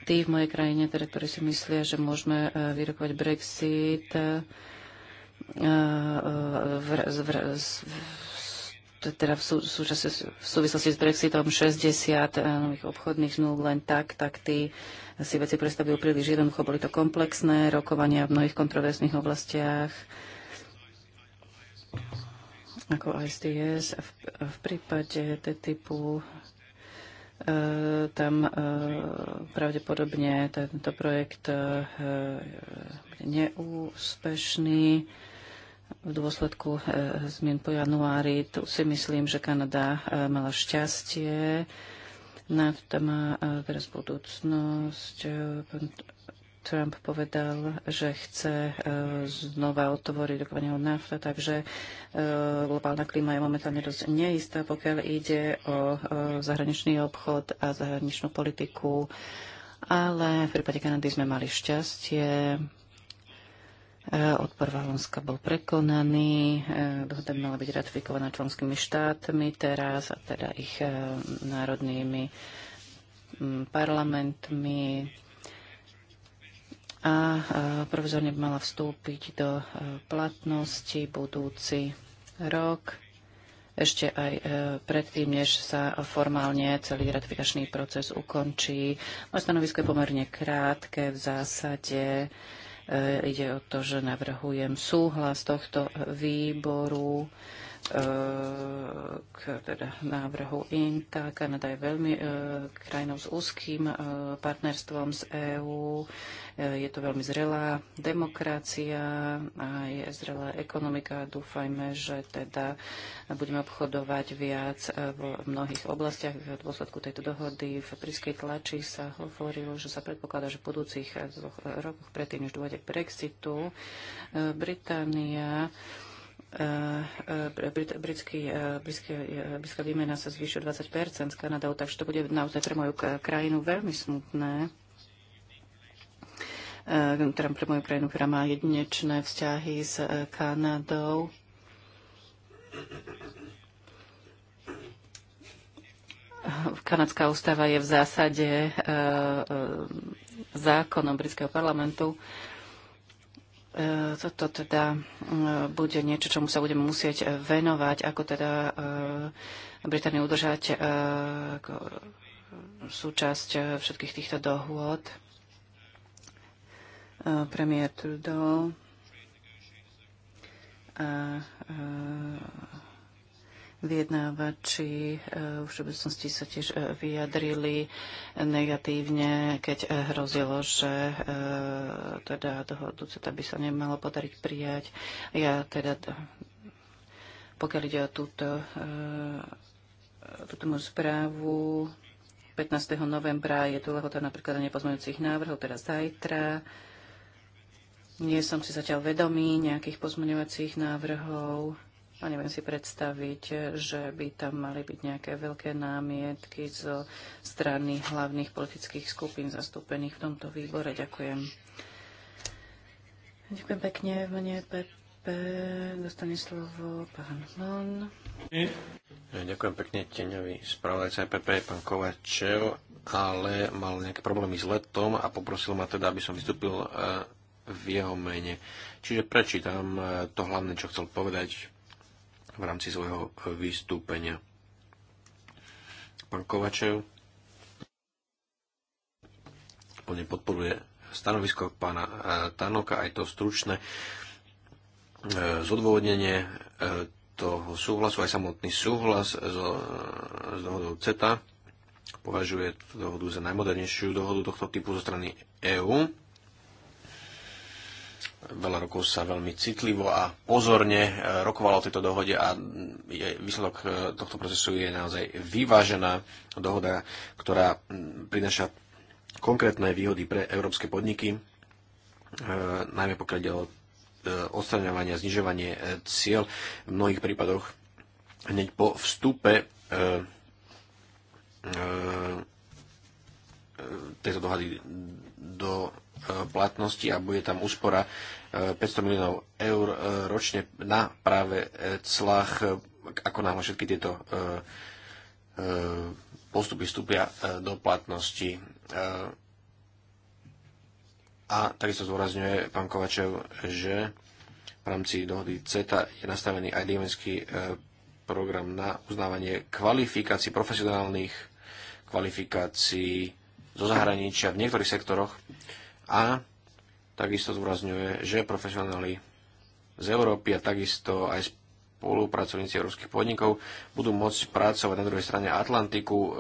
Tí v mojej krajine, teda, ktorí si myslia, že môžeme vyrokovať Brexit, teda v, sú, v súvislosti s Brexitom 60 eh, nových obchodných zmluv len tak, tak tí si veci predstavujú príliš jednoducho. Boli to komplexné rokovania v mnohých kontroverzných oblastiach ako ISDS. V, v prípade TTIPu E, eh, tam e, pravdepodobne tento projekt e, bude neúspešný v dôsledku e, zmien po januári. Tu si myslím, že Kanada e, mala šťastie. Nafta má e, teraz budúcnosť. Trump povedal, že chce znova otvoriť rokovanie o nafta, takže globálna klíma je momentálne dosť neistá, pokiaľ ide o zahraničný obchod a zahraničnú politiku. Ale v prípade Kanady sme mali šťastie Eh, Odpor Valonska bol prekonaný, eh, dohoda mala byť ratifikovaná členskými štátmi teraz a teda ich eh, národnými mm, parlamentmi a provizorne by mala vstúpiť do platnosti budúci rok ešte aj predtým, než sa formálne celý ratifikačný proces ukončí. Moje stanovisko je pomerne krátke v zásade. E, ide o to, že navrhujem súhlas tohto výboru k teda návrhu INTA. Kanada je veľmi e, krajinou s úzkým e, partnerstvom z EÚ. E, je to veľmi zrelá demokracia a je zrelá ekonomika. Dúfajme, že teda budeme obchodovať viac e, v mnohých oblastiach. V dôsledku tejto dohody v prískej tlači sa hovorilo, že sa predpokladá, že v budúcich dvoch rokoch, predtým než dôjde k Brexitu, e, Británia E, e, britská e, výmena sa zvýšil 20 s Kanadou, takže to bude naozaj pre moju krajinu veľmi smutné. Teda pre moju krajinu, ktorá má jedinečné vzťahy s Kanadou. Kanadská ústava je v zásade zákonom britského parlamentu. E, toto teda e, bude niečo, čomu sa budeme musieť e, venovať, ako teda Britániu udržať ako súčasť všetkých týchto dohôd. Premiér Trudeau a Vyjednávači e, v všeobecnosti sa tiež e, vyjadrili negatívne, keď e, hrozilo, že teda dohodu CETA by sa nemalo podariť prijať. Ja teda, pokiaľ ide o túto, túto moju správu, 15. novembra je tu lehota na prekladanie pozmeňujúcich návrhov, teda zajtra. Nie som si zatiaľ vedomý nejakých pozmeňovacích návrhov. A no, neviem si predstaviť, že by tam mali byť nejaké veľké námietky zo strany hlavných politických skupín zastúpených v tomto výbore. Ďakujem. Ďakujem pekne. V mene PP dostane slovo pán Mon. Ďakujem pekne teňový spravodajca EPP, pán Kovačev, ale mal nejaké problémy s letom a poprosil ma teda, aby som vystúpil eh, v jeho mene. Čiže prečítam eh, to hlavné, čo chcel povedať v rámci svojho e, vystúpenia. Pán Kovačev plne podporuje stanovisko pána e, Tanoka, aj to stručné e, zodôvodnenie toho súhlasu, aj samotný súhlas s dohodou CETA považuje dohodu za najmodernejšiu dohodu tohto typu zo strany EÚ veľa rokov sa veľmi citlivo a pozorne e, rokovalo o tejto dohode a výsledok e, tohto procesu je naozaj vyvážená dohoda, ktorá prináša konkrétne výhody pre európske podniky, e, najmä pokiaľ ide o odstraňovanie a znižovanie cieľ v mnohých prípadoch hneď po vstupe tejto dohady do Eh, platnosti a bude tam úspora 500 eh, miliónov eur eh, ročne na práve clách, ako náhle všetky tieto postupy vstúpia do platnosti. A takisto zdôrazňuje pán Kovačev, že v rámci dohody CETA je nastavený aj diemenský program na uznávanie kvalifikácií, profesionálnych kvalifikácií zo zahraničia v niektorých sektoroch a takisto zdôrazňuje, že profesionáli z Európy a takisto aj spolupracovníci európskych podnikov budú môcť pracovať na druhej strane Atlantiku e,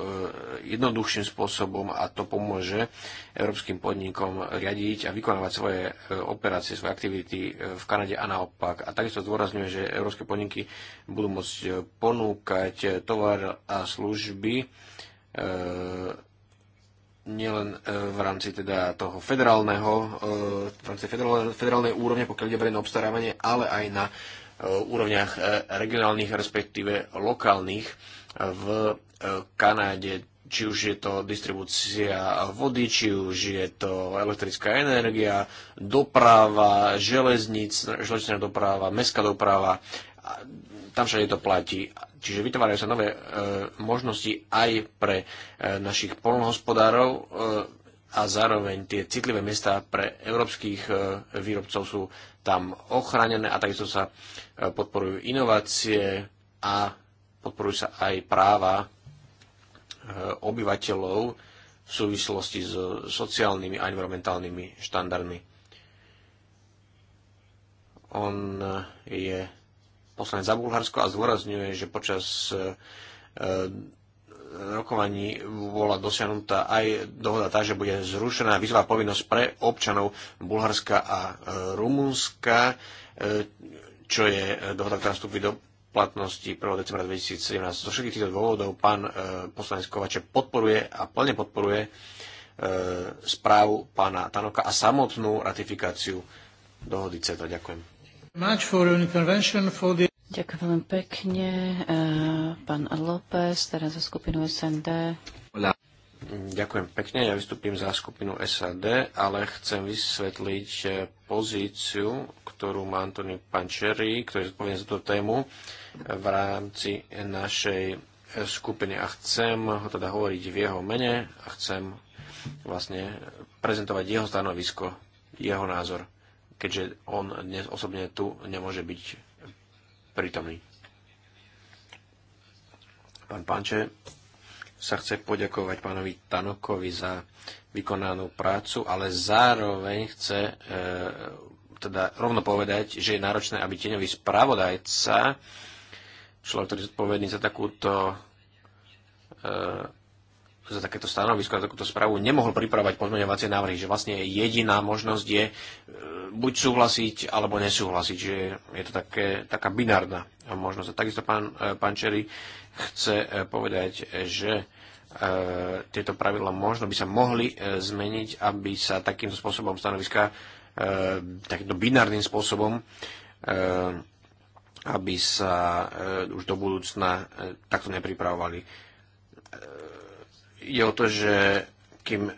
jednoduchším spôsobom a to pomôže európskym podnikom riadiť a vykonávať svoje e, operácie, svoje aktivity e, v Kanade a naopak. A takisto zdôrazňuje, že európske podniky budú môcť ponúkať tovar a služby nielen e, v rámci teda toho federálneho, e, v rámci federálnej, úrovne, pokiaľ ide verejné obstarávanie, ale aj na e, úrovniach regionálnych, respektíve lokálnych v Kanáde. Či už je to distribúcia vody, či už je to elektrická energia, doprava, železnic, železničná doprava, mestská doprava, tam všade to platí. Čiže vytvárajú sa nové e, možnosti aj pre e, našich polnohospodárov e, a zároveň tie citlivé miesta pre európskych e, výrobcov sú tam ochránené a takisto sa e, podporujú inovácie a podporujú sa aj práva e, obyvateľov v súvislosti s sociálnymi a environmentálnymi štandardmi. On e, je poslanec za Bulharsko a zdôrazňuje, že počas e, e, rokovaní bola dosiahnutá aj dohoda tá, že bude zrušená výzva povinnosť pre občanov Bulharska a e, Rumunska, čo je dohoda, ktorá vstúpi do platnosti 1. decembra 2017. Zo všetkých týchto dôvodov pán poslanec Kovače podporuje a plne podporuje správu pána Tanoka a samotnú ratifikáciu dohody CETA. Ďakujem. Ďakujem veľmi pekne. Eh, pán López, teraz za skupinu SND. Ďakujem pekne, ja vystúpim za skupinu SAD, ale chcem vysvetliť pozíciu, ktorú má Antony Pančeri, ktorý je zodpovedný za tú tému v rámci našej eh, skupiny a chcem ho teda hovoriť v jeho mene a chcem vlastne prezentovať jeho stanovisko, jeho názor, keďže on dnes osobne tu nemôže byť prítomný. Pán Panče sa chce poďakovať pánovi Tanokovi za vykonanú prácu, ale zároveň chce e, teda rovno povedať, že je náročné, aby tieňový spravodajca, človek, ktorý je zodpovedný za takúto e, za takéto stanovisko a takúto správu nemohol pripravať pozmeňovacie návrhy, že vlastne jediná možnosť je e, buď súhlasiť alebo nesúhlasiť, že je to také, taká binárna možnosť. A takisto pán, e, pán Čeri chce e, povedať, že tieto pravidla možno by sa mohli zmeniť, aby sa takýmto spôsobom stanoviska, takýmto binárnym spôsobom aby sa už do budúcna takto nepripravovali je o to, že kým e,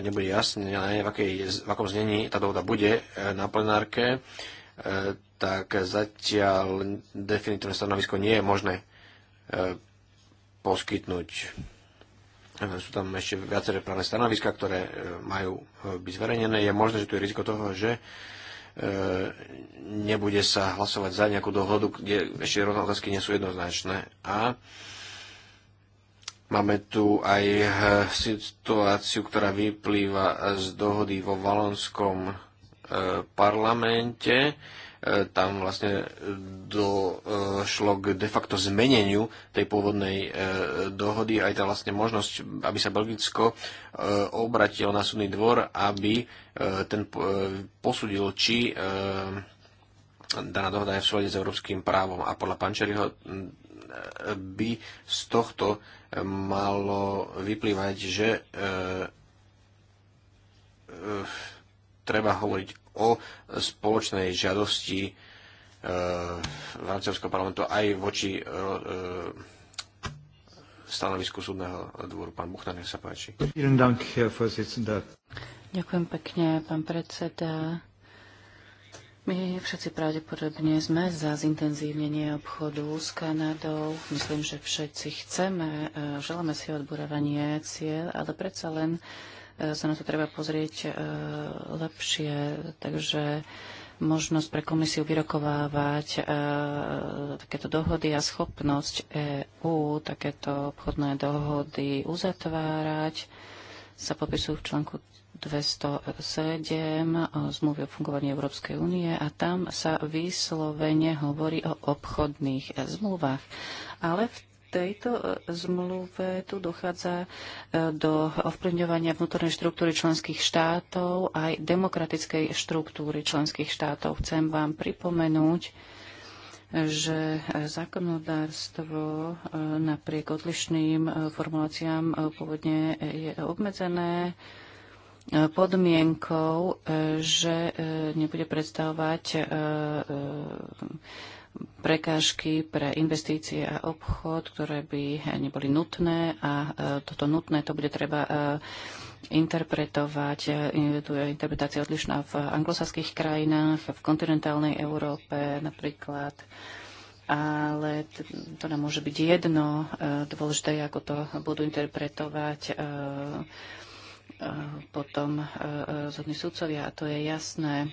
nebude jasné, v, v akom znení tá dohoda bude e, na plenárke, e, tak zatiaľ definitívne stanovisko nie je možné poskytnúť. Sú tam ešte viaceré právne stanoviska, ktoré majú byť zverejnené. Je možné, že tu je riziko toho, že nebude sa hlasovať za nejakú dohodu, kde ešte rovné otázky nie sú jednoznačné. A Máme tu aj eh, situáciu, ktorá vyplýva eh, z dohody vo valonskom eh, parlamente. Tam vlastne došlo k de facto zmeneniu tej pôvodnej dohody, aj tá vlastne možnosť, aby sa Belgicko obratilo na súdny dvor, aby ten posudil, či daná dohoda je v súlade s európskym právom. A podľa Pančeriho hm, by z tohto malo vyplývať, že e, e, treba hovoriť o spoločnej žiadosti e, Francúzského parlamentu aj voči e, e, stanovisku súdneho dvoru. Pán Buchner, nech sa páči. Ďakujem pekne, pán predseda. My všetci pravdepodobne sme za zintenzívnenie obchodu s Kanadou. Myslím, že všetci chceme, e, želáme si odburávanie cieľ, ale predsa len e, sa na to treba pozrieť e, lepšie. Takže možnosť pre komisiu vyrokovávať takéto dohody a schopnosť EÚ takéto obchodné dohody uzatvárať sa popisujú v článku 207 zmluvy o fungovaní Európskej únie a tam sa vyslovene hovorí o obchodných e, zmluvách. Ale v tejto e, zmluve tu dochádza e, do ovplyvňovania vnútornej štruktúry členských štátov aj demokratickej štruktúry členských štátov. Chcem vám pripomenúť, že zákonodárstvo napriek odlišným formuláciám pôvodne je obmedzené podmienkou, e, že e, nebude predstavovať e, prekážky pre investície a obchod, ktoré by neboli nutné a toto nutné to bude treba interpretovať. Tu je interpretácia odlišná v anglosaských krajinách, v kontinentálnej Európe napríklad ale to nám môže byť jedno. Dôležité ako to budú interpretovať Eh, potom rozhodní eh, eh, sudcovia, a to je jasné.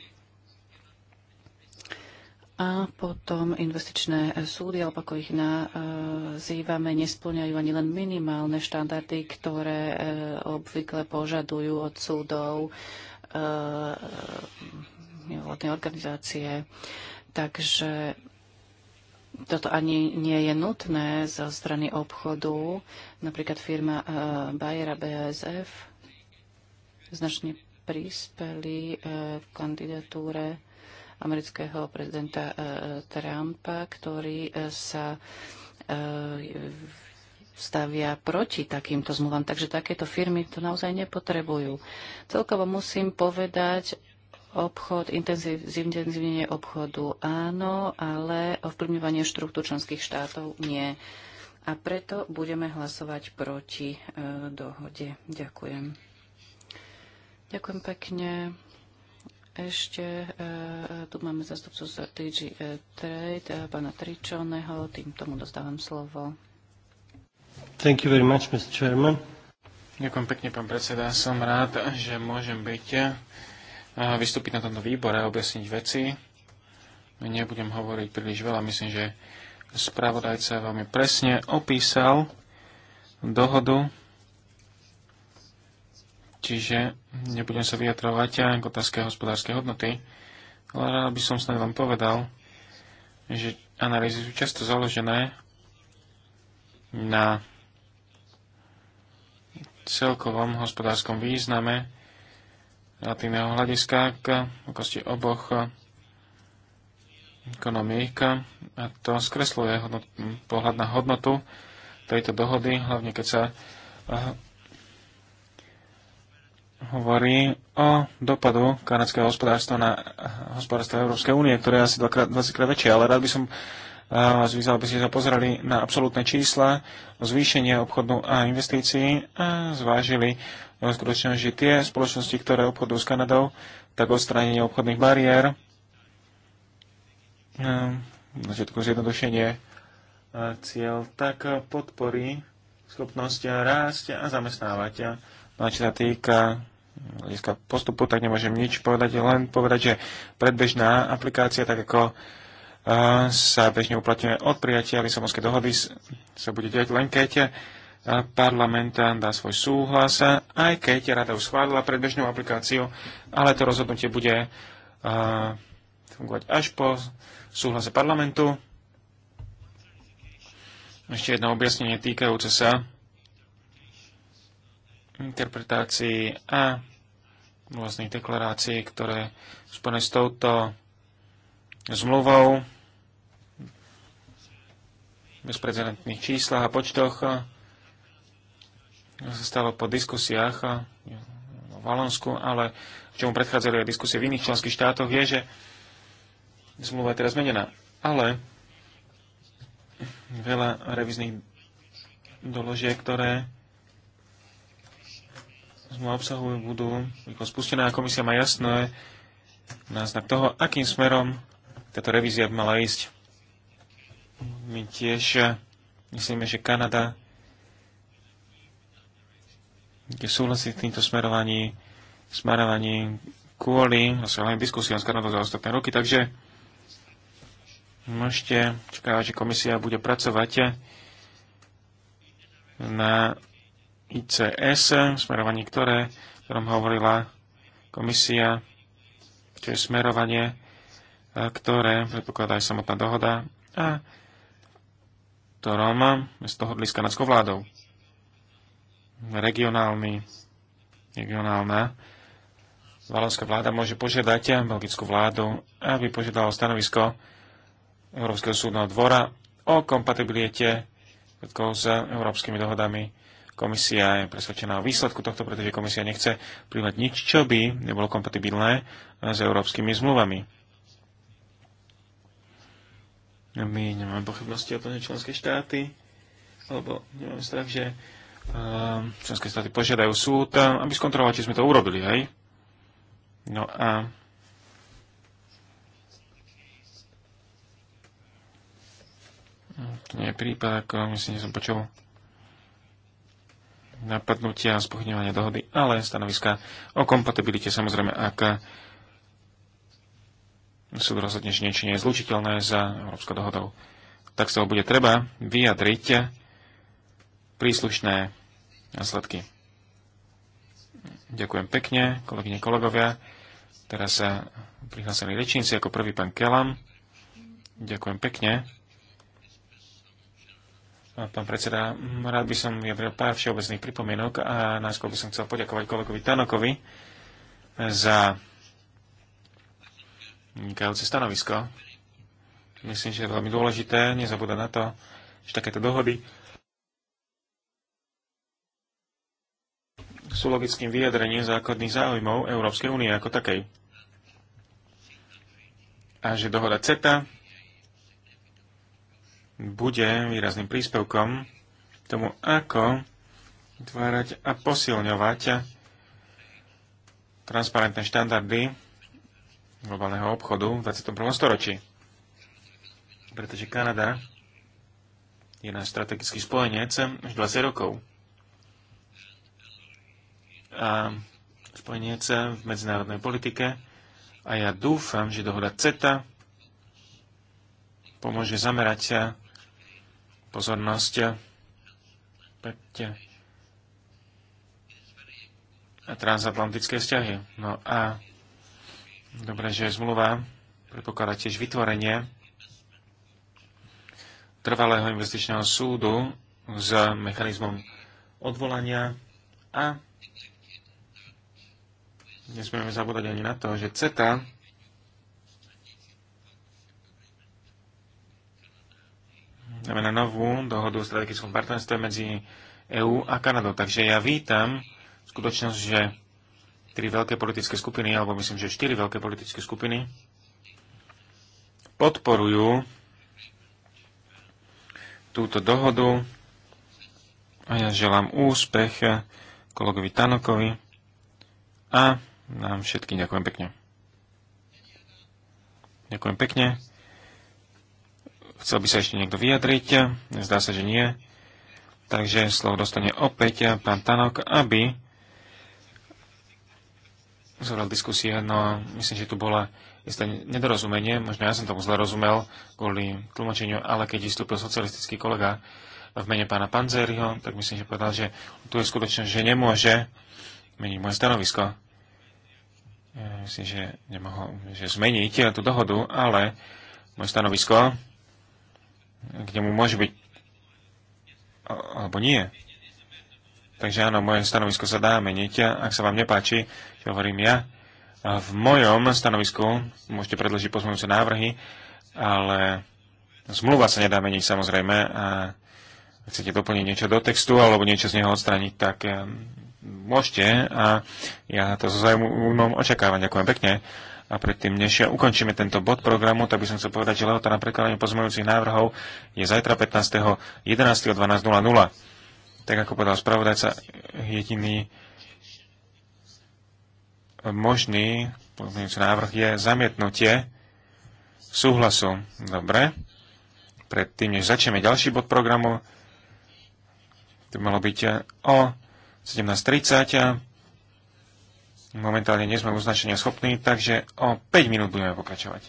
A potom investičné súdy, alebo ako ich nazývame, nesplňajú ani len minimálne štandardy, ktoré obvykle požadujú od súdov mimovládnej organizácie. Takže toto ani nie je nutné zo strany obchodu. Napríklad firma Bayera BASF značne prispeli e, v kandidatúre amerického prezidenta e, Trumpa, ktorý e, sa stavia proti takýmto zmluvám. Takže takéto firmy to naozaj nepotrebujú. Celkovo musím povedať, obchod, intenzívne obchodu áno, ale ovplyvňovanie štruktúr členských štátov nie. A preto budeme hlasovať proti e, dohode. Ďakujem. Ďakujem pekne. Ešte e, e, tu máme zastupcu z TG e, Trade, pána Tričoneho. Tým tomu dostávam slovo. Thank you very much, Mr. Chairman. Ďakujem pekne, pán predseda. Som rád, že môžem byť vystúpiť na tomto výbore a objasniť veci. Nebudem hovoriť príliš veľa. Myslím, že spravodajca veľmi presne opísal dohodu Čiže nebudem sa vyjadrovať k otázke hospodárskej hodnoty, ale rád by som snad vám povedal, že analýzy sú často založené na celkovom hospodárskom význame relatívneho hľadiska k veľkosti oboch ekonomík a to skresluje hodnot, pohľad na hodnotu tejto dohody, hlavne keď sa hovorí o dopadu kanadského hospodárstva na hospodárstvo Európskej únie, ktoré je asi 20 krát väčšie, ale rád by som eh, vás vyzval, aby ste sa pozerali na absolútne čísla o zvýšenie obchodu a investícií a zvážili eh, skutočne, že tie spoločnosti, ktoré obchodujú s Kanadou, tak odstránenie obchodných bariér, eh, na začiatku zjednodušenie cieľ, tak podporí schopnosť rásť a zamestnávať. No a čo sa týka hľadiska postupu, tak nemôžem nič povedať, len povedať, že predbežná aplikácia, tak ako sa bežne uplatňuje od prijatia Lisabonskej dohody, sa bude diať len keď parlament dá svoj súhlas, aj keď rada už schválila predbežnú aplikáciu, ale to rozhodnutie bude fungovať až po súhlase parlamentu. Ešte jedno objasnenie týkajúce sa interpretácií a rôznych deklarácií, ktoré spojené s touto zmluvou v bezprecedentných číslach a počtoch eh, sa stalo po diskusiách eh, v Valonsku, ale čomu predchádzali aj diskusie v iných členských štátoch, je, že zmluva je teraz zmenená. Ale veľa revizných doložiek, ktoré obsahujú budú ako spustená komisia má jasné náznak toho, akým smerom táto revízia by mala ísť. My tiež eh, myslíme, že Kanada kde súhlasí s týmto smerovaní, smerovaní kvôli rozsiahlým vlastne diskusiám s Kanadou za ostatné roky, takže môžete čakávať, že komisia bude pracovať eh, na ICS, smerovanie ktoré, o ktorom hovorila komisia, čo je smerovanie, e, ktoré predpokladá aj samotná dohoda a ktorom sme z toho s kanadskou vládou. Regionálny, regionálna valonská vláda môže požiadať belgickú vládu, aby požiadala stanovisko Európskeho súdneho dvora o kompatibilite s európskymi dohodami Komisia je presvedčená o výsledku tohto, pretože komisia nechce príjmať nič, čo by nebolo kompatibilné s európskymi zmluvami. My nemáme pochybnosti o tom, že členské štáty, alebo nemáme strach, že ehm, členské štáty požiadajú súd, aby skontrolovali, či sme to urobili, hej? No a to nie je prípad, ako myslím, že som počul napadnutia a spochybňovania dohody, ale stanoviska o kompatibilite samozrejme, ak sú rozhodne, že niečo nie je zlučiteľné za Európskou dohodou, tak sa ho bude treba vyjadriť príslušné následky. Ďakujem pekne, kolegyne, kolegovia. Teraz sa prihlásili rečníci ako prvý pán Kelam. Ďakujem pekne. Pán predseda, rád by som vyjadril pár všeobecných pripomienok a najskôr by som chcel poďakovať kolegovi Tanokovi za vynikajúce stanovisko. Myslím, že je veľmi dôležité nezabúdať na to, že takéto dohody sú logickým vyjadrením základných záujmov Európskej únie ako takej. A že dohoda CETA bude výrazným príspevkom tomu, ako vytvárať a posilňovať transparentné štandardy globálneho obchodu v 21. storočí. Pretože Kanada je náš strategický spojenec už 20 rokov. A spojenec v medzinárodnej politike a ja dúfam, že dohoda CETA pomôže zamerať sa pozornosť. A transatlantické vzťahy. No a dobre, že zmluva predpokladá tiež vytvorenie trvalého investičného súdu s mechanizmom odvolania a nesmieme zabúdať ani na to, že CETA znamená novú dohodu o strategickom partnerstve medzi EÚ a Kanadou. Takže ja vítam skutočnosť, že tri veľké politické skupiny, alebo myslím, že štyri veľké politické skupiny podporujú túto dohodu a ja želám úspech kolegovi Tanokovi a nám všetkým ďakujem pekne. Ďakujem pekne. Chcel by sa ešte niekto vyjadriť? Zdá sa, že nie. Takže slovo dostane opäť pán Tanok, aby zobral diskusie, no myslím, že tu bola isté nedorozumenie, možno ja som tomu zle rozumel kvôli tlmočeniu, ale keď vystúpil socialistický kolega v mene pána Panzeriho, tak myslím, že povedal, že tu je skutočnosť, že nemôže meniť moje stanovisko. myslím, že nemohol že zmeniť tú dohodu, ale moje stanovisko kde mu môže byť alebo nie. Takže áno, moje stanovisko sa dá meniť. Ak sa vám nepáči, čo hovorím ja, v mojom stanovisku môžete predložiť pozmeňujúce návrhy, ale zmluva sa nedá meniť samozrejme a ak chcete doplniť niečo do textu alebo niečo z neho odstrániť, tak môžete a ja to so zájmom očakávam. Ďakujem pekne. A predtým, než ja ukončíme tento bod programu, tak by som chcel povedať, že lehota na prekladanie pozmeňujúcich návrhov je zajtra 15. 11. 12.00. Tak ako povedal spravodajca, jediný možný pozmeňujúci návrh je zamietnutie súhlasu. Dobre. Predtým, než začneme ďalší bod programu, to malo byť o 17.30 Momentálne nie sme uznačenia schopní, takže o 5 minút budeme pokračovať.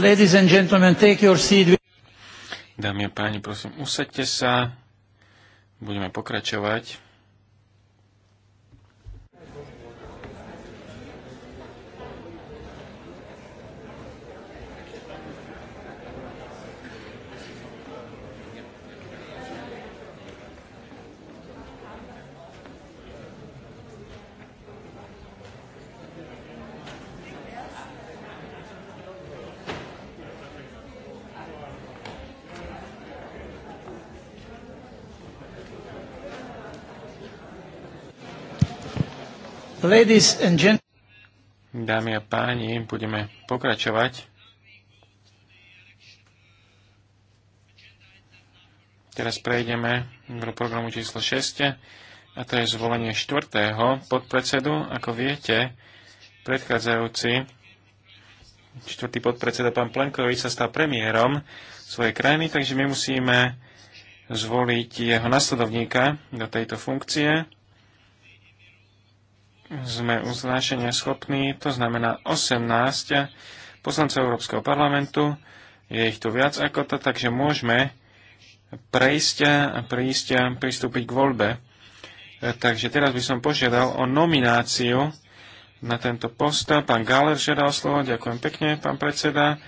Ladies and gentlemen, take your seat. Dámy a páni, prosím, usaďte sa. Budeme pokračovať. Dámy a páni, budeme pokračovať. Teraz prejdeme do programu číslo 6 a to je zvolenie štvrtého podpredsedu. Ako viete, predchádzajúci čtvrtý podpredseda pán Plenkovi sa stal premiérom svojej krajiny, takže my musíme zvoliť jeho nasledovníka do tejto funkcie sme uznášenia schopní, to znamená 18 poslancov Európskeho parlamentu, je ich tu viac ako to, takže môžeme prejsť a prísť a pristúpiť k voľbe. Takže teraz by som požiadal o nomináciu na tento post. Pán Gáler žiada o slovo. Ďakujem pekne, pán predseda.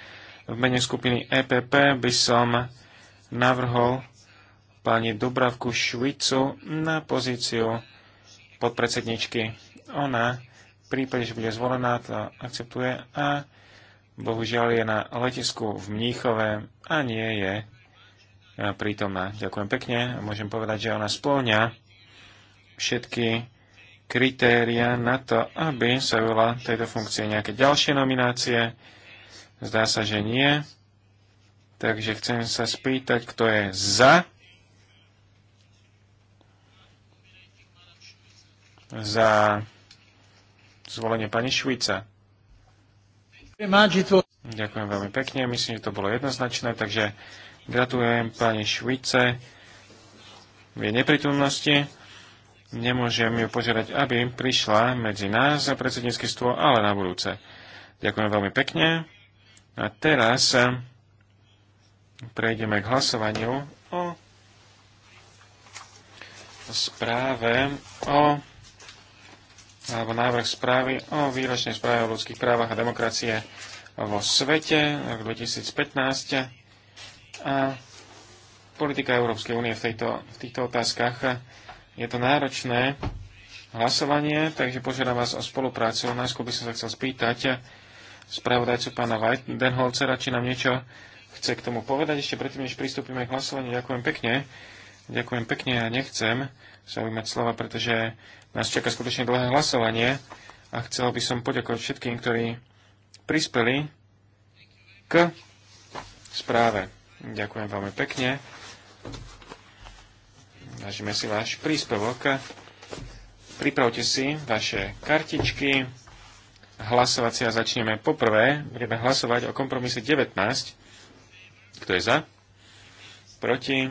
V mene skupiny EPP by som navrhol pani Dubravku Švicu na pozíciu podpredsedničky ona v prípade, že bude zvolená, to akceptuje a bohužiaľ je na letisku v Mníchove a nie je e, prítomná. Ďakujem pekne a môžem povedať, že ona splňa všetky kritéria na to, aby sa vyvolala tejto funkcie nejaké ďalšie nominácie. Zdá sa, že nie. Takže chcem sa spýtať, kto je za. Za zvolenie pani Švica. Ďakujem veľmi pekne, myslím, že to bolo jednoznačné, takže gratulujem pani Švice v jej neprítomnosti. Nemôžem ju požiadať, aby prišla medzi nás za predsednícky stôl, ale na budúce. Ďakujem veľmi pekne. A teraz eh, prejdeme k hlasovaniu o správe o alebo návrh správy o výročnej správe o ľudských právach a demokracie vo svete rok 2015 a politika Európskej únie v, tejto, v týchto otázkach. Je to náročné hlasovanie, takže požiadam vás o spoluprácu. Najskôr by som sa chcel spýtať spravodajcu pána Weidenholcera, či nám niečo chce k tomu povedať. Ešte predtým, než pristúpime k hlasovaniu, ďakujem pekne Ďakujem pekne, ja nechcem sa ujmať slova, pretože nás čaká skutočne dlhé hlasovanie a chcel by som poďakovať všetkým, ktorí prispeli k správe. Ďakujem veľmi pekne. Vážime si váš príspevok. Pripravte si vaše kartičky. Hlasovacia začneme poprvé. Budeme hlasovať o kompromise 19. Kto je za? Proti?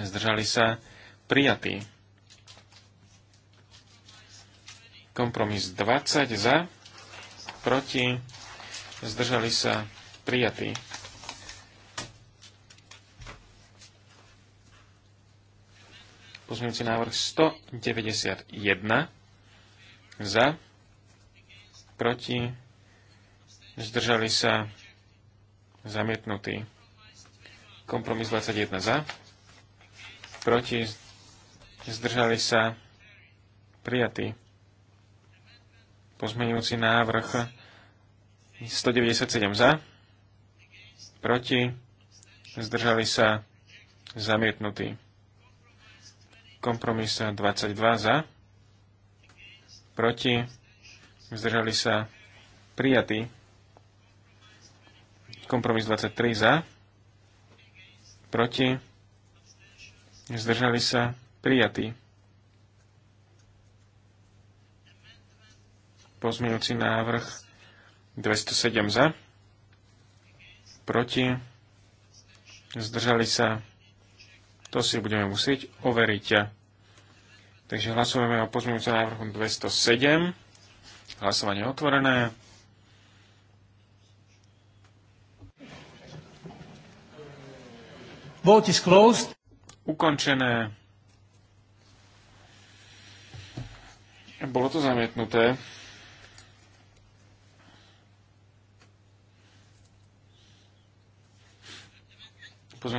zdržali sa, prijatý. Kompromis 20 za, proti, zdržali sa, prijatý. Pozmiňujúci návrh 191 za, proti, zdržali sa, zamietnutý. Kompromis 21 za, proti, zdržali sa, prijatý. Pozmenujúci návrh 197 za, proti, zdržali sa, zamietnutý. Kompromis 22 za, proti, zdržali sa, prijatý. Kompromis 23 za, proti, zdržali sa, prijatí. Pozmejúci návrh 207 za, proti, zdržali sa, to si budeme musieť overiť. Takže hlasujeme o pozmejúcom návrhu 207. Hlasovanie otvorené. Vote is closed ukončené. Bolo to zamietnuté.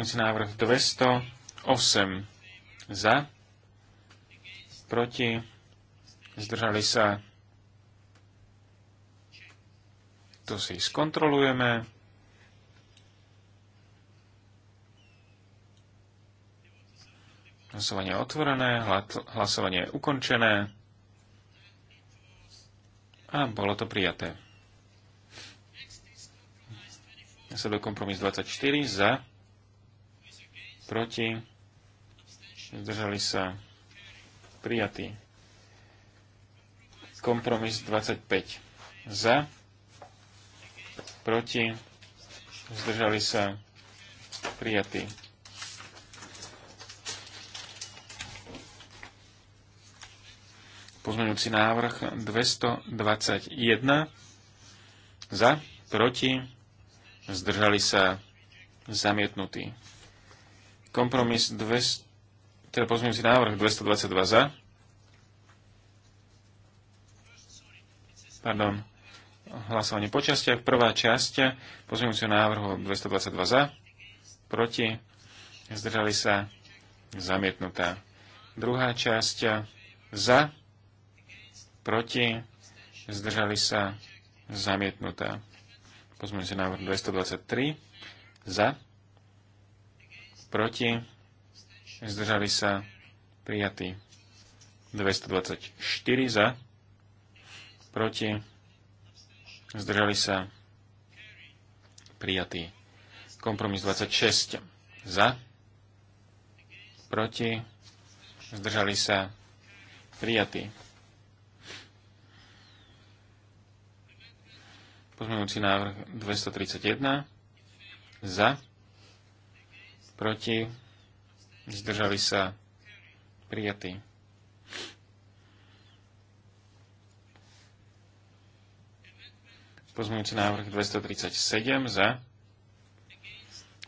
si návrh 208 za, proti, zdržali sa. To si skontrolujeme. Hlasovanie je otvorené, hlasovanie je ukončené a bolo to prijaté. Nasleduje kompromis 24 za, proti, zdržali sa prijatí. Kompromis 25 za, proti, zdržali sa prijatí Pozmeňujúci návrh 221 za, proti, zdržali sa zamietnutí. Kompromis 200, teda pozmeňujúci návrh 222 za. Pardon, hlasovanie po častiach. Prvá časť pozmeňujúceho návrhu 222 za, proti, zdržali sa zamietnutá. Druhá časť za, proti, zdržali sa zamietnuté. si návrh 223 za, proti, zdržali sa prijatí 224 za, proti, zdržali sa prijatí. Kompromis 26 za, proti, zdržali sa prijatí. Pozmeňujúci návrh 231. Za. Proti. Zdržali sa. Prijatý. Pozmeňujúci návrh 237. Za.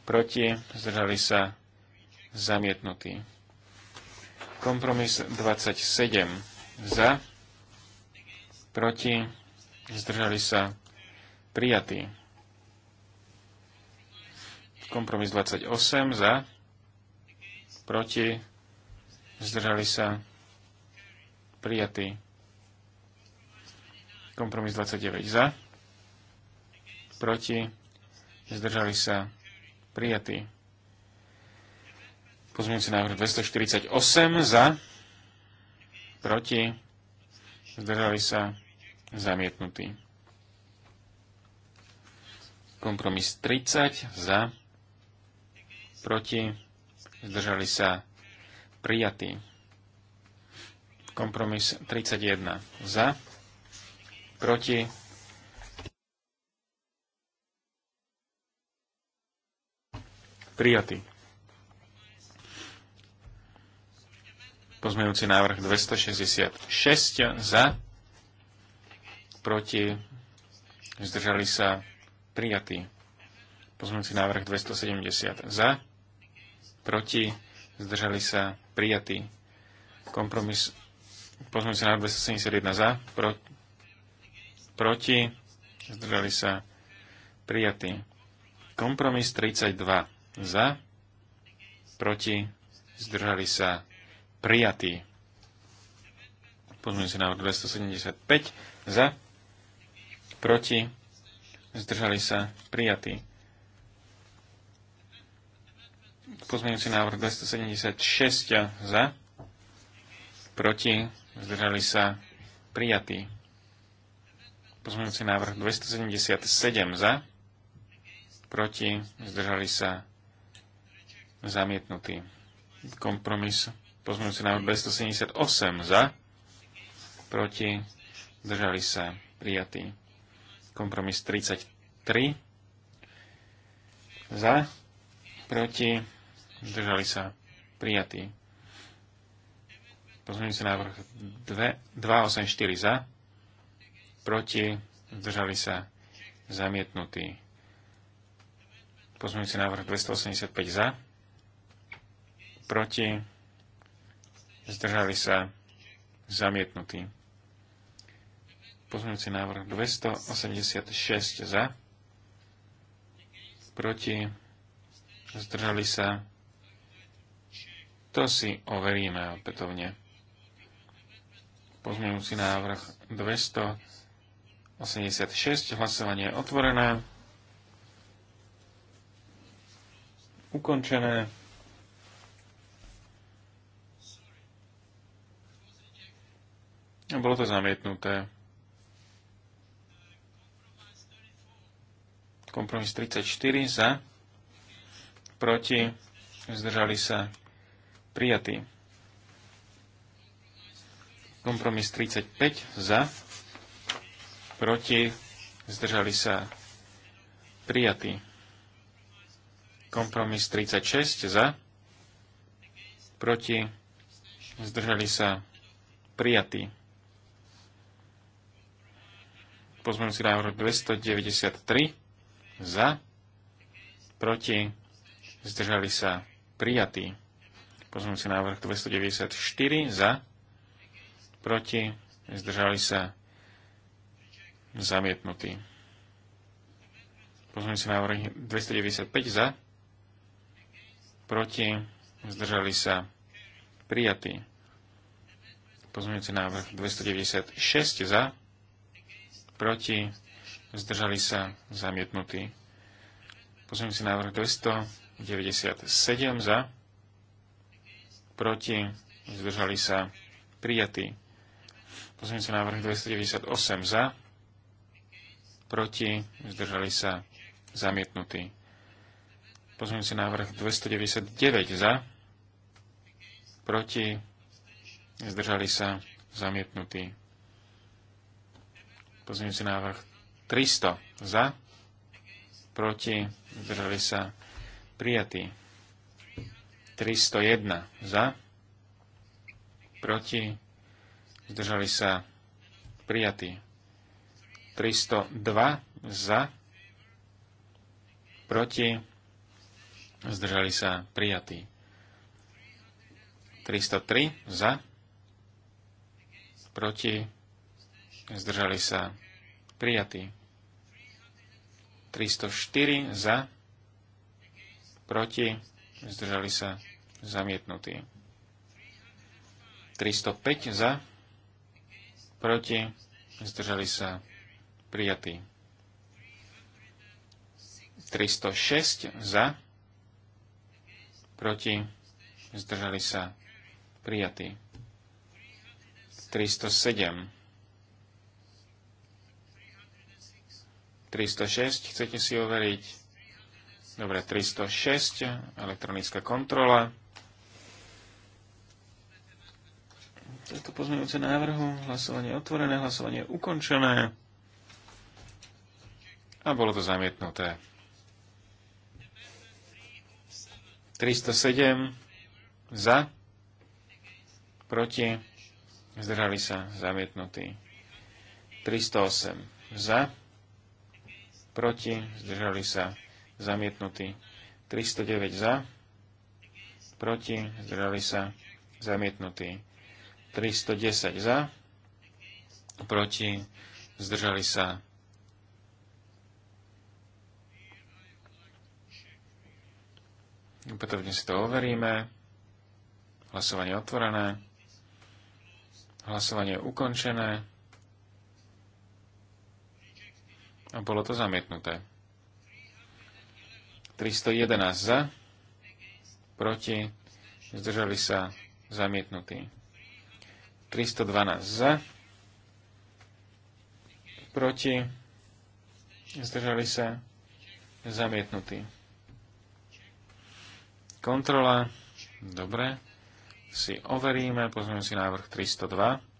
Proti. Zdržali sa. Zamietnutý. Kompromis 27. Za. Proti. Zdržali sa prijatý. Kompromis 28 za, proti, zdržali sa, prijatý. Kompromis 29 za, proti, zdržali sa, prijatý. Pozmeňujúci návrh 248 za, proti, zdržali sa, zamietnutý. Kompromis 30 za, proti, zdržali sa prijatí. Kompromis 31 za, proti, prijatý. Pozmejúci návrh 266 za, proti, zdržali sa prijatý. Pozmeňujúci návrh 270 za, proti, zdržali sa, prijatý. Kompromis, pozmeňujúci návrh 271 za, pro, proti, zdržali sa, prijatý. Kompromis 32 za, proti, zdržali sa, prijatý. Pozmeňujúci návrh 275 za, proti, zdržali sa, prijatí. Pozmeňujúci návrh 276 za, proti, zdržali sa, prijatí. Pozmeňujúci návrh 277 za, proti, zdržali sa, zamietnutí Kompromis. Pozmeňujúci návrh 278 za, proti, zdržali sa, prijatí. Kompromis 33. Za. Proti. Zdržali sa. Prijatý. Pozmeňujúci návrh 284 za. Proti. Zdržali sa. Zamietnutý. Pozmeňujúci návrh 285 za. Proti. Zdržali sa. zamietnutí. Pozmeňujúci návrh 286 za. Proti. Zdržali sa. To si overíme opätovne. Pozmeňujúci návrh 286. Hlasovanie je otvorené. Ukončené. bolo to zamietnuté. Kompromis 34 za, proti, zdržali sa prijatí. Kompromis 35 za, proti, zdržali sa prijatí. Kompromis 36 za, proti, zdržali sa prijatí. Pozmeňujúci návrh 293 za, proti, zdržali sa prijatí. si návrh 294 za, proti, zdržali sa zamietnutí. si návrh 295 za, proti, zdržali sa prijatí. Pozmeňujúci návrh 296 za, proti, zdržali sa zamietnutí. Pozrieme si návrh 297 za, proti, zdržali sa prijatí. Pozrieme si návrh 298 za, proti, zdržali sa zamietnutí. Pozrieme si návrh 299 za, proti, zdržali sa zamietnutí. Pozrieme si návrh 300 za, proti, zdržali sa prijatí. 301 za, proti, zdržali sa prijatí. 302 za, proti, zdržali sa prijatí. 303 za, proti, zdržali sa prijatý. 304 za, proti, zdržali sa, zamietnutí. 305 za, proti, zdržali sa, prijatí. 306 za, proti, zdržali sa, prijatí. 307 306, chcete si overiť? Dobre, 306, elektronická kontrola. Toto pozmeňujúce návrhu, hlasovanie otvorené, hlasovanie ukončené. A bolo to zamietnuté. 307 za, proti, zdrhali sa zamietnutí. 308 za, proti, zdržali sa zamietnutí 309 za, proti, zdržali sa zamietnutí 310 za, proti, zdržali sa Potrebne si to overíme. Hlasovanie otvorené. Hlasovanie ukončené. A bolo to zamietnuté. 311 za, proti, zdržali sa zamietnutí. 312 za, proti, zdržali sa zamietnutí. Kontrola, dobre, si overíme, pozrieme si návrh 302.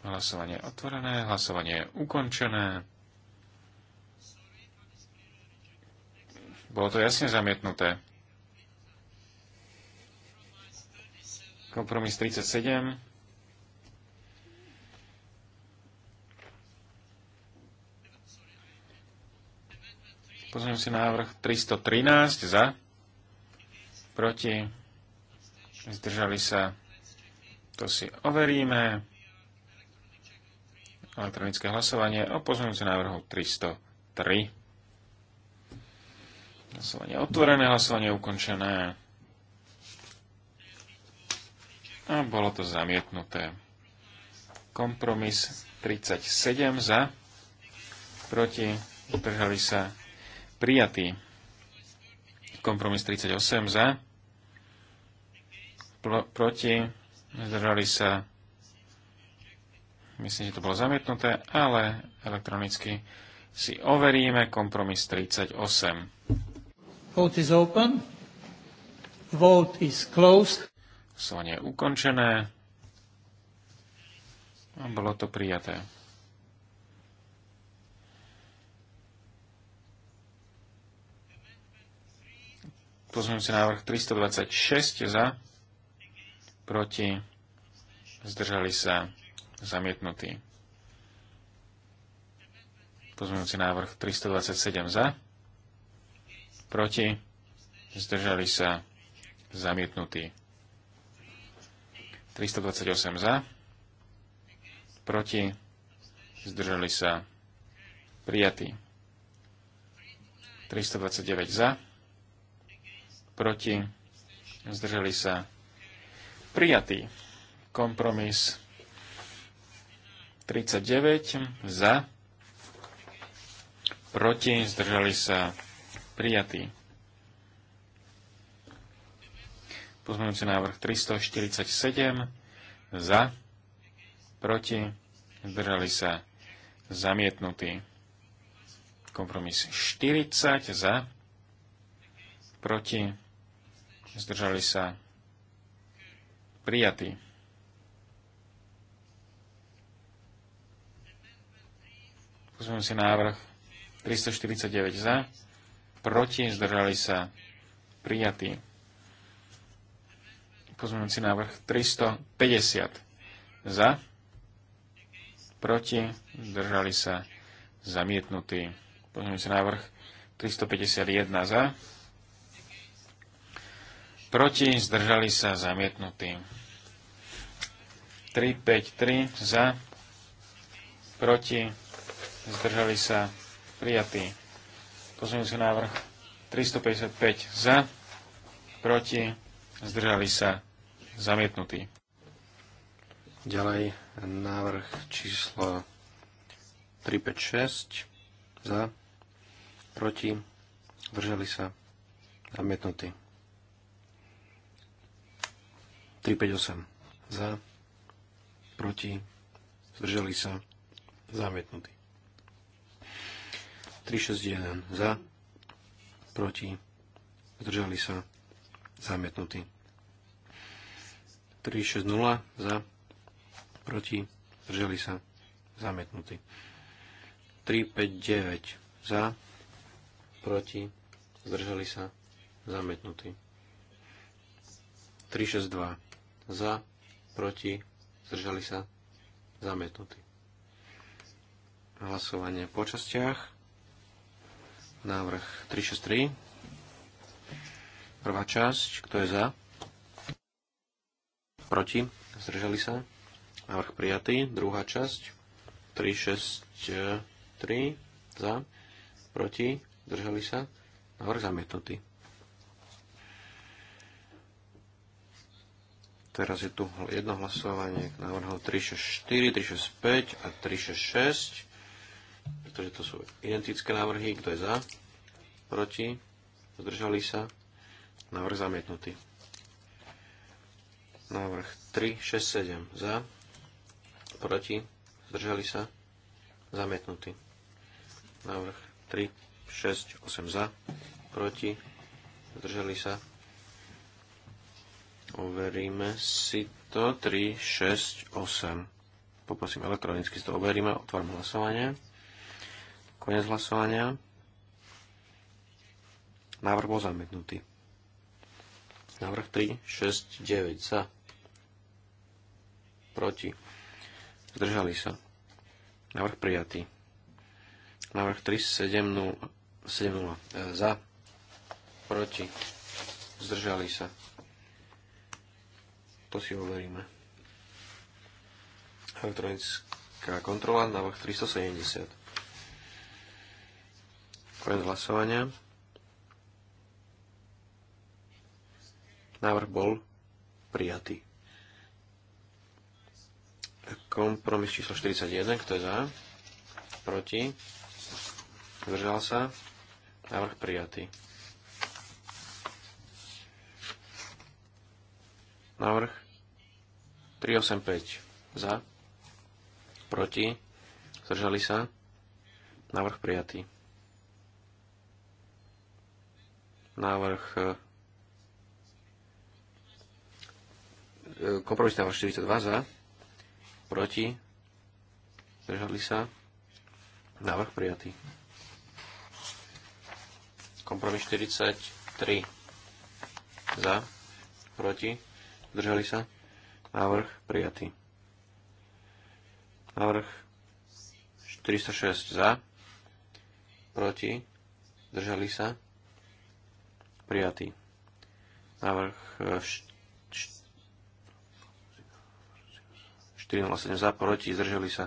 Hlasovanie je otvorené, hlasovanie je ukončené. Bolo to jasne zamietnuté. Kompromis 37. Pozrieme si návrh 313 za, proti, zdržali sa, to si overíme elektronické hlasovanie o pozmeňujúcom návrhu 303. Hlasovanie otvorené, hlasovanie ukončené. A bolo to zamietnuté. Kompromis 37 za, proti, držali sa prijatý. Kompromis 38 za, proti, zdržali sa prijatý Myslím, že to bolo zamietnuté, ale elektronicky si overíme kompromis 38. Vote is open. Vote is closed. Slovanie je ukončené. A bolo to prijaté. si návrh 326 za, proti, zdržali sa zamietnutý. Pozmeňujúci návrh 327 za, proti, zdržali sa, zamietnutý. 328 za, proti, zdržali sa, prijatý. 329 za, proti, zdržali sa, prijatý. Kompromis 39 za, proti, zdržali sa prijatí. Pozmeňujúci návrh 347 za, proti, zdržali sa zamietnutí. Kompromis 40 za, proti, zdržali sa prijatí. si návrh 349 za, proti, zdržali sa, prijatí, pozujem si návrh 350 za, proti, zdržali sa, zamietnutý. si návrh 351 za, proti, zdržali sa, zamietnutí. 353 za, proti, zdržali sa, prijatý. Pozmeňujúci návrh 355 za, proti, zdržali sa, zamietnutý. Ďalej návrh číslo 356 za, proti, zdržali sa, zamietnutý. 358 za, proti, zdržali sa, zamietnutý. 361 za, proti, zdržali sa, zamietnutí. 360 za, proti, zdržali sa, zamietnutí. 359 za, proti, zdržali sa, zamietnutí. 362 za, proti, zdržali sa, zamietnutí. Hlasovanie po častiach. Návrh 363. Prvá časť. Kto je za? Proti? Zdržali sa? Návrh prijatý. Druhá časť. 363. Za? Proti? Zdržali sa? Návrh zamietnutý. Teraz je tu jedno hlasovanie k návrhu 364, 365 a 366 pretože to sú identické návrhy. Kto je za? Proti? Zdržali sa? Návrh zamietnutý. Návrh 3, 6, 7. Za? Proti? Zdržali sa? Zamietnutý. Návrh 3, 6, 8 za. Proti? Zdržali sa? Overíme si to. 3, 6, 8. Poprosím elektronicky si to overíme. otvorím hlasovanie. Konec hlasovania. Návrh bol zamietnutý. Návrh 3, 6, 9 za. Proti. Zdržali sa. Návrh prijatý. Návrh 3, 7, 0, 7, 0 e, za. Proti. Zdržali sa. To si overíme. Elektronická kontrola, návrh 370. Koniec hlasovania. Návrh bol prijatý. Kompromis číslo 41, kto je za? Proti? Zdržal sa? Návrh prijatý. Návrh 385 za, proti, zdržali sa, návrh prijatý. Návrh e, kompromisný návrh 42 za, proti, držali sa, návrh prijatý. Kompromis 43 za, proti, držali sa, návrh prijatý. Návrh 406 za, proti, držali sa, prijatý. Návrh 407 za, proti, zdržali sa,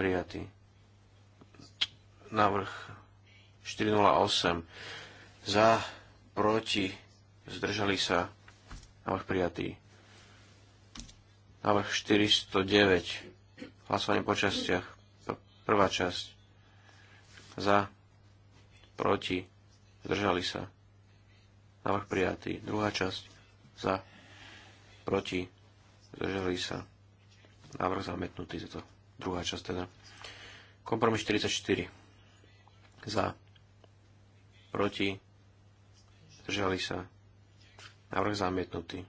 prijatý. Návrh 408 za, proti, zdržali sa, návrh prijatý. Návrh 409, hlasovanie po častiach, prvá časť, za, proti, zdržali sa, Návrh prijatý. Druhá časť za, proti, zdržali sa. Návrh zametnutý, za to druhá časť teda. Kompromis 44. Za, proti, zdržali sa. Návrh zamietnutý.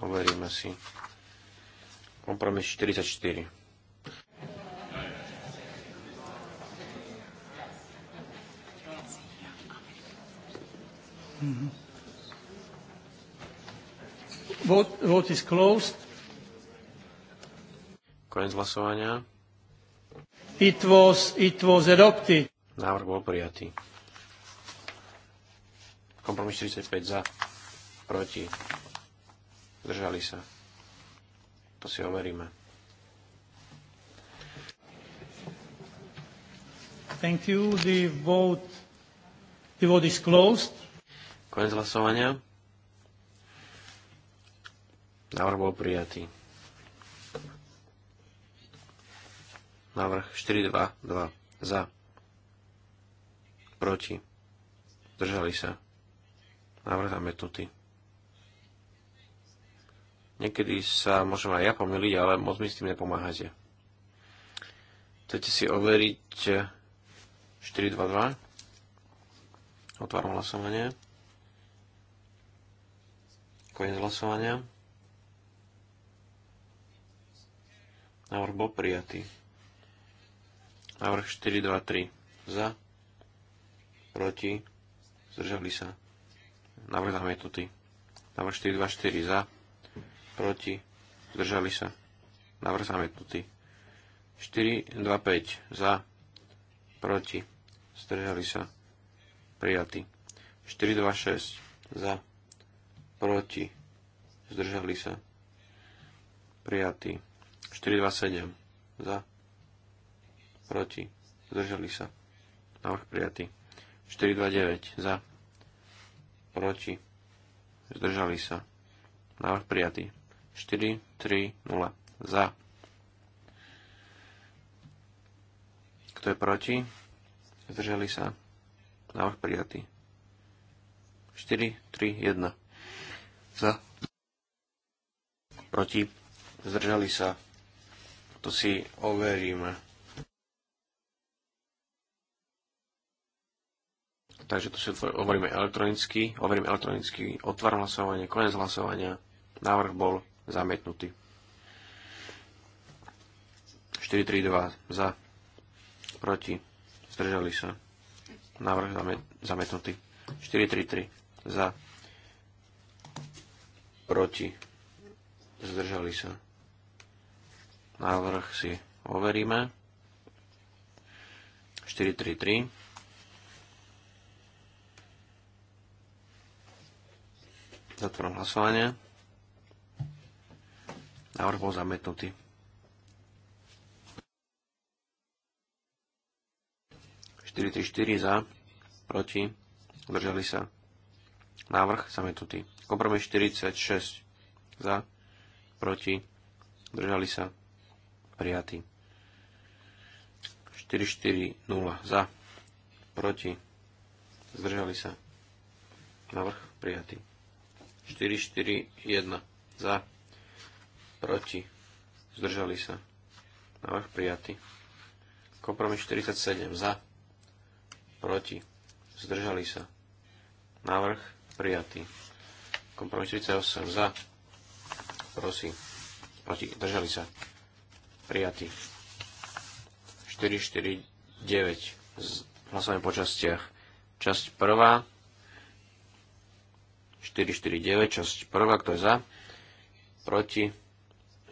Overíme si. Kompromis 44. Mhm. Vote, vote is closed. Konec hlasovania. It was, it was adopted. Návrh bol prijatý. Kompromis 45 za. Proti. Zdržali sa. To si overíme. Thank you. The vote, the vote is closed. Konec hlasovania. Návrh bol prijatý. Návrh 4-2-2. Za. Proti. Držali sa. Návrh zametnutý. Niekedy sa môžem aj ja pomýliť, ale moc mi s tým nepomáhate. Chcete si overiť 4-2-2? Otváram hlasovanie. 4-2-2. Koniec hlasovania. Návrh bol prijatý. Návrh 4, 2, 3. Za. Proti. Zdržali sa. Návrh zamietnutý. Návrh 4, 2, 4. Za. Proti. Zdržali sa. Návrh zamietnutý. 4, 2, 5. Za. Proti. Zdržali sa. Prijatý. 4, 2, 6. Za proti, zdržali sa, prijatý. 427 za, proti, zdržali sa, návrh prijatý. 429 za, proti, zdržali sa, návrh prijatý. 430 za, kto je proti, zdržali sa, návrh prijatý. 4, 3, 1 za, proti, zdržali sa. To si overíme. Takže to si overíme elektronicky. Overím elektronicky. Otváram hlasovanie. Konec hlasovania. Návrh bol zamietnutý. 4-3-2 za. Proti. Zdržali sa. Návrh zamietnutý. 4-3-3 za proti, zdržali sa. Návrh si overíme. 433. Zatvorím hlasovanie. Návrh bol zametnutý. Štyri, štyri za, proti, udržali sa. Návrh zamietnutý. Kompromis 46 za, proti, držali sa, prijatý. 440 za, proti, zdržali sa, navrh, prijatý. 441 za, proti, zdržali sa, navrh, prijatý. Kompromis 47 za, proti, zdržali sa, navrh, prijatý. Kompromis 38 za. Prosím. Proti. Držali sa. Prijatý. 449. Hlasovanie po častiach. Časť prvá. 449. Časť prvá. Kto je za? Proti.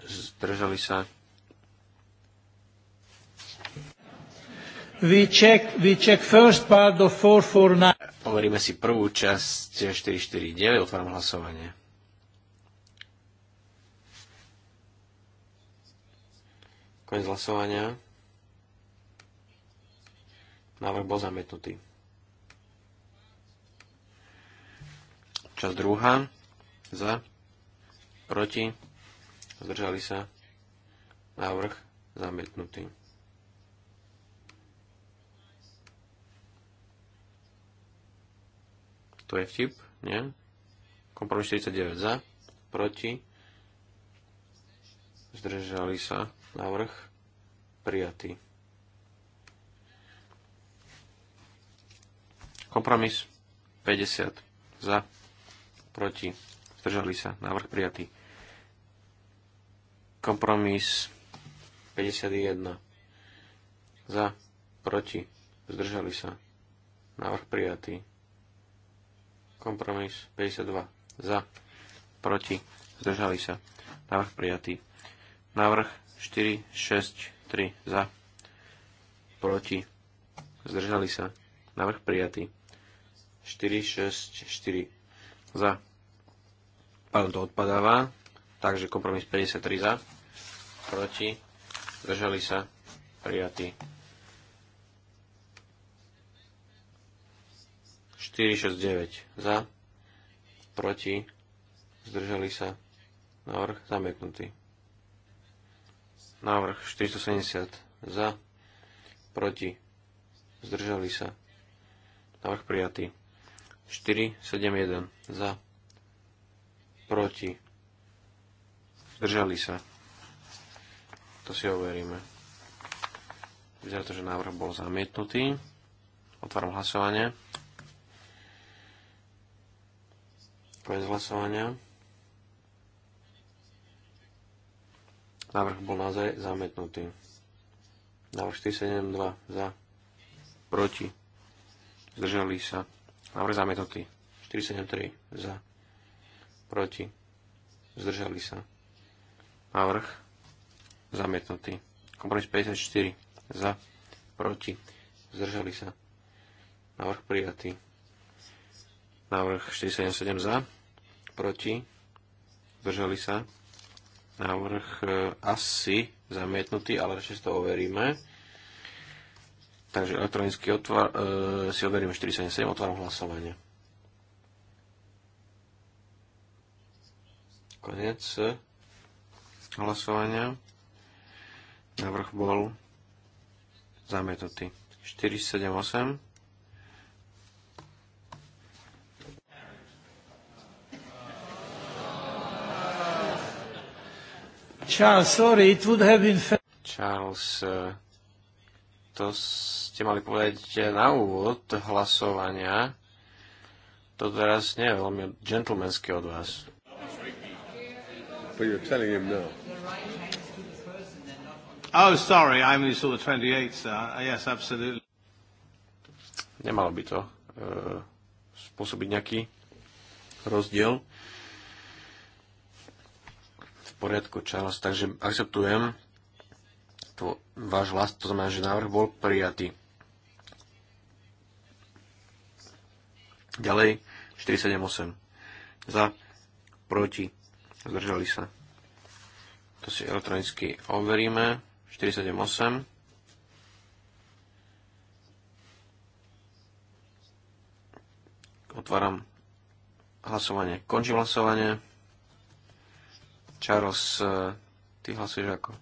Zdržali sa. We check, we check first part of 449. Overíme si prvú časť 449, otváram hlasovanie. Koniec hlasovania. Návrh bol zametnutý. Časť druhá. Za. Proti. Zdržali sa. Návrh zamietnutý. To je vtip, nie? Kompromis 49 za, proti, zdržali sa, návrh prijatý. Kompromis 50 za, proti, zdržali sa, návrh prijatý. Kompromis 51 za, proti, zdržali sa, návrh prijatý. Kompromis 52. Za. Proti. Zdržali sa. Návrh prijatý. Návrh 4, 6, 3. Za. Proti. Zdržali sa. Návrh prijatý. 4, 6, 4. Za. Pardon, to odpadáva. Takže kompromis 53 za. Proti. Zdržali sa. Prijatý. 469 za, proti, zdržali sa, návrh zamietnutý. Návrh 470 za, proti, zdržali sa, návrh prijatý. 471 za, proti, zdržali sa. To si overíme. Vyzerá to, že návrh bol zamietnutý. Otváram hlasovanie. Konec hlasovania. Návrh bol naozaj zametnutý. Návrh 472 za, proti, zdržali sa. Návrh zametnutý. 473 za, proti, zdržali sa. Návrh zamietnutý. Kompromis 54 za, proti, zdržali sa. Návrh prijatý. Návrh 477 za, proti, zdržali sa. Návrh e, asi zamietnutý, ale ešte to overíme. Takže elektronicky otvar, e, si overíme 477, otváram hlasovanie. Konec e, hlasovania. Návrh bol zamietnutý. 478 Charles, sorry, it would have been... fair. Charles, eh, to ste mali povedať eh, na úvod hlasovania. To teraz nie je veľmi džentlmenské od vás. But you're telling him no. Oh, sorry, I only saw the 28, sir. Uh, yes, absolutely. Nemalo by to uh, spôsobiť nejaký rozdiel poriadku, Charles, takže akceptujem to, váš vlast, to znamená, že návrh bol prijatý. Ďalej 478. Za, proti, zdržali sa. To si elektronicky overíme. 478. Otváram hlasovanie. Končím hlasovanie. Čaros, eh, ty hlasuješ ako?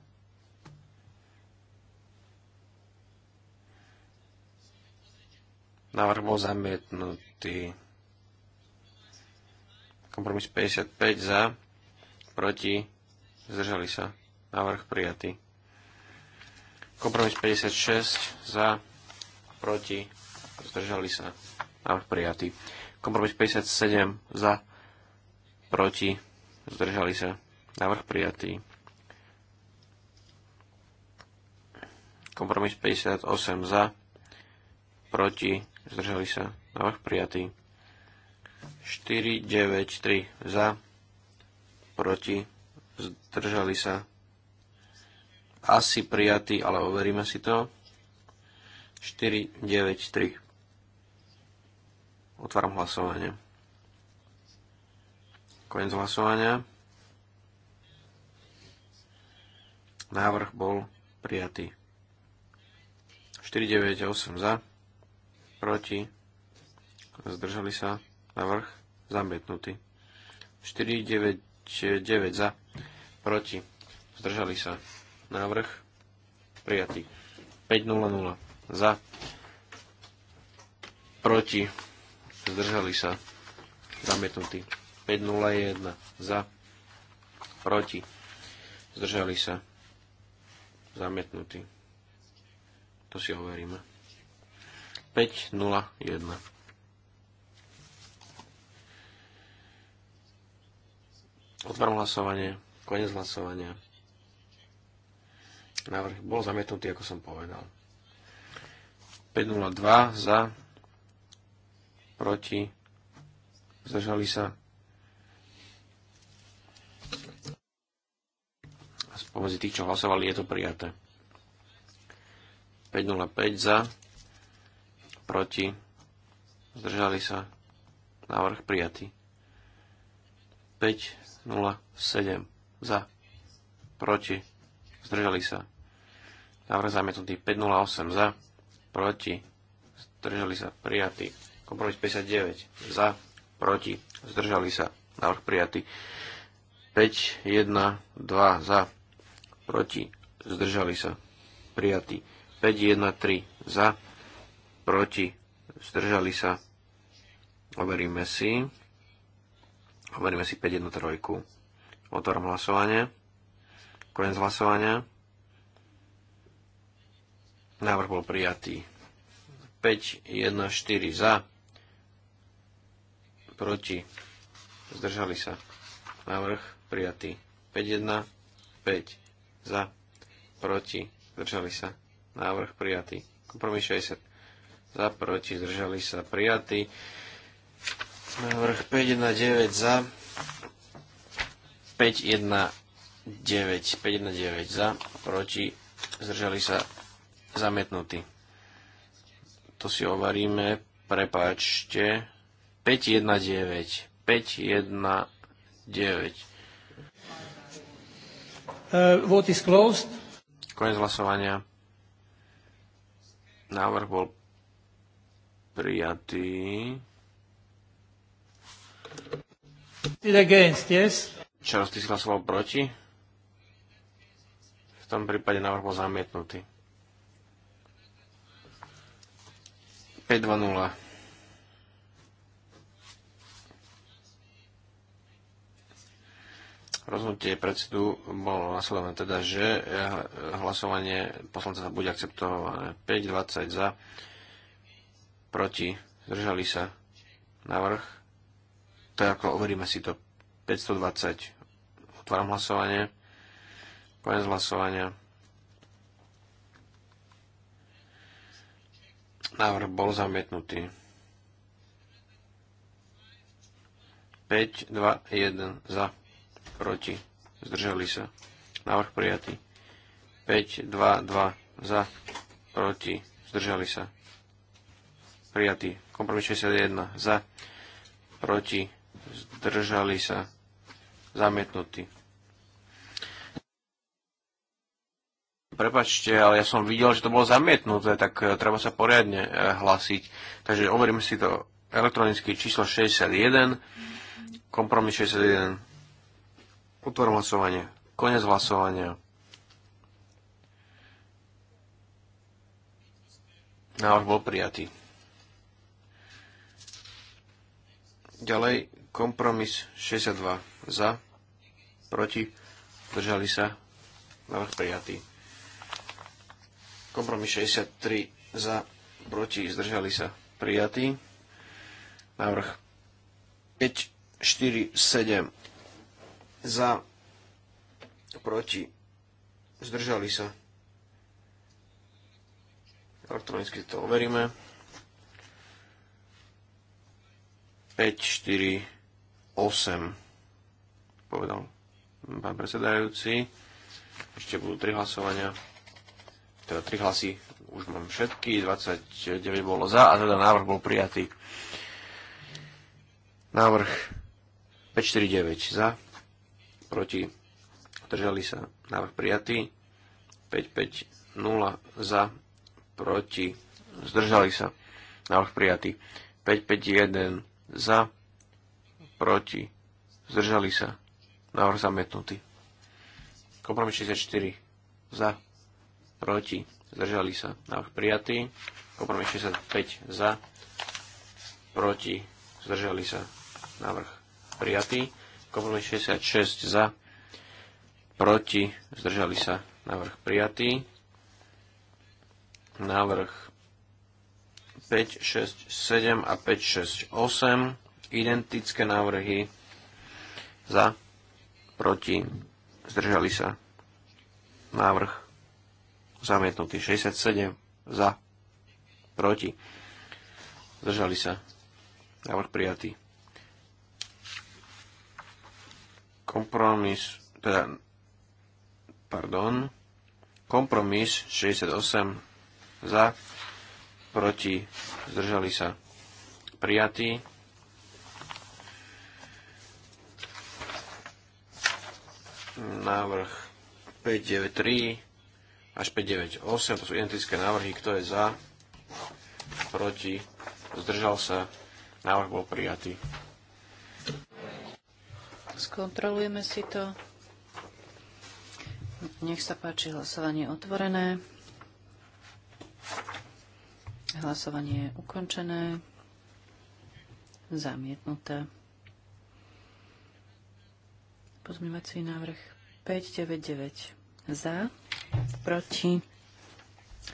Návrh bol zamietnutý. Kompromis 55 za, proti, zdržali sa. Návrh prijatý. Kompromis 56 za, proti, zdržali sa. Návrh prijatý. Kompromis 57 za, proti, zdržali sa. Návrh prijatý. Kompromis 58 za, proti, zdržali sa. Návrh prijatý. 4, 9, 3 za, proti, zdržali sa. Asi prijatý, ale overíme si to. 4, 9, 3. Otváram hlasovanie. Koniec hlasovania. Návrh bol prijatý. 498 za, proti, zdržali sa, návrh zamietnutý. 499 za, proti, zdržali sa, návrh prijatý. 500 za, proti, zdržali sa, zamietnutý. 501 za, proti, zdržali sa, zametnutý. To si overíme. 5.01. Otváram hlasovanie. Konec hlasovania. Návrh bol zamietnutý, ako som povedal. 5.02 za, proti, zdržali sa, Pomedzi tých, čo hlasovali, je to prijaté. 505 za, proti, zdržali sa, návrh prijatý. 507 za, proti, zdržali sa, návrh zamietnutý. 508 za, proti, zdržali sa, prijatý. Kompromis 59 za, proti, zdržali sa, návrh prijatý. 5, 1, 2 za, proti, zdržali sa, prijatý. 3 za, proti, zdržali sa, overíme si, overíme si 5 3, Otváram hlasovanie, koniec hlasovania, návrh bol prijatý. 5, 1, 4 za, proti, zdržali sa. Návrh prijatý. 5, 1, 5 za, proti, zdržali sa, návrh prijatý. Kompromis 60, za, proti, zdržali sa, prijatý. Návrh 5 9 za, 5, 5 na 9 za, proti, zdržali sa, zamietnutý. To si ovaríme. prepáčte, 1 9. Uh, vote is closed. Konec hlasovania. Návrh bol prijatý. Against, yes. Charles, ty si hlasoval proti? V tom prípade návrh bol zamietnutý. 5-2-0. Rozhodnutie predsedu bolo nasledované teda, že eh, hlasovanie poslanca sa bude akceptované 5-20 za, proti, zdržali sa, navrh, tak ako overíme si to, 520, otváram hlasovanie, koniec hlasovania. Návrh bol zamietnutý. 5, 2, 1 za proti, zdržali sa. Návrh prijatý. 5, 2, 2, za, proti, zdržali sa. Prijatý. Kompromis 61, za, proti, zdržali sa. Zamietnutý. Prepačte, ale ja som videl, že to bolo zamietnuté, tak e, treba sa poriadne e, hlásiť. Takže overím si to elektronicky číslo 61, kompromis 61 Otvorím hlasovanie. Konec hlasovania. Návrh bol prijatý. Ďalej kompromis 62 za, proti, držali sa, návrh prijatý. Kompromis 63 za, proti, zdržali sa, prijatý. Návrh 5, 4, 7 za, proti, zdržali sa. Elektronicky to overíme. 5, 4, 8, povedal pán predsedajúci. Ešte budú tri hlasovania, teda tri hlasy už mám všetky, 29 bolo za a teda návrh bol prijatý. Návrh 549 za, proti, zdržali sa, návrh prijatý, 0 za, proti, zdržali sa, návrh prijatý, 1 za, proti, zdržali sa, návrh zamietnutý. Kompromis 64 za, proti, zdržali sa, návrh prijatý, kompromis 65 za, proti, zdržali sa, návrh prijatý. Kompromis 66 za, proti, zdržali sa. Návrh prijatý. Návrh 5, 6, 7 a 5, 6, 8. Identické návrhy za, proti, zdržali sa. Návrh zamietnutý 67 za, proti, zdržali sa. Návrh prijatý. Kompromis, teda, pardon, kompromis 68 za, proti, zdržali sa prijatí. Návrh 593 až 598, to sú identické návrhy, kto je za, proti, zdržal sa, návrh bol prijatý. Skontrolujeme si to. Nech sa páči hlasovanie otvorené. Hlasovanie je ukončené. Zamietnuté. Pozmývací návrh 599 za, proti,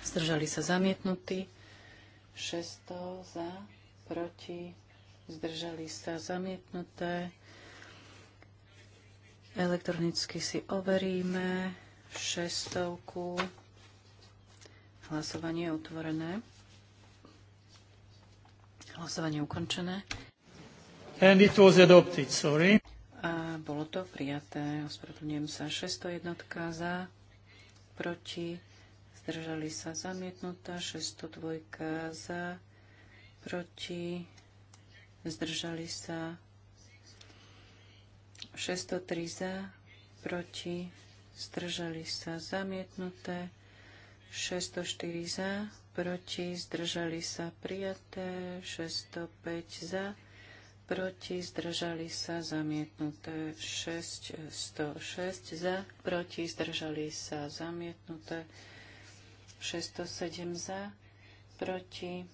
zdržali sa zamietnutí, 600 za, proti, zdržali sa zamietnuté, Elektronicky si overíme šestovku. Hlasovanie je otvorené. Hlasovanie je ukončené. And it was adopted, sorry. A bolo to prijaté. Ospravedlňujem sa. 601 za, proti, zdržali sa zamietnutá. 602 za, proti, zdržali sa 603 za, proti, zdržali sa zamietnuté, 604 za, proti, zdržali sa prijaté, 605 za, proti, zdržali sa zamietnuté, 606 za, proti, zdržali sa zamietnuté, 607 za, proti,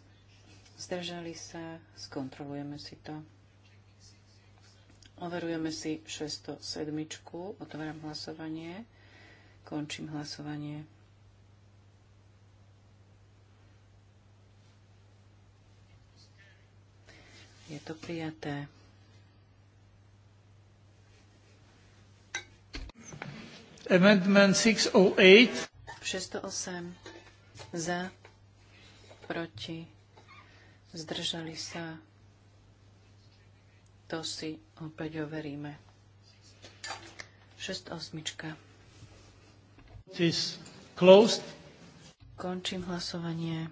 zdržali sa, skontrolujeme si to. Overujeme si 607. Otváram hlasovanie. Končím hlasovanie. Je to prijaté. Amendment 608. 608. Za. Proti. Zdržali sa. To si opäť overíme. 6.8. Končím hlasovanie.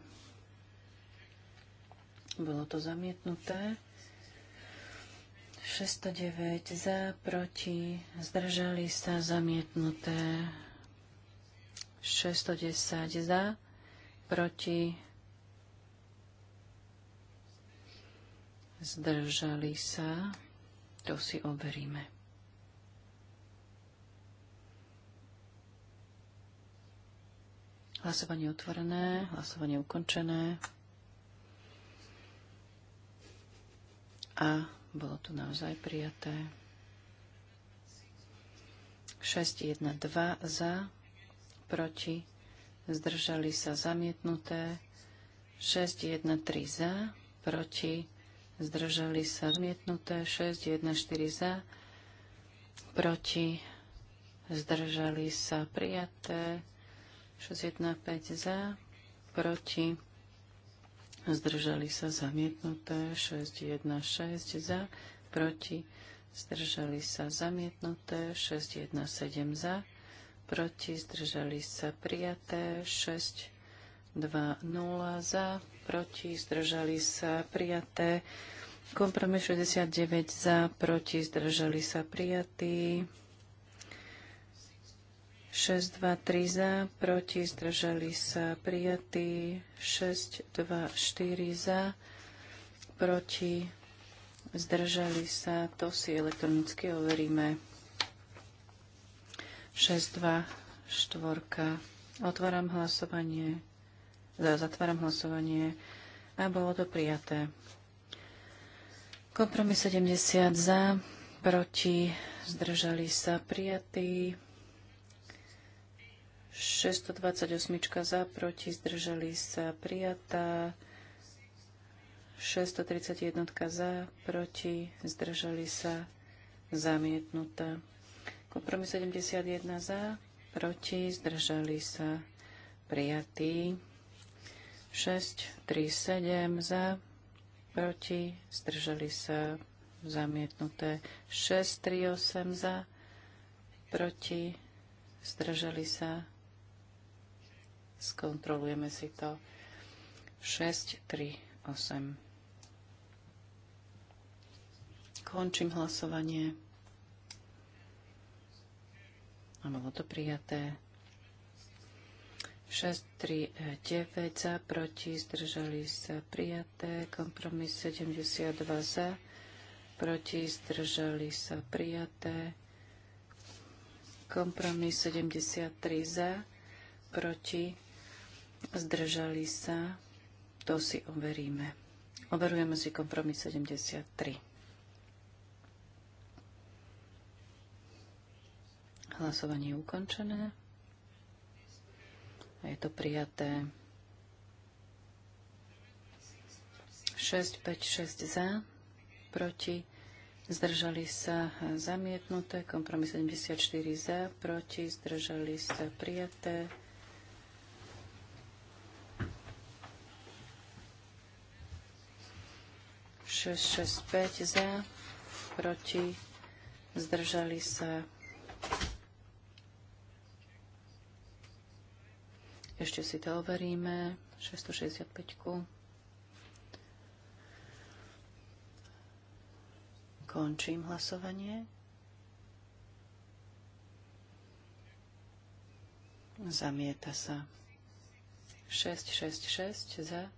Bolo to zamietnuté. 609 za, proti, zdržali sa, zamietnuté. 610 za, proti, zdržali sa, to si overíme. Hlasovanie otvorené, hlasovanie ukončené. A bolo to naozaj prijaté. 6, 1, 2 za, proti, zdržali sa zamietnuté. 6, 1, 3 za, proti, zdržali sa zamietnuté, 6, 1, 4 za, proti, zdržali sa prijaté, 6, 1, 5 za, proti, zdržali sa zamietnuté, 6, 1, 6 za, proti, zdržali sa zamietnuté, 6, 1, 7 za, proti, zdržali sa prijaté, 6, 1, 2-0 za, proti, zdržali sa, prijaté. Kompromis 69 za, proti, zdržali sa, prijatí. 6, 2, 3 za, proti, zdržali sa, prijatí. 6, 2, 4 za, proti, zdržali sa, to si elektronicky overíme. 6, 2, 4. Otváram hlasovanie. Zatváram hlasovanie. A bolo to prijaté. Kompromis 70 za, proti, zdržali sa prijatí. 628 za, proti, zdržali sa prijatá. 631 za, proti, zdržali sa zamietnutá. Kompromis 71 za, proti, zdržali sa prijatí. 6, 3, 7 za, proti, zdržali sa zamietnuté 6, 3, 8 za, proti, zdržali sa, skontrolujeme si to, 6, 3, 8. Končím hlasovanie. A bolo to prijaté. 639 za, proti, zdržali sa prijaté. Kompromis 72 za, proti, zdržali sa prijaté. Kompromis 73 za, proti, zdržali sa. To si overíme. Overujeme si kompromis 73. Hlasovanie je ukončené. Je to prijaté. 6, 5, 6 za, proti, zdržali sa e, zamietnuté, kompromis 74 za, proti, zdržali sa prijaté. Šesť, šesť, päť za, proti, zdržali sa Ešte si to overíme. 665. -ku. Končím hlasovanie. Zamieta sa. 666 za,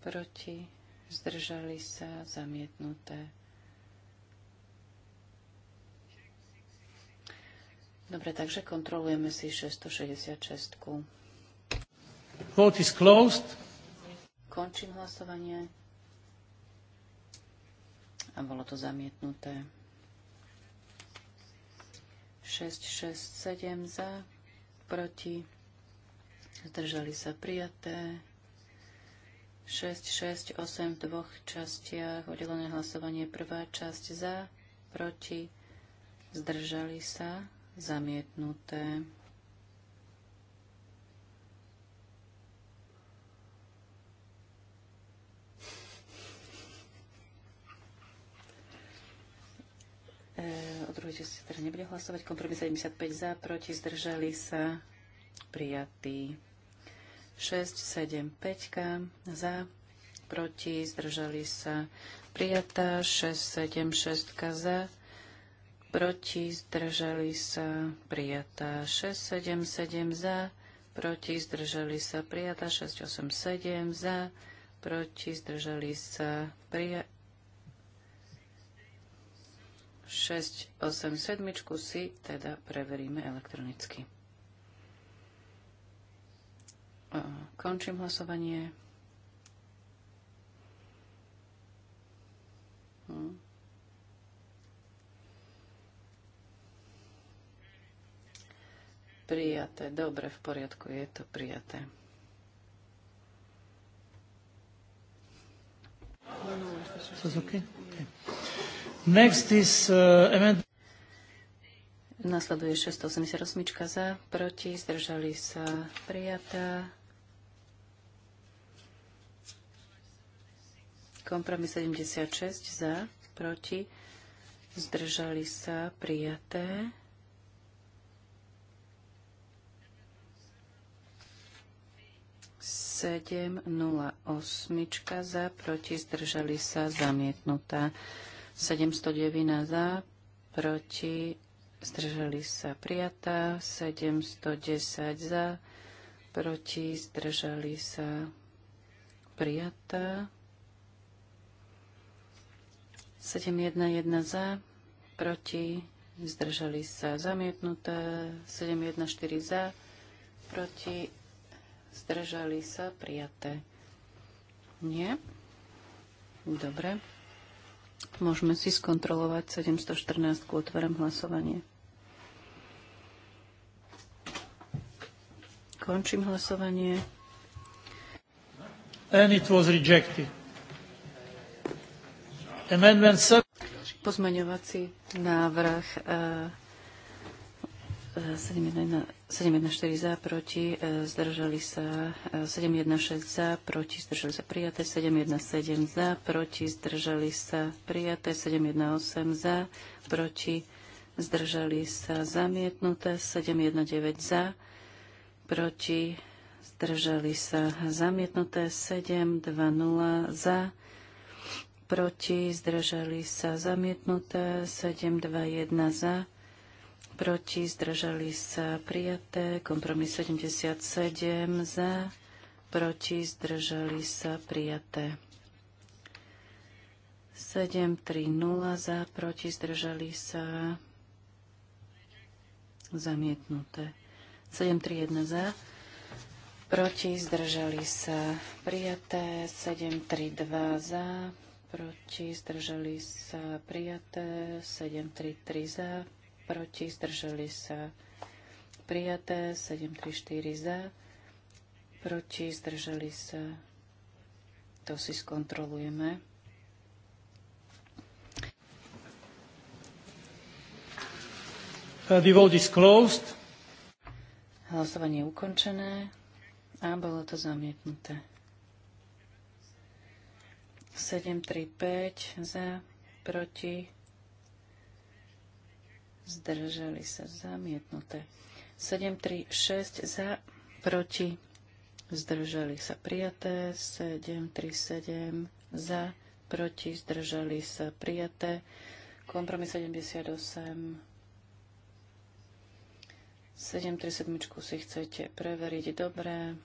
proti, zdržali sa, zamietnuté. Dobre, takže kontrolujeme si 666. -ku. Vote is closed. Končím hlasovanie. A bolo to zamietnuté. 6, 6, 7 za, proti, zdržali sa prijaté. 6, 6, 8 v dvoch častiach, oddelené hlasovanie, prvá časť za, proti, zdržali sa, zamietnuté. ako druhý, časti sa teda nebude hlasovať. Kompromis 75 za, proti, zdržali sa, prijatý. 6, 7, 5 za, proti, zdržali sa, prijatá. 6, 7, 6 za, proti, zdržali sa, prijatá. 6, 7, 7 za, proti, zdržali sa, prijatá. 6, 8, 7 za, proti, zdržali sa, prijatá. 6, 8, 7 si teda preveríme elektronicky. Končím hlasovanie. Hm. Prijaté. Dobre, v poriadku, je to prijaté. okay. Okay. Next is uh, amendment. Nasleduje 688 za, proti, zdržali sa prijatá. Kompromis 76 za, proti, zdržali sa prijaté. Sedem nula osmička za, proti, zdržali sa zamietnutá. 709 za, proti, zdržali sa prijatá, 710 za, proti, zdržali sa prijatá, 711 za, proti, zdržali sa zamietnuté, 714 za, proti, zdržali sa prijaté. Nie? Dobre. Môžeme si skontrolovať 714. otvorem hlasovanie. Končím hlasovanie. And it was rejected. Amendment 7. Pozmeňovací návrh 7.1 eh, eh, 714 za, proti, e, zdržali sa 716 e, za, proti, zdržali sa prijaté, 717 za, proti, zdržali sa prijaté, 718 za, proti, zdržali sa zamietnuté, 719 za, proti, zdržali sa zamietnuté, 720 za, proti, zdržali sa zamietnuté, 721 za, proti, zdržali sa prijaté, kompromis 77 za, proti, zdržali sa prijaté. 7-3-0 za, proti, zdržali sa zamietnuté. 1 za, proti, zdržali sa prijaté, 7-3-2 za, proti, zdržali sa prijaté, 7-3-3 za, proti, zdrželi sa prijaté, 4 za, proti, zdrželi sa, to si skontrolujeme. Uh, the vote is closed. Hlasovanie je ukončené a bolo to zamietnuté. 735 za, proti, zdržali sa zamietnuté. 6 za, proti, zdržali sa prijaté. 737 za, proti, zdržali sa prijaté. Kompromis 78. 7 si chcete preveriť. Dobre.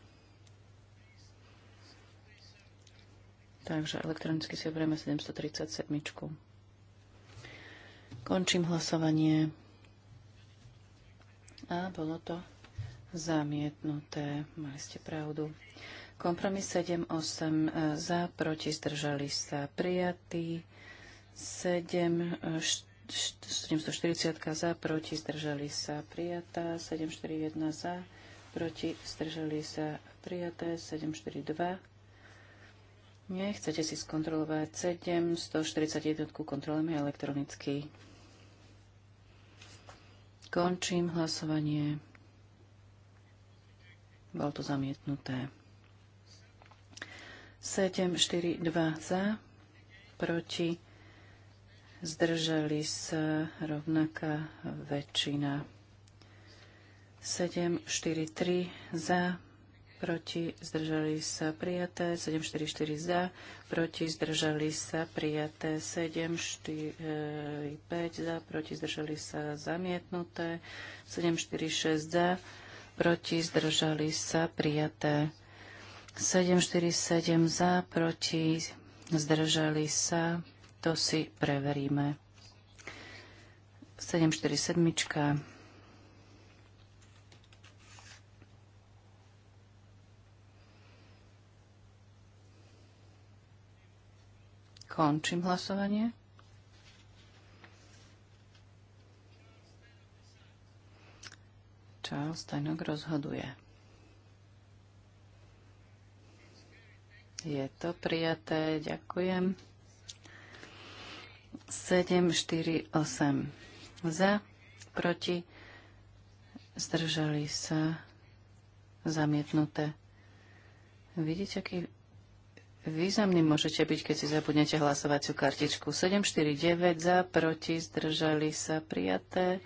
Takže elektronicky si oberieme 737. Končím hlasovanie. A bolo to zamietnuté. Mali ste pravdu. Kompromis 7-8 e, za, proti, zdržali sa prijatí. 7, 740 e, za, proti, zdržali sa prijatá. 741 za, proti, zdržali sa prijaté. 742 Nechcete si skontrolovať 7, 141 kontrolujeme elektronicky. Končím hlasovanie. Bolo to zamietnuté. 7, 4, 2 za, proti, zdržali sa rovnaká väčšina. 7, 4, 3 za, proti zdržali sa prijaté, 744 za, proti zdržali sa prijaté, 745 e, za, proti zdržali sa zamietnuté, 746 za, proti zdržali sa prijaté, 747 za, proti zdržali sa, to si preveríme. 747. Končím hlasovanie. Charles Tajnok rozhoduje. Je to prijaté. Ďakujem. 7, 4, 8. Za, proti, zdržali sa, zamietnuté. Vidíte, aký Významný môžete byť, keď si zabudnete hlasovaciu kartičku. 749 za, proti, zdržali sa prijaté.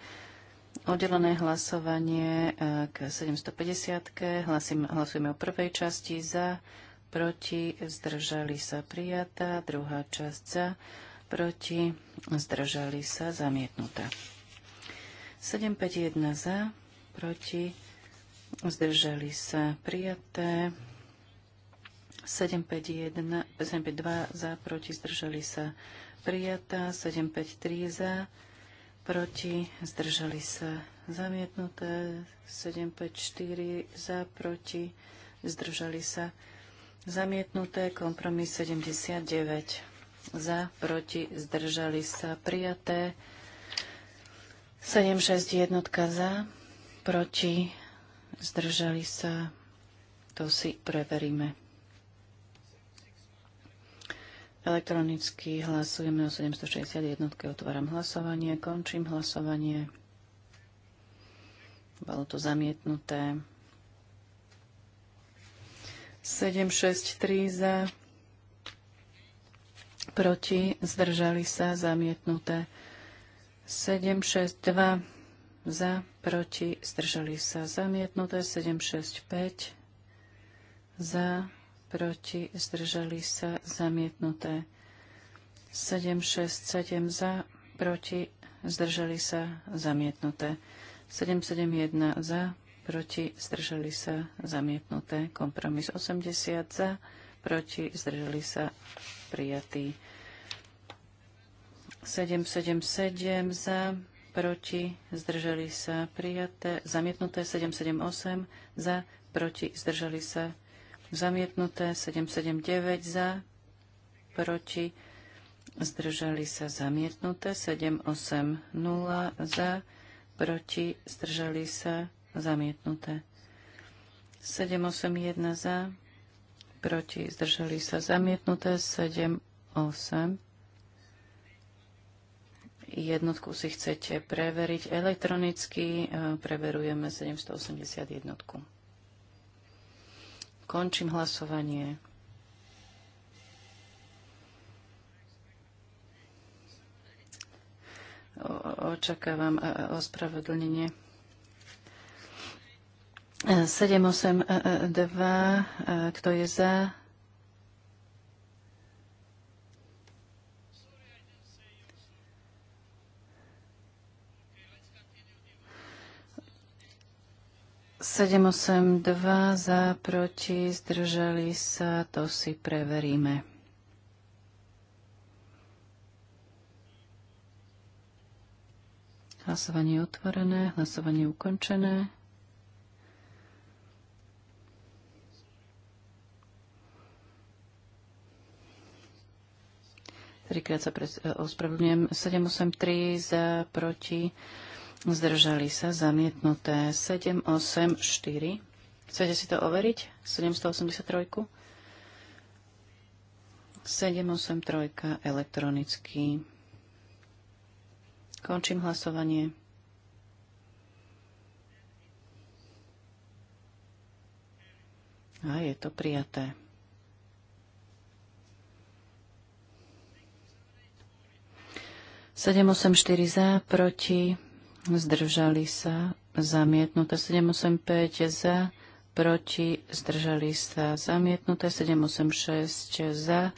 Oddelené hlasovanie e, k 750. Hlasím, hlasujeme o prvej časti za, proti, zdržali sa prijatá. Druhá časť za, proti, zdržali sa zamietnutá. 751 za, proti, zdržali sa prijaté. 751, 752 za, proti, zdržali sa prijatá, 753 za, proti, zdržali sa zamietnuté, 754 za, proti, zdržali sa zamietnuté, kompromis 79 za, proti, zdržali sa prijaté, 761 za, proti, zdržali sa, to si preveríme. Elektronicky hlasujeme o 761. Otváram hlasovanie. Končím hlasovanie. Bolo to zamietnuté. 763 za. Proti. Zdržali sa. Zamietnuté. 762 za. Proti. Zdržali sa. Zamietnuté. 765 za proti, zdržali sa, zamietnuté. 7 za, proti, zdržali sa, zamietnuté. 1 za, proti, zdržali sa, zamietnuté. Kompromis 80 za, proti, zdržali sa, prijatý. 7 za, proti, zdržali sa, prijaté, zamietnuté. 778 za, proti, zdržali sa, zamietnuté, 779 za, proti, zdržali sa zamietnuté, 780 za, proti, zdržali sa zamietnuté. 781 za, proti, zdržali sa zamietnuté, 78. Jednotku si chcete preveriť elektronicky, preverujeme 781. Končím hlasovanie. očakávam e, e, ospravedlnenie. 782, e, kto je za, 782 za, proti, zdržali sa, to si preveríme. Hlasovanie otvorené, hlasovanie ukončené. Trikrát sa pres- e, ospravedlňujem. 783 za, proti Zdržali sa zamietnuté 784. Chcete si to overiť? 783. 783 elektronicky. Končím hlasovanie. A je to prijaté. Sedem, osem, štyri za, proti zdržali sa, zamietnuté 785 za, proti, zdržali sa, zamietnuté 786 za,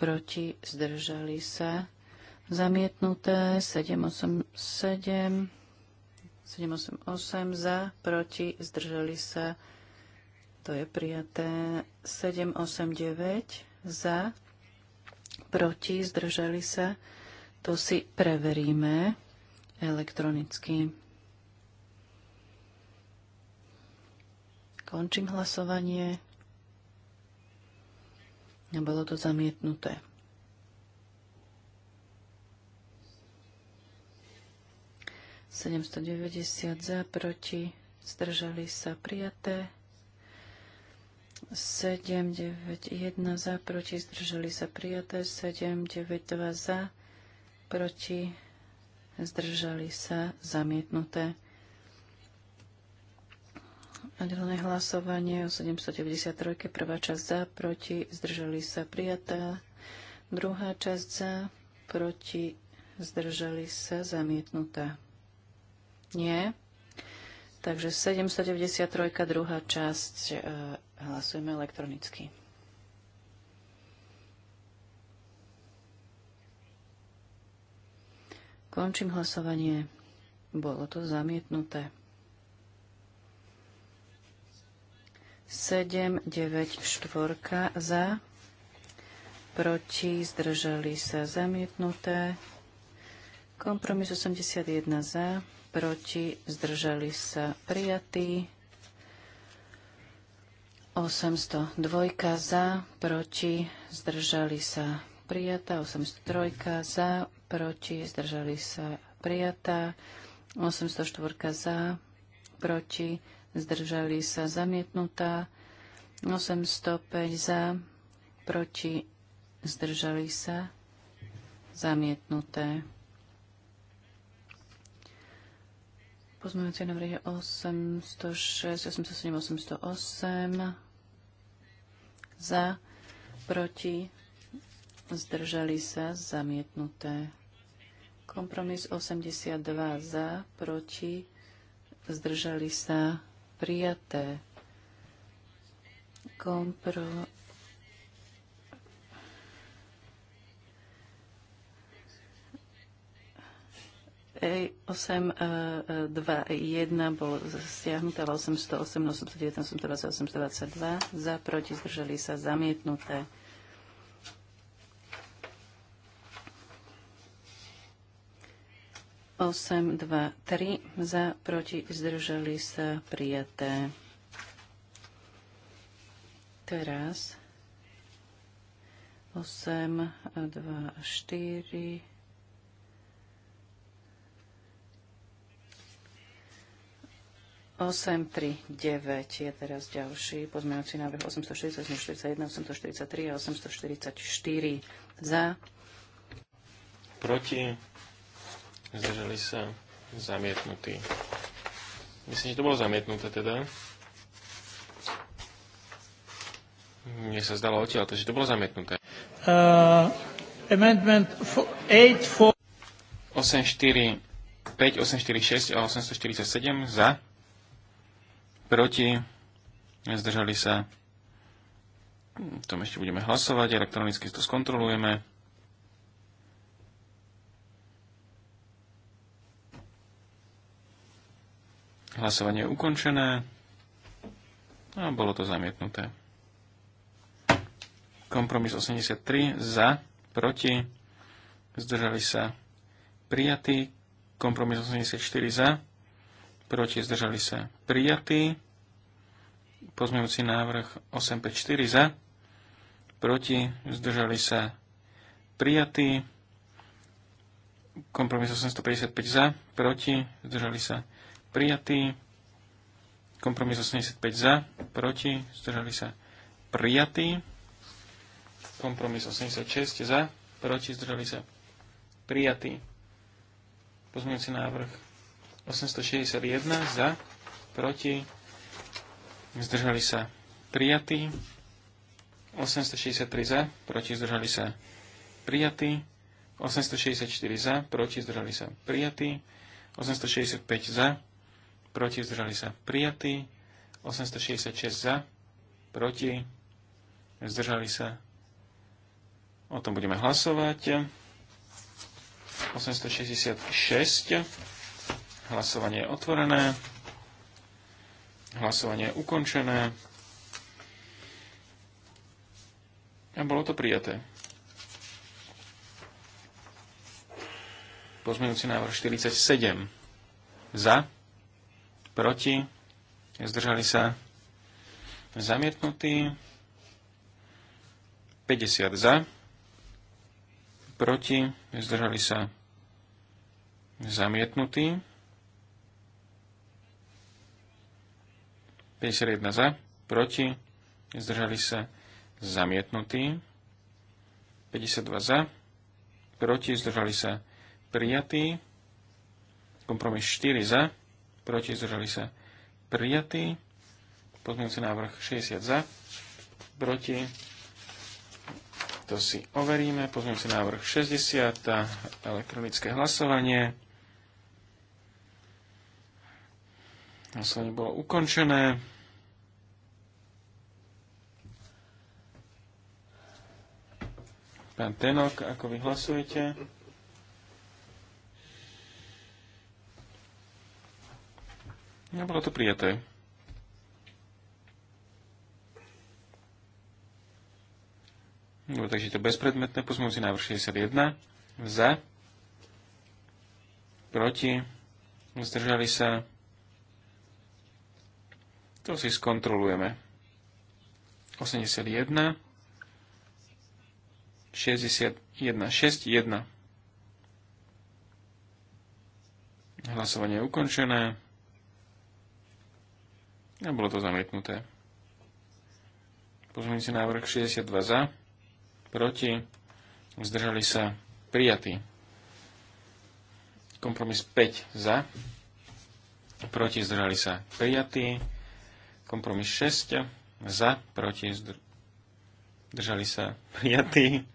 proti, zdržali sa, zamietnuté 787, 788 za, proti, zdržali sa, to je prijaté 789 za, proti, zdržali sa, to si preveríme elektronicky. Končím hlasovanie. A bolo to zamietnuté. Sedemsto deväťdesiat za, proti, zdržali sa prijaté. sedem deväť 1 za, proti, zdržali sa prijaté, 7, 9, dva za, proti, zdržali sa, zamietnuté. Oddelené hlasovanie o 793. Prvá časť za, proti, zdržali sa, prijatá. Druhá časť za, proti, zdržali sa, zamietnutá. Nie. Takže 793. druhá časť e, hlasujeme elektronicky. Končím hlasovanie. Bolo to zamietnuté. 7, 9, 4 za, proti, zdržali sa zamietnuté. Kompromis 81 za, proti, zdržali sa prijatí. 802 za, proti, zdržali sa prijatá, 803 za, proti, zdržali sa prijatá. 804 za, proti, zdržali sa zamietnutá. 805 za, proti, zdržali sa zamietnuté. na návrhy 806, 807, 808 za, proti, zdržali sa zamietnuté. Kompromis 82 za, proti, zdržali sa, prijaté. Kompro... E 8, e, 2, 1 e, bolo stiahnuté, 808, 819, 820, 822 za, proti, zdržali sa, zamietnuté. 8, 2, 3 za, proti, zdržali sa, prijaté. Teraz 8, 2, 4. Osem, tri, deväť je teraz ďalší pozmeňovací návrh 840, 841, 843 a 844 za. Proti zdržali sa, zamietnutý. Myslím, že to bolo zamietnuté teda. Mne sa zdalo odtiaľ, takže to bolo zamietnuté. Uh, amendment 8.4, 5.846 a 847 za, proti, zdržali sa. Tom ešte budeme hlasovať, elektronicky to skontrolujeme. Hlasovanie je ukončené a bolo to zamietnuté. Kompromis 83 za, proti, zdržali sa prijatí. Kompromis 84 za, proti, zdržali sa prijatí. Pozmejúci návrh 854 za, proti, zdržali sa prijatí kompromis 855 za, proti, zdržali sa prijatý. Kompromis 85 za, proti, zdržali sa prijatý. Kompromis 86 za, proti, zdržali sa prijatý. Pozmeňujúci návrh 861 za, proti, zdržali sa prijatý. 863 za, proti, zdržali sa prijatý. 864 za, proti, zdržali sa prijatý. 865 za, proti, zdržali sa prijatí, 866 za, proti, zdržali sa, o tom budeme hlasovať, 866, hlasovanie je otvorené, hlasovanie je ukončené a bolo to prijaté. Pozmenujúci návrh 47 za, proti, zdržali sa zamietnutí, 50 za, proti, zdržali sa zamietnutí, 51 za, proti, zdržali sa zamietnutí, 52 za, proti, zdržali sa prijatí, kompromis 4 za, proti, zdržali sa prijatí. Pozmeňujúci návrh 60 za, proti, to si overíme. sa návrh 60, elektronické hlasovanie. Hlasovanie bolo ukončené. Pán Tenok, ako vy hlasujete? Nebolo to prijaté. No, takže to bezpredmetné pozmúci návrh 61. Za. Proti. Zdržali sa. To si skontrolujeme. 81. 61. 61. Hlasovanie je ukončené. A bolo to zamietnuté. Pozmeňujúci návrh 62 za, proti, zdržali sa prijatí. Kompromis 5 za, proti, zdržali sa prijatí. Kompromis 6 za, proti, zdržali sa prijatí.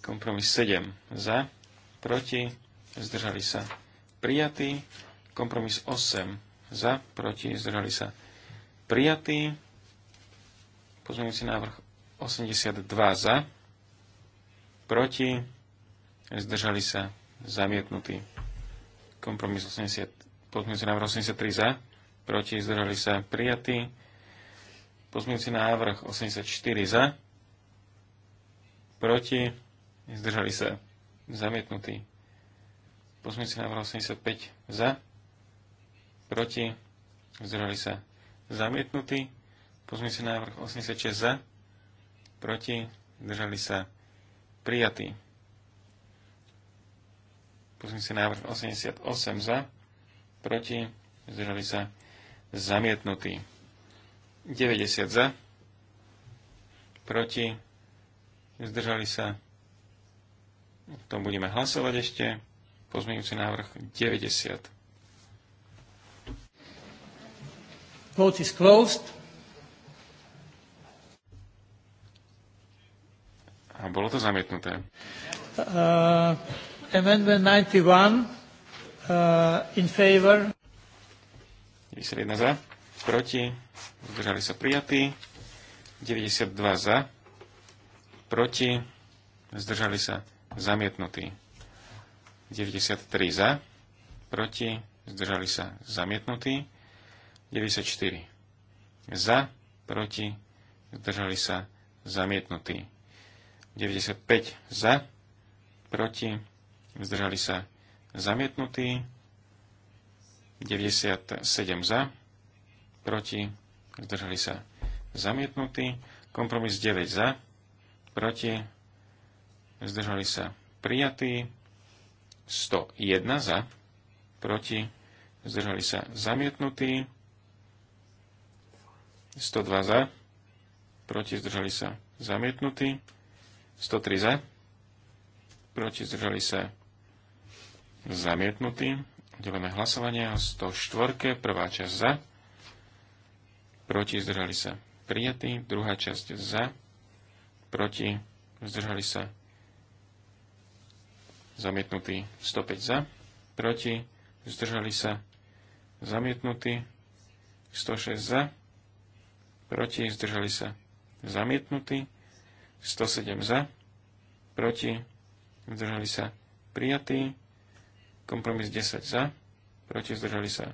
Kompromis 7 za, proti, zdržali sa prijatí. Kompromis 8 za, proti, zdržali sa prijatí. Pozmeňujúci návrh 82 za, proti, zdržali sa zamietnutí. Kompromis 80, pozmeňujúci návrh 83 za, proti, zdržali sa prijatí. Pozmeňujúci návrh 84 za, proti, zdržali sa zamietnutí. Pozmeňujúci návrh 85 za, proti, zdržali sa zamietnutí. Pozmeňujúci návrh 86 za, proti, zdržali sa prijatí. si návrh 88 za, proti, zdržali sa zamietnutí. 90 za, proti, zdržali sa. o tom budeme hlasovať ešte. Pozmeňujúci návrh 90. Vote is closed. A bolo to zamietnuté. Uh, amendment 91 uh, in favor. 91 za, proti, zdržali sa prijatí. 92 za, proti, zdržali sa zamietnutí. 93 za, proti, zdržali sa zamietnutí. 94. Za, proti, zdržali sa, zamietnutí. 95 za, proti, zdržali sa, zamietnutí. 97 za, proti, zdržali sa, zamietnutí. Kompromis 9 za, proti, zdržali sa, prijatí. 101 za, proti, zdržali sa, zamietnutí. 102 za, proti zdržali sa zamietnutí, 103 za, proti zdržali sa zamietnutí, Udelené hlasovanie o 104, prvá časť za, proti zdržali sa prijatí, druhá časť za, proti zdržali sa zamietnutí, 105 za, proti zdržali sa zamietnutí, 106 za, proti, zdržali sa zamietnutí, 107 za, proti, zdržali sa prijatí, kompromis 10 za, proti, zdržali sa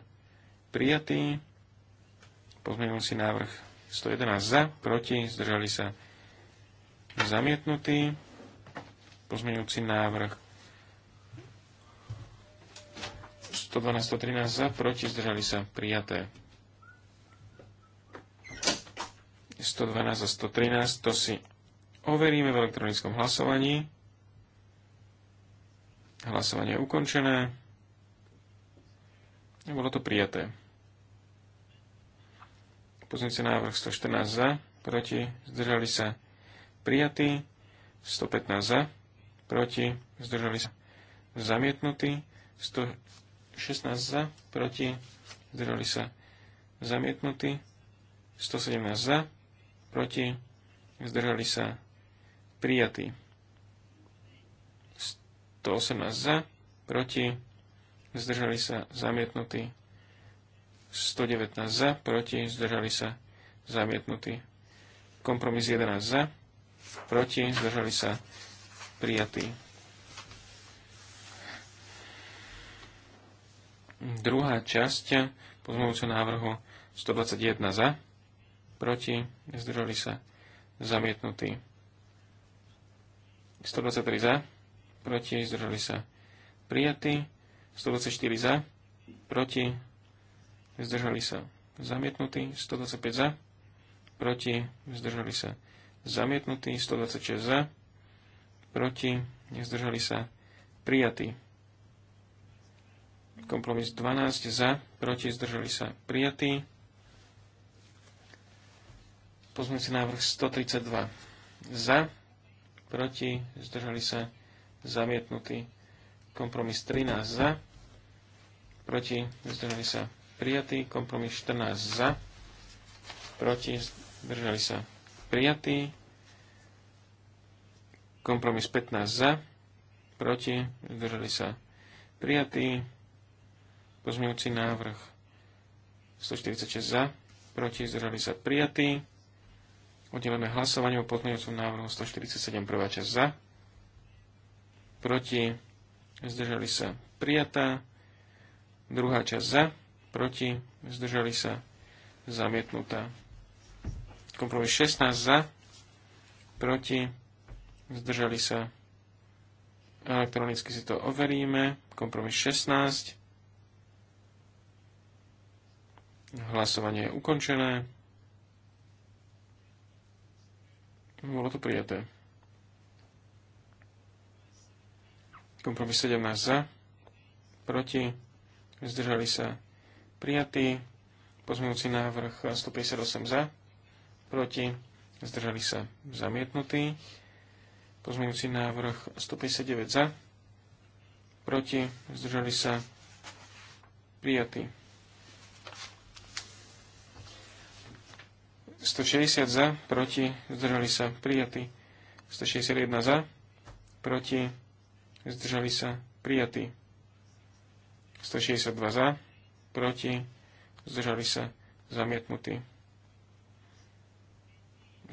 prijatí, pozmeňujúci návrh 111 za, proti, zdržali sa zamietnutí, pozmeňujúci návrh 112, 113 za, proti, zdržali sa prijaté. 112 a 113, to si overíme v elektronickom hlasovaní. Hlasovanie je ukončené. Bolo to prijaté. Pozrite návrh 114 za, proti, zdržali sa prijatí, 115 za, proti, zdržali sa zamietnutí, 116 za, proti, zdržali sa zamietnutí, 117 za, proti, zdržali sa prijatí. 118 za, proti, zdržali sa zamietnutí. 119 za, proti, zdržali sa zamietnutí. Kompromis 11 za, proti, zdržali sa prijatí. Druhá časť pozmovúceho návrhu 121 za, proti, zdržali sa, zamietnutí. 123 za, proti, zdržali sa, prijatí. 124 za, proti, zdržali sa, zamietnutí. 125 za, proti, zdržali sa, zamietnutí. 126 za, proti, zdržali sa, prijatí. Kompromis 12 za, proti, zdržali sa, prijatí. Pozmeňujúci návrh 132. Za, proti, zdržali sa, zamietnutý. Kompromis 13 za, proti, zdržali sa, prijatý. Kompromis 14 za, proti, zdržali sa, prijatý. Kompromis 15 za, proti, zdržali sa, prijatý. Pozmeňujúci návrh 146 za, proti, zdržali sa, prijatý. Oddelené hlasovanie o pozmeňujúcom návrhu 147 prvá časť za. Proti. Zdržali sa. Prijatá. Druhá časť za. Proti. Zdržali sa. Zamietnutá. Kompromis 16 za. Proti. Zdržali sa. Elektronicky si to overíme. Kompromis 16. Hlasovanie je ukončené. Bolo to prijaté. Kompromis 17 za, proti, zdržali sa prijatí. Pozmeňujúci návrh 158 za, proti, zdržali sa zamietnutí. Pozmeňujúci návrh 159 za, proti, zdržali sa prijatí. 160 za, proti, zdržali sa, prijatí. 161 za, proti, zdržali sa, prijatí. 162 za, proti, zdržali sa, zamietnutí.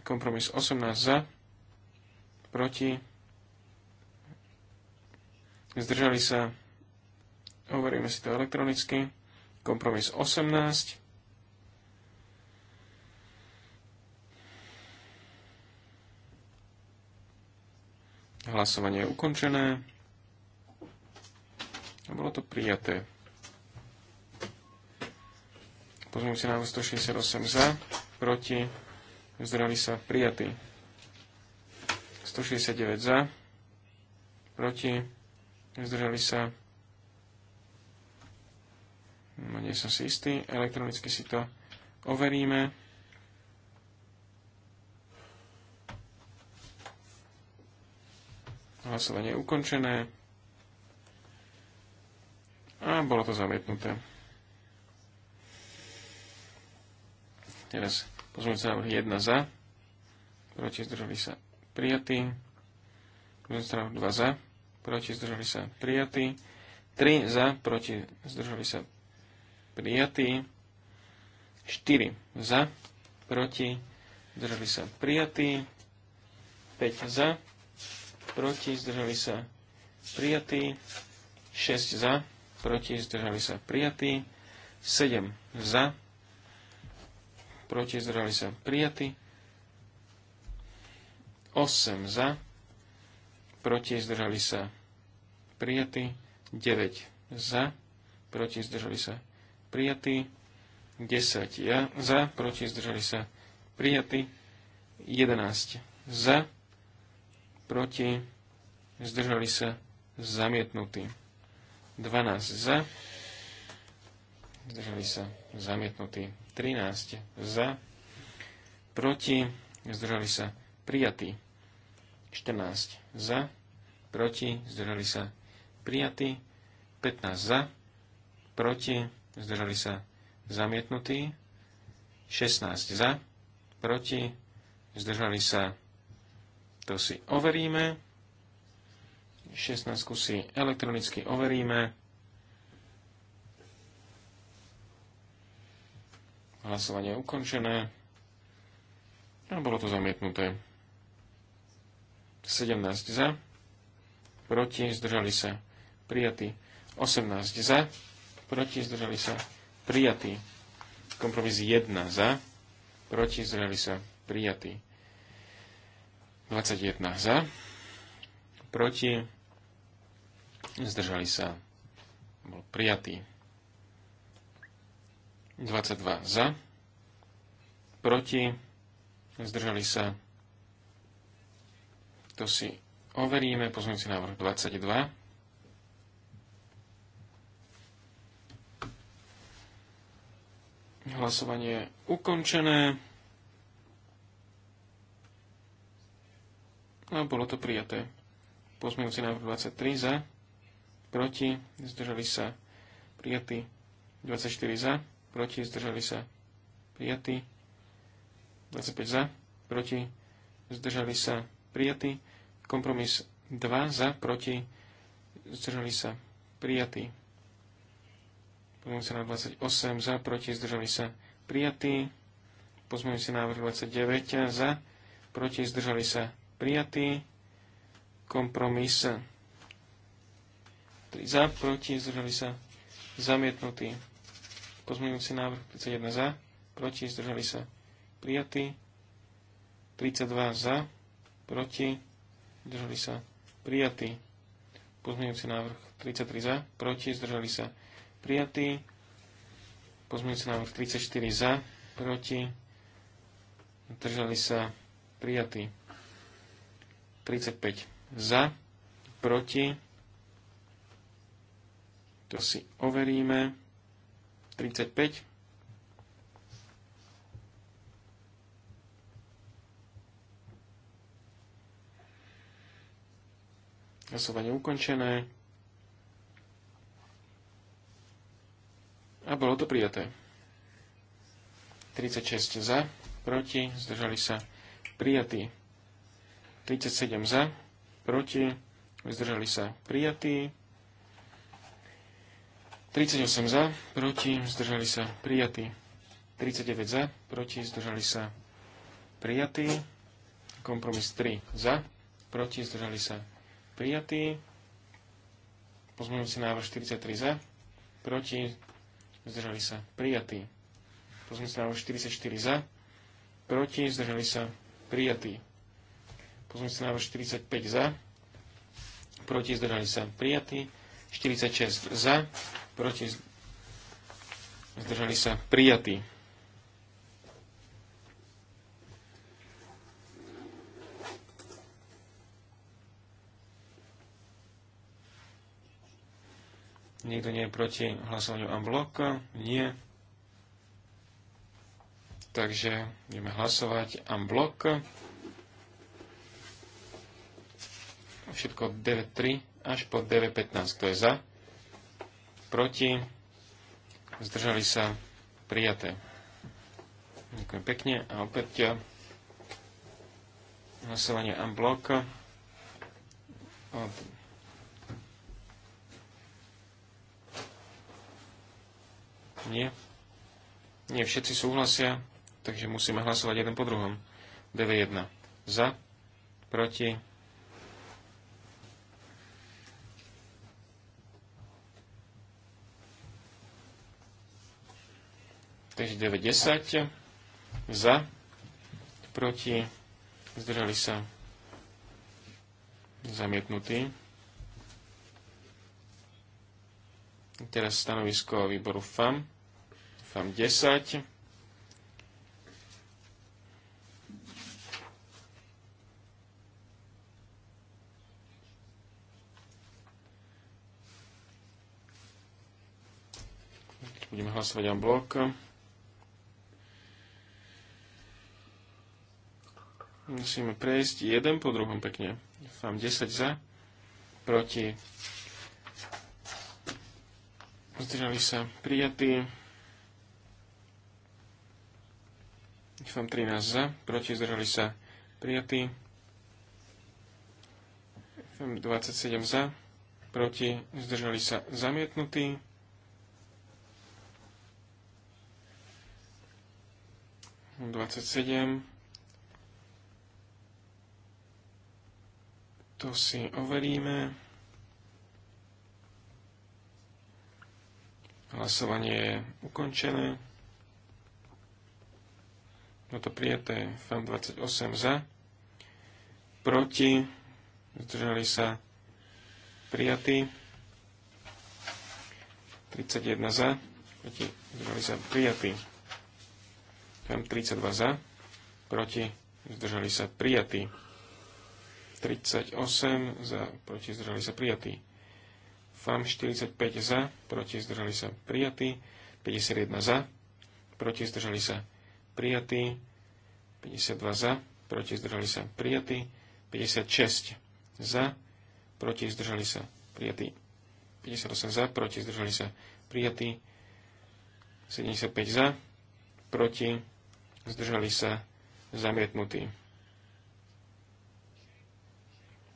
Kompromis 18 za, proti, zdržali sa, hovoríme si to elektronicky, kompromis 18, Hlasovanie je ukončené. A bolo to prijaté. Pozmúci návrh 168 za, proti, zdrali sa, prijatý. 169 za, proti, zdržali sa, no, nie som si istý, elektronicky si to overíme. Hlasovanie ukončené. A bolo to zamietnuté. Teraz pozmeňujúci návrh 1 za, proti zdržali sa prijatí. Pozmeňujúci návrh 2 za, proti zdržali sa prijatí. 3 za, proti zdržali sa prijatí. 4 za, proti zdržali sa prijatí. 5 za, proti, zdržali sa prijatí, 6 za, proti, zdržali sa prijatí, 7 za, proti, zdržali sa prijatí, 8 za, proti, zdržali sa prijatí, 9 za, proti, zdržali sa prijatí, 10 ja, za, proti, zdržali sa prijatí, 11 za, proti, zdržali sa zamietnutí. 12 za, zdržali sa zamietnutí. 13 za, proti, zdržali sa prijatí. 14 za, proti, zdržali sa prijatí. 15 za, proti, zdržali sa zamietnutí. 16 za, proti, zdržali sa to si overíme. 16 si elektronicky overíme. Hlasovanie je ukončené. A bolo to zamietnuté. 17 za. Proti zdržali sa. Prijatý. 18 za. Proti zdržali sa. Prijatý. Kompromis 1 za. Proti zdržali sa. Prijatý. 21 za, proti, zdržali sa, bol prijatý. 22 za, proti, zdržali sa, to si overíme, pozmeňujúci návrh 22. Hlasovanie je ukončené. A bolo to prijaté. Pozmejúci návrh 23 za, proti, zdržali sa prijatí. 24 za, proti, zdržali sa prijatí. 25 za, proti, zdržali sa prijatí. Kompromis 2 za, proti, zdržali sa prijatí. Pozmeňujúci návrh 28 za, proti, zdržali sa prijatí. Pozmeňujúci návrh 29 za, proti, zdržali sa prijatý. Kompromis 3 za, proti, zdržali sa zamietnutý. Pozmeňujúci návrh 31 za, proti, zdržali sa prijatý. 32 za, proti, zdržali sa prijatý. Pozmeňujúci návrh 33 za, proti, zdržali sa prijatý. Pozmeňujúci návrh 34 za, proti, zdržali sa prijatý. 35 za, proti, to si overíme, 35, hlasovanie ukončené a bolo to prijaté. 36 za, proti, zdržali sa prijatí. 37 za, proti, zdržali sa prijatí. 38 za, proti, zdržali sa prijatí. 39 za, proti, zdržali sa prijatí. Kompromis 3 za, proti, zdržali sa prijatí. Pozmeňujúci návrh 43 za, proti, zdržali sa prijatí. Pozmeňujúci návrh 44 za, proti, zdržali sa prijatí. Pozmeňujúci návrh 45 za, proti zdržali sa prijatí, 46 za, proti zdržali sa prijatí. Niekto nie je proti hlasovaniu en bloc? Nie. Takže ideme hlasovať en bloc. všetko od 9.3 až po 9.15. Kto je za? Proti? Zdržali sa? Prijaté. Ďakujem pekne. A opäť eh, hlasovanie bloc od Nie. Nie všetci súhlasia, takže musíme hlasovať jeden po druhom. 9.1. Za, proti, Takže 910 za, proti, zdržali sa zamietnutí. Teraz stanovisko výboru FAM. FAM 10. budeme hlasovať o bloku. Musíme prejsť jeden po druhom pekne. Mám 10 za, proti. Zdržali sa prijatí. Mám 13 za, proti zdržali sa prijatí. Mám 27 za, proti zdržali sa zamietnutí. Mám 27 To si overíme. Hlasovanie je ukončené. No to prijaté FAM 28 za. Proti. Zdržali sa prijatí. 31 za. Proti. Zdržali sa prijatí. FAM 32 za. Proti. Zdržali sa prijatí. 38 za, proti zdržali sa prijatí. FAM 45 za, proti zdržali sa prijatí. 51 za, proti zdržali sa prijatí. 52 za, proti zdržali sa prijatí. 56 za, proti zdržali sa prijatí. 58 za, proti zdržali sa prijatí. 75 za, proti zdržali sa zamietnutí.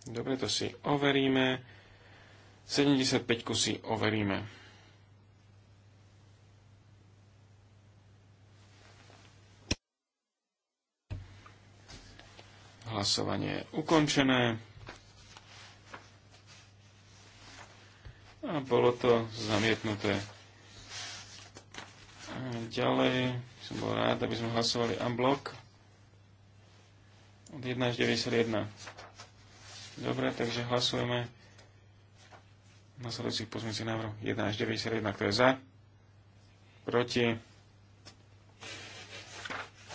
Dobre, to si overíme. 75 si overíme. Hlasovanie je ukončené. A bolo to zamietnuté. A ďalej som bol rád, aby sme hlasovali unblock od 1 až 91. Dobre, takže hlasujeme nasledujúcich pozmeňujúcich návrh 1 až 91, kto je za, proti,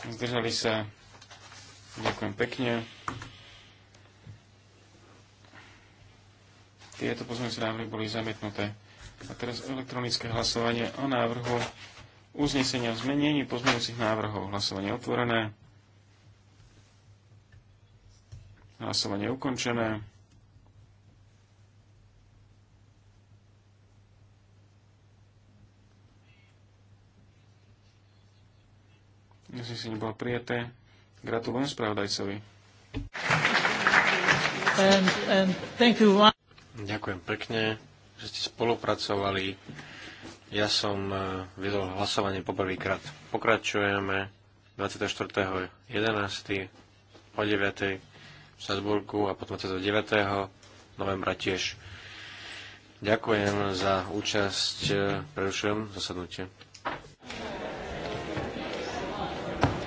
zdržali sa, ďakujem pekne. Tieto pozmeňujúce návrhy boli zamietnuté. A teraz elektronické hlasovanie o návrhu uznesenia v zmenení pozmeňujúcich návrhov. Hlasovanie otvorené. Hlasovanie je ukončené. si, nebolo prijaté. Gratulujem spravodajcovi. Ďakujem pekne, že ste spolupracovali. Ja som e, viedol hlasovanie poprvýkrát. Pokračujeme 24.11. o 9. Salzburgu a potom 29. novembra tiež. Ďakujem za účasť. E, prerušujem zasadnutie.